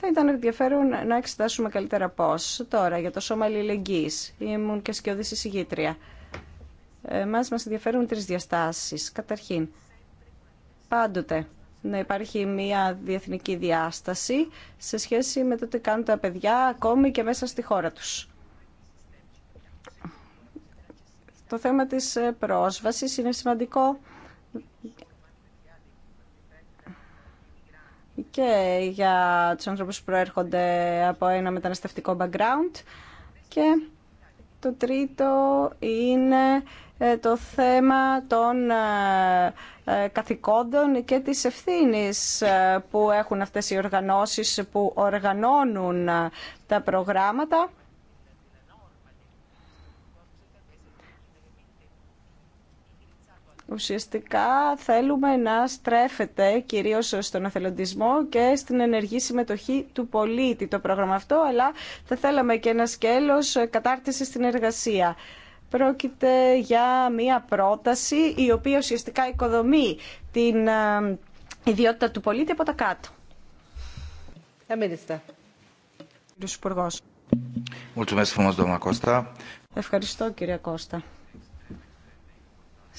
Θα ήταν ενδιαφέρον να εξετάσουμε καλύτερα πώς. Τώρα, για το σώμα αλληλεγγύης. Ήμουν και σκιώδης εισηγήτρια. Εμάς μας ενδιαφέρουν τρεις διαστάσεις. Καταρχήν, πάντοτε να υπάρχει μια διεθνική διάσταση σε σχέση με το τι κάνουν τα παιδιά ακόμη και μέσα στη χώρα τους. Το θέμα της ε, πρόσβασης είναι σημαντικό και για τους ανθρώπους που προέρχονται από ένα μεταναστευτικό background και το τρίτο είναι ε, το θέμα των ε, καθηκόντων και της ευθύνης που έχουν αυτές οι οργανώσεις που οργανώνουν τα προγράμματα Ουσιαστικά θέλουμε να στρέφεται κυρίως στον αθελοντισμό και στην ενεργή συμμετοχή του πολίτη το πρόγραμμα αυτό, αλλά θα θέλαμε και ένα σκέλος κατάρτιση στην εργασία. Πρόκειται για μία πρόταση η οποία ουσιαστικά οικοδομεί την ε, ιδιότητα του πολίτη από τα κάτω. Ευχαριστώ κύριε Κώστα.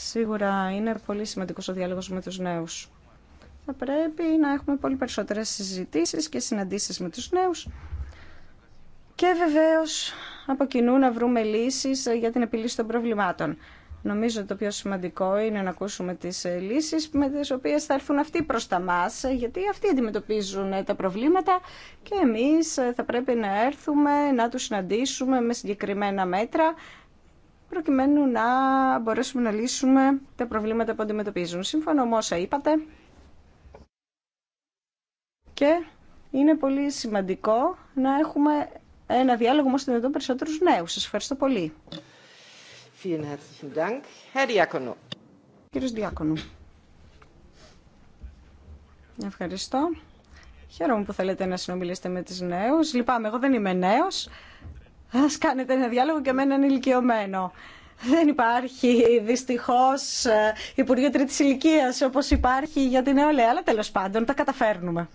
Σίγουρα είναι πολύ σημαντικός ο διάλογος με τους νέους. Θα πρέπει να έχουμε πολύ περισσότερες συζητήσεις και συναντήσεις με τους νέους και βεβαίως από κοινού να βρούμε λύσεις για την επιλύση των προβλημάτων. Νομίζω ότι το πιο σημαντικό είναι να ακούσουμε τις λύσεις με τις οποίες θα έρθουν αυτοί προς τα μας, γιατί αυτοί αντιμετωπίζουν τα προβλήματα και εμείς θα πρέπει να έρθουμε να τους συναντήσουμε με συγκεκριμένα μέτρα προκειμένου να μπορέσουμε να λύσουμε τα προβλήματα που αντιμετωπίζουν. Σύμφωνα με όσα είπατε και είναι πολύ σημαντικό να έχουμε ένα διάλογο μας δυνατόν περισσότερους νέους. Σας ευχαριστώ πολύ. Κύριος Διάκονου. Ευχαριστώ. Χαίρομαι που θέλετε να συνομιλήσετε με τις νέους. Λυπάμαι, εγώ δεν είμαι νέος. Ας κάνετε ένα διάλογο και με έναν ηλικιωμένο. Δεν υπάρχει δυστυχώ ε, Υπουργείο Τρίτη Ηλικία όπω υπάρχει για την νεολαία, αλλά τέλο πάντων τα καταφέρνουμε.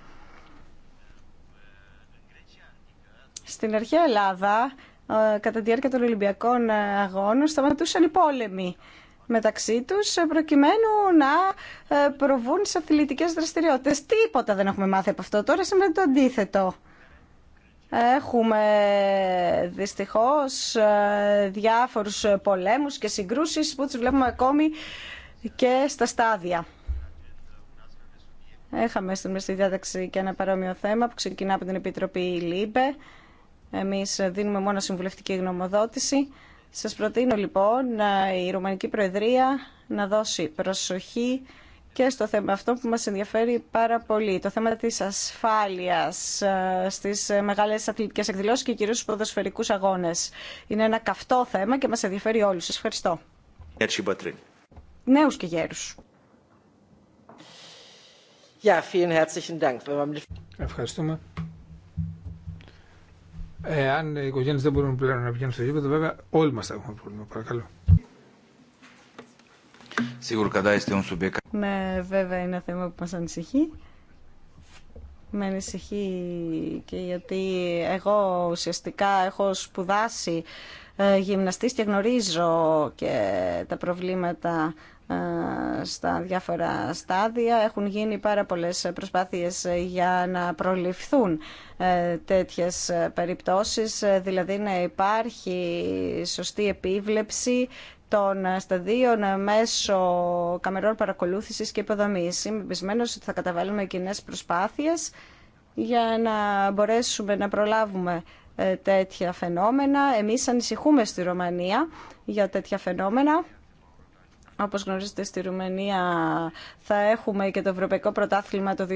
Στην αρχαία Ελλάδα, ε, κατά τη διάρκεια των Ολυμπιακών ε, Αγώνων, σταματούσαν οι πόλεμοι μεταξύ τους προκειμένου να προβούν σε αθλητικές δραστηριότητες. Τίποτα δεν έχουμε μάθει από αυτό. Τώρα συμβαίνει το αντίθετο. Έχουμε δυστυχώς ε, διάφορους πολέμους και συγκρούσεις που τους βλέπουμε ακόμη και στα στάδια. Έχαμε στην διάταξη και ένα παρόμοιο θέμα που ξεκινά από την Επιτροπή ΛΥΜΠΕ. Εμείς δίνουμε μόνο συμβουλευτική γνωμοδότηση. Σας προτείνω λοιπόν ε, η Ρουμανική Προεδρία να δώσει προσοχή και στο θέμα αυτό που μας ενδιαφέρει πάρα πολύ, το θέμα της ασφάλειας ε, στις μεγάλες αθλητικές εκδηλώσεις και κυρίως στους ποδοσφαιρικούς αγώνες. Είναι ένα καυτό θέμα και μας ενδιαφέρει όλους. Σας ευχαριστώ. Έτσι, Νέους και γέρους. Ja, vielen herzlichen Dank. Ευχαριστούμε. Ε, αν οι οικογένειε δεν μπορούν πλέον να πηγαίνουν στο γήπεδο, βέβαια όλοι μα θα έχουμε πρόβλημα. Παρακαλώ. Ναι, βέβαια είναι ένα θέμα που μας ανησυχεί. Με ανησυχεί και γιατί εγώ ουσιαστικά έχω σπουδάσει ε, γυμναστής και γνωρίζω και τα προβλήματα ε, στα διάφορα στάδια. Έχουν γίνει πάρα πολλές προσπάθειες ε, για να προληφθούν τέτοιες περιπτώσεις, δηλαδή να υπάρχει σωστή επίβλεψη των ε, σταδίων ε, μέσω καμερών παρακολούθησης και υποδομής. Είμαι εμπισμένος ότι θα καταβάλουμε κοινέ προσπάθειες για να μπορέσουμε να προλάβουμε ε, τέτοια φαινόμενα. Εμείς ανησυχούμε στη Ρωμανία για τέτοια φαινόμενα όπως γνωρίζετε στη Ρουμανία θα έχουμε και το Ευρωπαϊκό Πρωτάθλημα το 2020.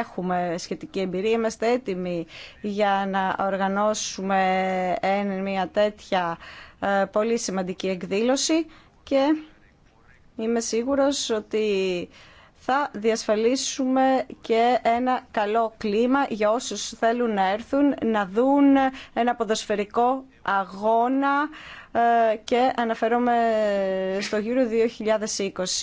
Έχουμε σχετική εμπειρία. Είμαστε έτοιμοι για να οργανώσουμε μια τέτοια ε, πολύ σημαντική εκδήλωση και είμαι σίγουρος ότι θα διασφαλίσουμε και ένα καλό κλίμα για όσους θέλουν να έρθουν να δουν ένα ποδοσφαιρικό αγώνα ε, και αναφέρομαι στο γύρο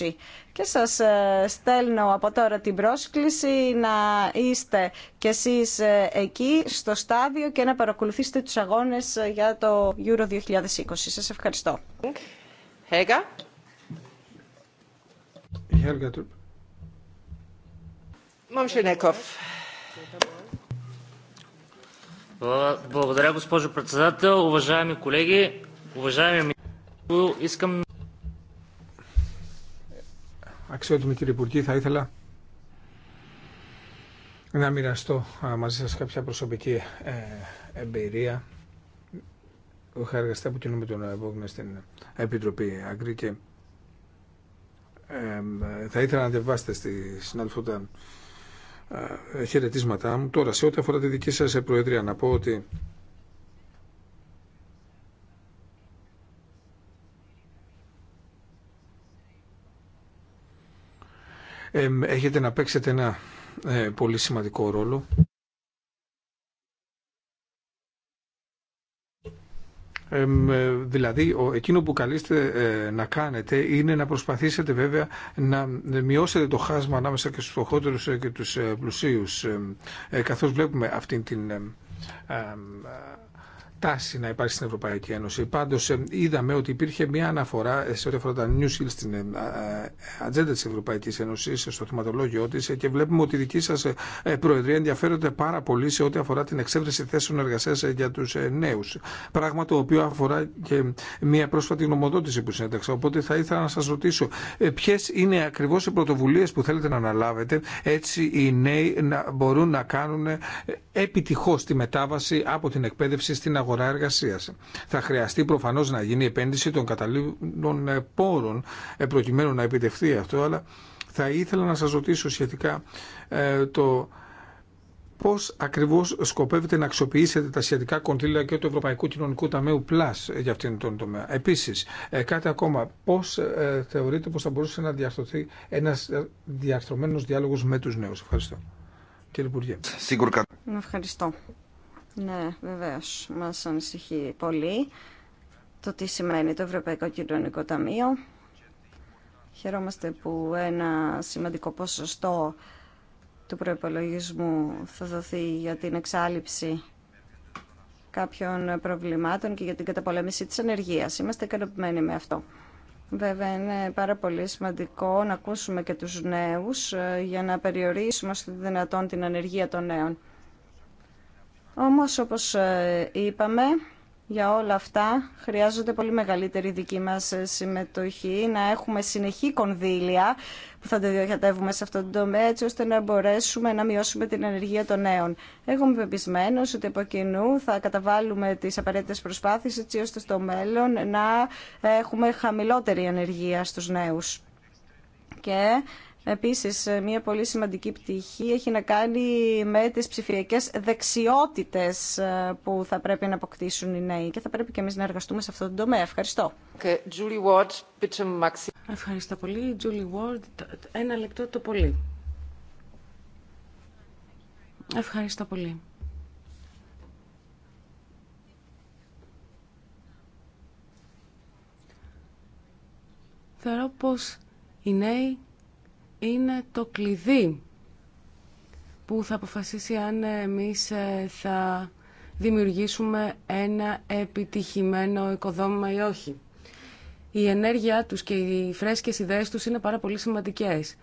2020. Και σας ε, στέλνω από τώρα την πρόσκληση να είστε κι εσείς ε, εκεί στο στάδιο και να παρακολουθήσετε τους αγώνες για το Euro 2020. Σας ευχαριστώ. Благодаря, госпожо председател. Уважаеми колеги, Αξιότιμη κύριε Υπουργή, θα ήθελα να μοιραστώ μαζί σας κάποια προσωπική ε, εμπειρία. Είχα εργαστεί από κοινού με τον Ευόγνε στην Επιτροπή Αγκρή και ε, θα ήθελα να διαβάσετε στη συνάδελφο τα ε, χαιρετίσματά μου. Τώρα, σε ό,τι αφορά τη δική σας προεδρία, να πω ότι έχετε να παίξετε ένα ε, πολύ σημαντικό ρόλο. Ε, δηλαδή εκείνο που καλείστε ε, να κάνετε είναι να προσπαθήσετε βέβαια να μειώσετε το χάσμα ανάμεσα και στους φτωχότερους και τους πλουσίους καθώς βλέπουμε αυτήν την τάση να υπάρχει στην Ευρωπαϊκή Ένωση. Πάντω, ε, είδαμε ότι υπήρχε μια αναφορά ε, σε ό,τι αφορά τα New Skills στην ε, ατζέντα τη Ευρωπαϊκή Ένωση, στο θεματολόγιο τη και βλέπουμε ότι η δική σα Προεδρία ενδιαφέρονται πάρα πολύ σε ό,τι αφορά την εξέβρεση θέσεων εργασία για του νέου. Πράγμα το οποίο αφορά και μια πρόσφατη γνωμοδότηση που συνέταξα. Οπότε θα ήθελα να σα ρωτήσω ποιε είναι ακριβώ οι πρωτοβουλίε που θέλετε να αναλάβετε έτσι οι νέοι να μπορούν να κάνουν επιτυχώ τη μετάβαση από την εκπαίδευση στην αγορά αγορά εργασία. Θα χρειαστεί προφανώ να γίνει επένδυση των καταλήλων ε, πόρων ε, προκειμένου να επιτευχθεί αυτό, αλλά θα ήθελα να σα ρωτήσω σχετικά ε, το πώ ακριβώ σκοπεύετε να αξιοποιήσετε τα σχετικά κονδύλια και του Ευρωπαϊκού Κοινωνικού Ταμείου Plus για αυτήν τον τομέα. Επίση, κάτι ακόμα, πώ θεωρείτε πώ θα μπορούσε να διαρθρωθεί ένα διαρθρωμένο διάλογο με του νέου. Ευχαριστώ. Κύριε Υπουργέ. Ευχαριστώ. Ναι, βεβαίω. μας ανησυχεί πολύ το τι σημαίνει το Ευρωπαϊκό Κοινωνικό Ταμείο. Χαιρόμαστε που ένα σημαντικό ποσοστό του προϋπολογισμού θα δοθεί για την εξάλληψη κάποιων προβλημάτων και για την καταπολέμηση της ενεργείας. Είμαστε ικανοποιημένοι με αυτό. Βέβαια, είναι πάρα πολύ σημαντικό να ακούσουμε και τους νέους ε, για να περιορίσουμε στο δυνατόν την ανεργία των νέων. Όμως, όπως ε, είπαμε, για όλα αυτά χρειάζονται πολύ μεγαλύτερη δική μας ε, συμμετοχή, να έχουμε συνεχή κονδύλια που θα το διοχετεύουμε σε αυτόν τον τομέα έτσι ώστε να μπορέσουμε να μειώσουμε την ενεργεία των νέων. Εγώ είμαι πεπισμένο ότι από κοινού θα καταβάλουμε τις απαραίτητες προσπάθειες έτσι ώστε στο μέλλον να έχουμε χαμηλότερη ενεργία στους νέους. Και Επίσης, ε, μια πολύ σημαντική πτυχή έχει να κάνει με τις ψηφιακές δεξιότητες ε, που θα πρέπει να αποκτήσουν οι νέοι και θα πρέπει και εμείς να εργαστούμε σε αυτόν τον τομέα. Ευχαριστώ. Ward, Ευχαριστώ πολύ. Julie Ward, ένα λεπτό το πολύ. Ευχαριστώ πολύ. Θεωρώ πως οι νέοι είναι το κλειδί που θα αποφασίσει αν εμείς ε, θα δημιουργήσουμε ένα επιτυχημένο οικοδόμημα ή όχι. Η ενέργειά τους και οι φρέσκες ιδέες τους είναι πάρα πολύ σημαντικές.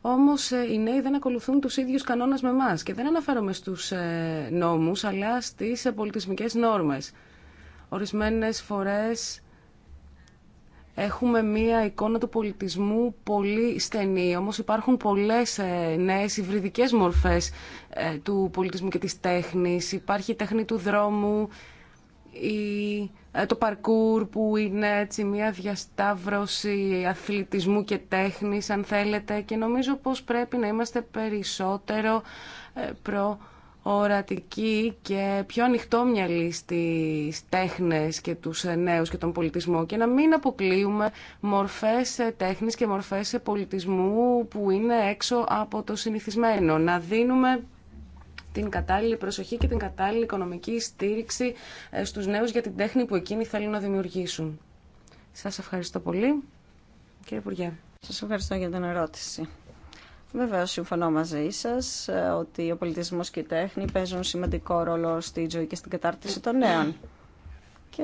Όμως ε, οι νέοι δεν ακολουθούν τους ίδιους κανόνες με μας και δεν αναφέρομαι στους ε, νόμους αλλά στις πολιτισμικές νόρμες. Ορισμένες φορές έχουμε μία εικόνα του πολιτισμού πολύ στενή. Όμως υπάρχουν πολλές ε, νέες υβριδικές μορφές ε, του πολιτισμού και της τέχνης. Υπάρχει η τέχνη του δρόμου, η, ε, το παρκούρ που είναι έτσι μια διασταύρωση αθλητισμού και τέχνης αν θέλετε και νομίζω πως πρέπει να είμαστε περισσότερο προ ορατική και πιο ανοιχτόμυαλη στις τέχνες και τους νέους και τον πολιτισμό και να μην αποκλείουμε μορφές τέχνης και μορφές πολιτισμού που είναι έξω από το συνηθισμένο. Να δίνουμε την κατάλληλη προσοχή και την κατάλληλη οικονομική στήριξη ε, στους νέους για την τέχνη που εκείνοι θέλουν να δημιουργήσουν. Σας ευχαριστώ πολύ. Κύριε Υπουργέ. Σας ευχαριστώ για την ερώτηση. Βεβαίω, συμφωνώ μαζί σα ε, ότι ο πολιτισμό και η τέχνη παίζουν σημαντικό ρόλο στη ζωή και στην κατάρτιση των νέων. Και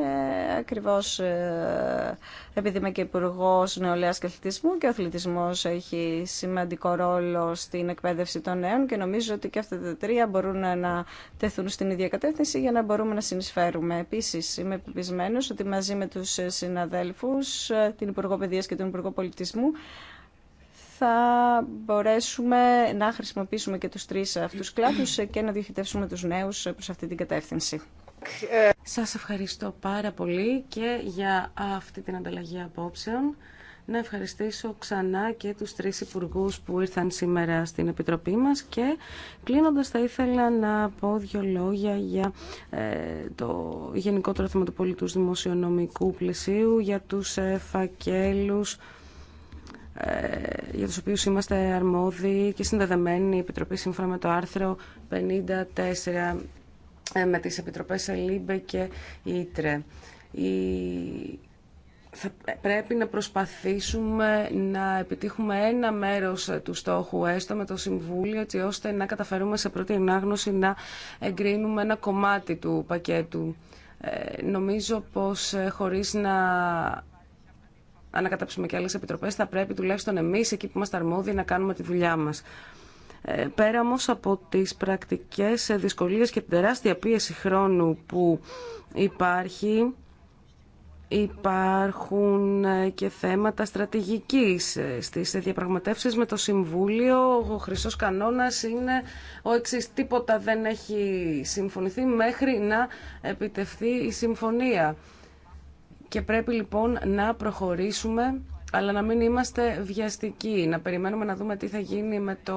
ακριβώ ε, επειδή είμαι και υπουργό νεολαία και αθλητισμού και ο αθλητισμό έχει σημαντικό ρόλο στην εκπαίδευση των νέων και νομίζω ότι και αυτά τα τρία μπορούν να τεθούν στην ίδια κατεύθυνση για να μπορούμε να συνεισφέρουμε. Επίση, είμαι επιπισμένο ότι μαζί με του συναδέλφου, ε, την Υπουργό Παιδεία και τον Υπουργό Πολιτισμού, θα μπορέσουμε να χρησιμοποιήσουμε και τους τρεις αυτούς κλάδους και να διοχετεύσουμε τους νέους προς αυτή την κατεύθυνση. Σας ευχαριστώ πάρα πολύ και για αυτή την ανταλλαγή απόψεων. Να ευχαριστήσω ξανά και τους τρεις υπουργού που ήρθαν σήμερα στην Επιτροπή μας και κλείνοντας θα ήθελα να πω δύο λόγια για ε, το Γενικό θέμα του πολιτούς δημοσιονομικού πλαισίου, για τους ε, φακέλους ε, για τους οποίους είμαστε αρμόδιοι και συνδεδεμένοι η Επιτροπή σύμφωνα με το άρθρο 54 ε, με τις Επιτροπές ΛΥΜΠΕ και Ήτρε. Η... πρέπει να προσπαθήσουμε να επιτύχουμε ένα μέρος του στόχου έστω με το Συμβούλιο έτσι ώστε να καταφέρουμε σε πρώτη ανάγνωση να εγκρίνουμε ένα κομμάτι του πακέτου. Ε, νομίζω πως χωρίς να ανακαταψουμε και άλλε επιτροπέ, θα πρέπει τουλάχιστον εμείς εκεί που είμαστε αρμόδιοι να κάνουμε τη δουλειά μας. Ε, πέρα όμω από τι πρακτικές δυσκολίες και την τεράστια πίεση χρόνου που υπάρχει, υπάρχουν ε, και θέματα στρατηγικής ε, στις διαπραγματεύσεις με το Συμβούλιο. Ο χρυσός κανόνας είναι ο εξή τίποτα δεν έχει συμφωνηθεί μέχρι να επιτευθεί η συμφωνία. Και πρέπει λοιπόν να προχωρήσουμε, αλλά να μην είμαστε βιαστικοί, να περιμένουμε να δούμε τι θα γίνει με το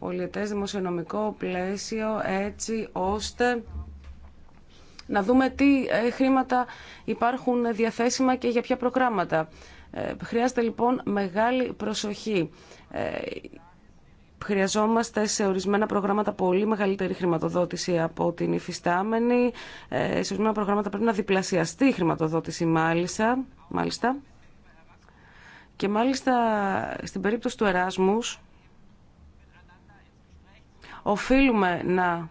πολιετές δημοσιονομικό πλαίσιο, έτσι ώστε να δούμε τι ε, χρήματα υπάρχουν διαθέσιμα και για ποια προγράμματα. Ε, χρειάζεται λοιπόν μεγάλη προσοχή ε, Χρειαζόμαστε σε ορισμένα προγράμματα πολύ μεγαλύτερη χρηματοδότηση από την υφιστάμενη. Ε, σε ορισμένα προγράμματα πρέπει να διπλασιαστεί η χρηματοδότηση μάλιστα. μάλιστα. Και μάλιστα στην περίπτωση του Εράσμους οφείλουμε να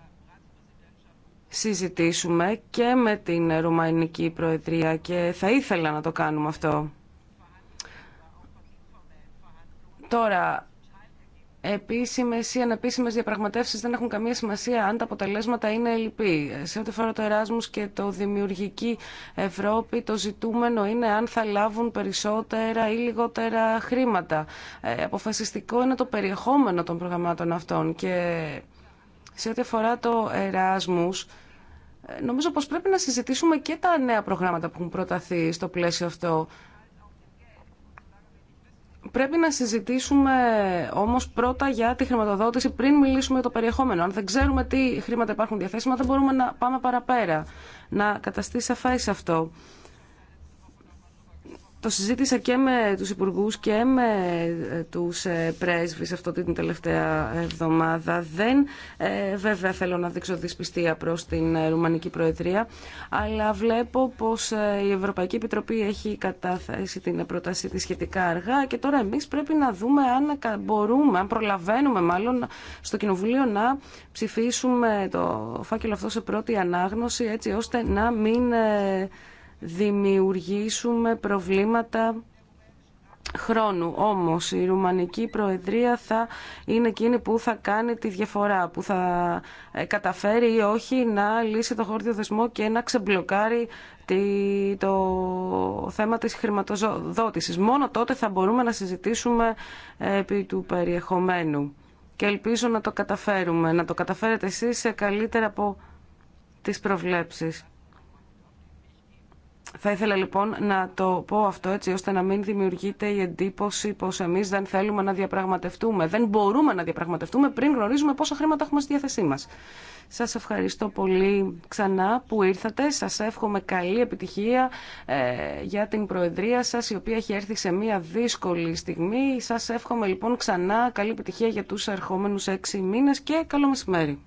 συζητήσουμε και με την Ρουμανική Προεδρία και θα ήθελα να το κάνουμε αυτό. Τώρα, Επίσημε ή ανεπίσημε διαπραγματεύσει δεν έχουν καμία σημασία αν τα αποτελέσματα είναι ελλειπή. Σε ό,τι αφορά το Εράσμου και το Δημιουργική Ευρώπη, το ζητούμενο είναι αν θα λάβουν περισσότερα ή λιγότερα χρήματα. Ε, αποφασιστικό είναι το περιεχόμενο των προγραμμάτων αυτών και σε ό,τι αφορά το Εράσμου, ε, νομίζω πω πρέπει να συζητήσουμε και τα νέα προγράμματα που έχουν προταθεί στο πλαίσιο αυτό. Πρέπει να συζητήσουμε όμως πρώτα για τη χρηματοδότηση πριν μιλήσουμε για το περιεχόμενο. Αν δεν ξέρουμε τι χρήματα υπάρχουν διαθέσιμα δεν μπορούμε να πάμε παραπέρα. Να καταστεί σαφέ αυτό. Το συζήτησα και με τους υπουργούς και με ε, τους ε, πρέσβεις αυτή την τελευταία εβδομάδα. Δεν ε, βέβαια θέλω να δείξω δυσπιστία προς την Ρουμανική Προεδρία, αλλά βλέπω πως η Ευρωπαϊκή Επιτροπή έχει κατάθεση την πρότασή της σχετικά αργά και τώρα εμείς πρέπει να δούμε αν μπορούμε, αν προλαβαίνουμε μάλλον στο Κοινοβουλίο να ψηφίσουμε το φάκελο αυτό σε πρώτη ανάγνωση έτσι ώστε να μην δημιουργήσουμε προβλήματα χρόνου. Όμως η Ρουμανική Προεδρία θα είναι εκείνη που θα κάνει τη διαφορά, που θα ε, καταφέρει ή όχι να λύσει το χώριο δεσμό και να ξεμπλοκάρει το θέμα της χρηματοδότησης. Μόνο τότε θα μπορούμε να συζητήσουμε ε, επί του περιεχομένου. Και ελπίζω να το καταφέρουμε, να το καταφέρετε εσείς ε, καλύτερα από τις προβλέψεις. Θα ήθελα λοιπόν να το πω αυτό έτσι ώστε να μην δημιουργείται η εντύπωση πω εμεί δεν θέλουμε να διαπραγματευτούμε. Δεν μπορούμε να διαπραγματευτούμε πριν γνωρίζουμε πόσα χρήματα έχουμε στη διάθεσή μας. Σας ευχαριστώ πολύ ξανά που ήρθατε. Σας εύχομαι καλή επιτυχία ε, για την Προεδρία σας, η οποία έχει έρθει σε μια δύσκολη στιγμή. Σα εύχομαι λοιπόν ξανά καλή επιτυχία για του ερχόμενου έξι μήνε και καλό μεσημέρι.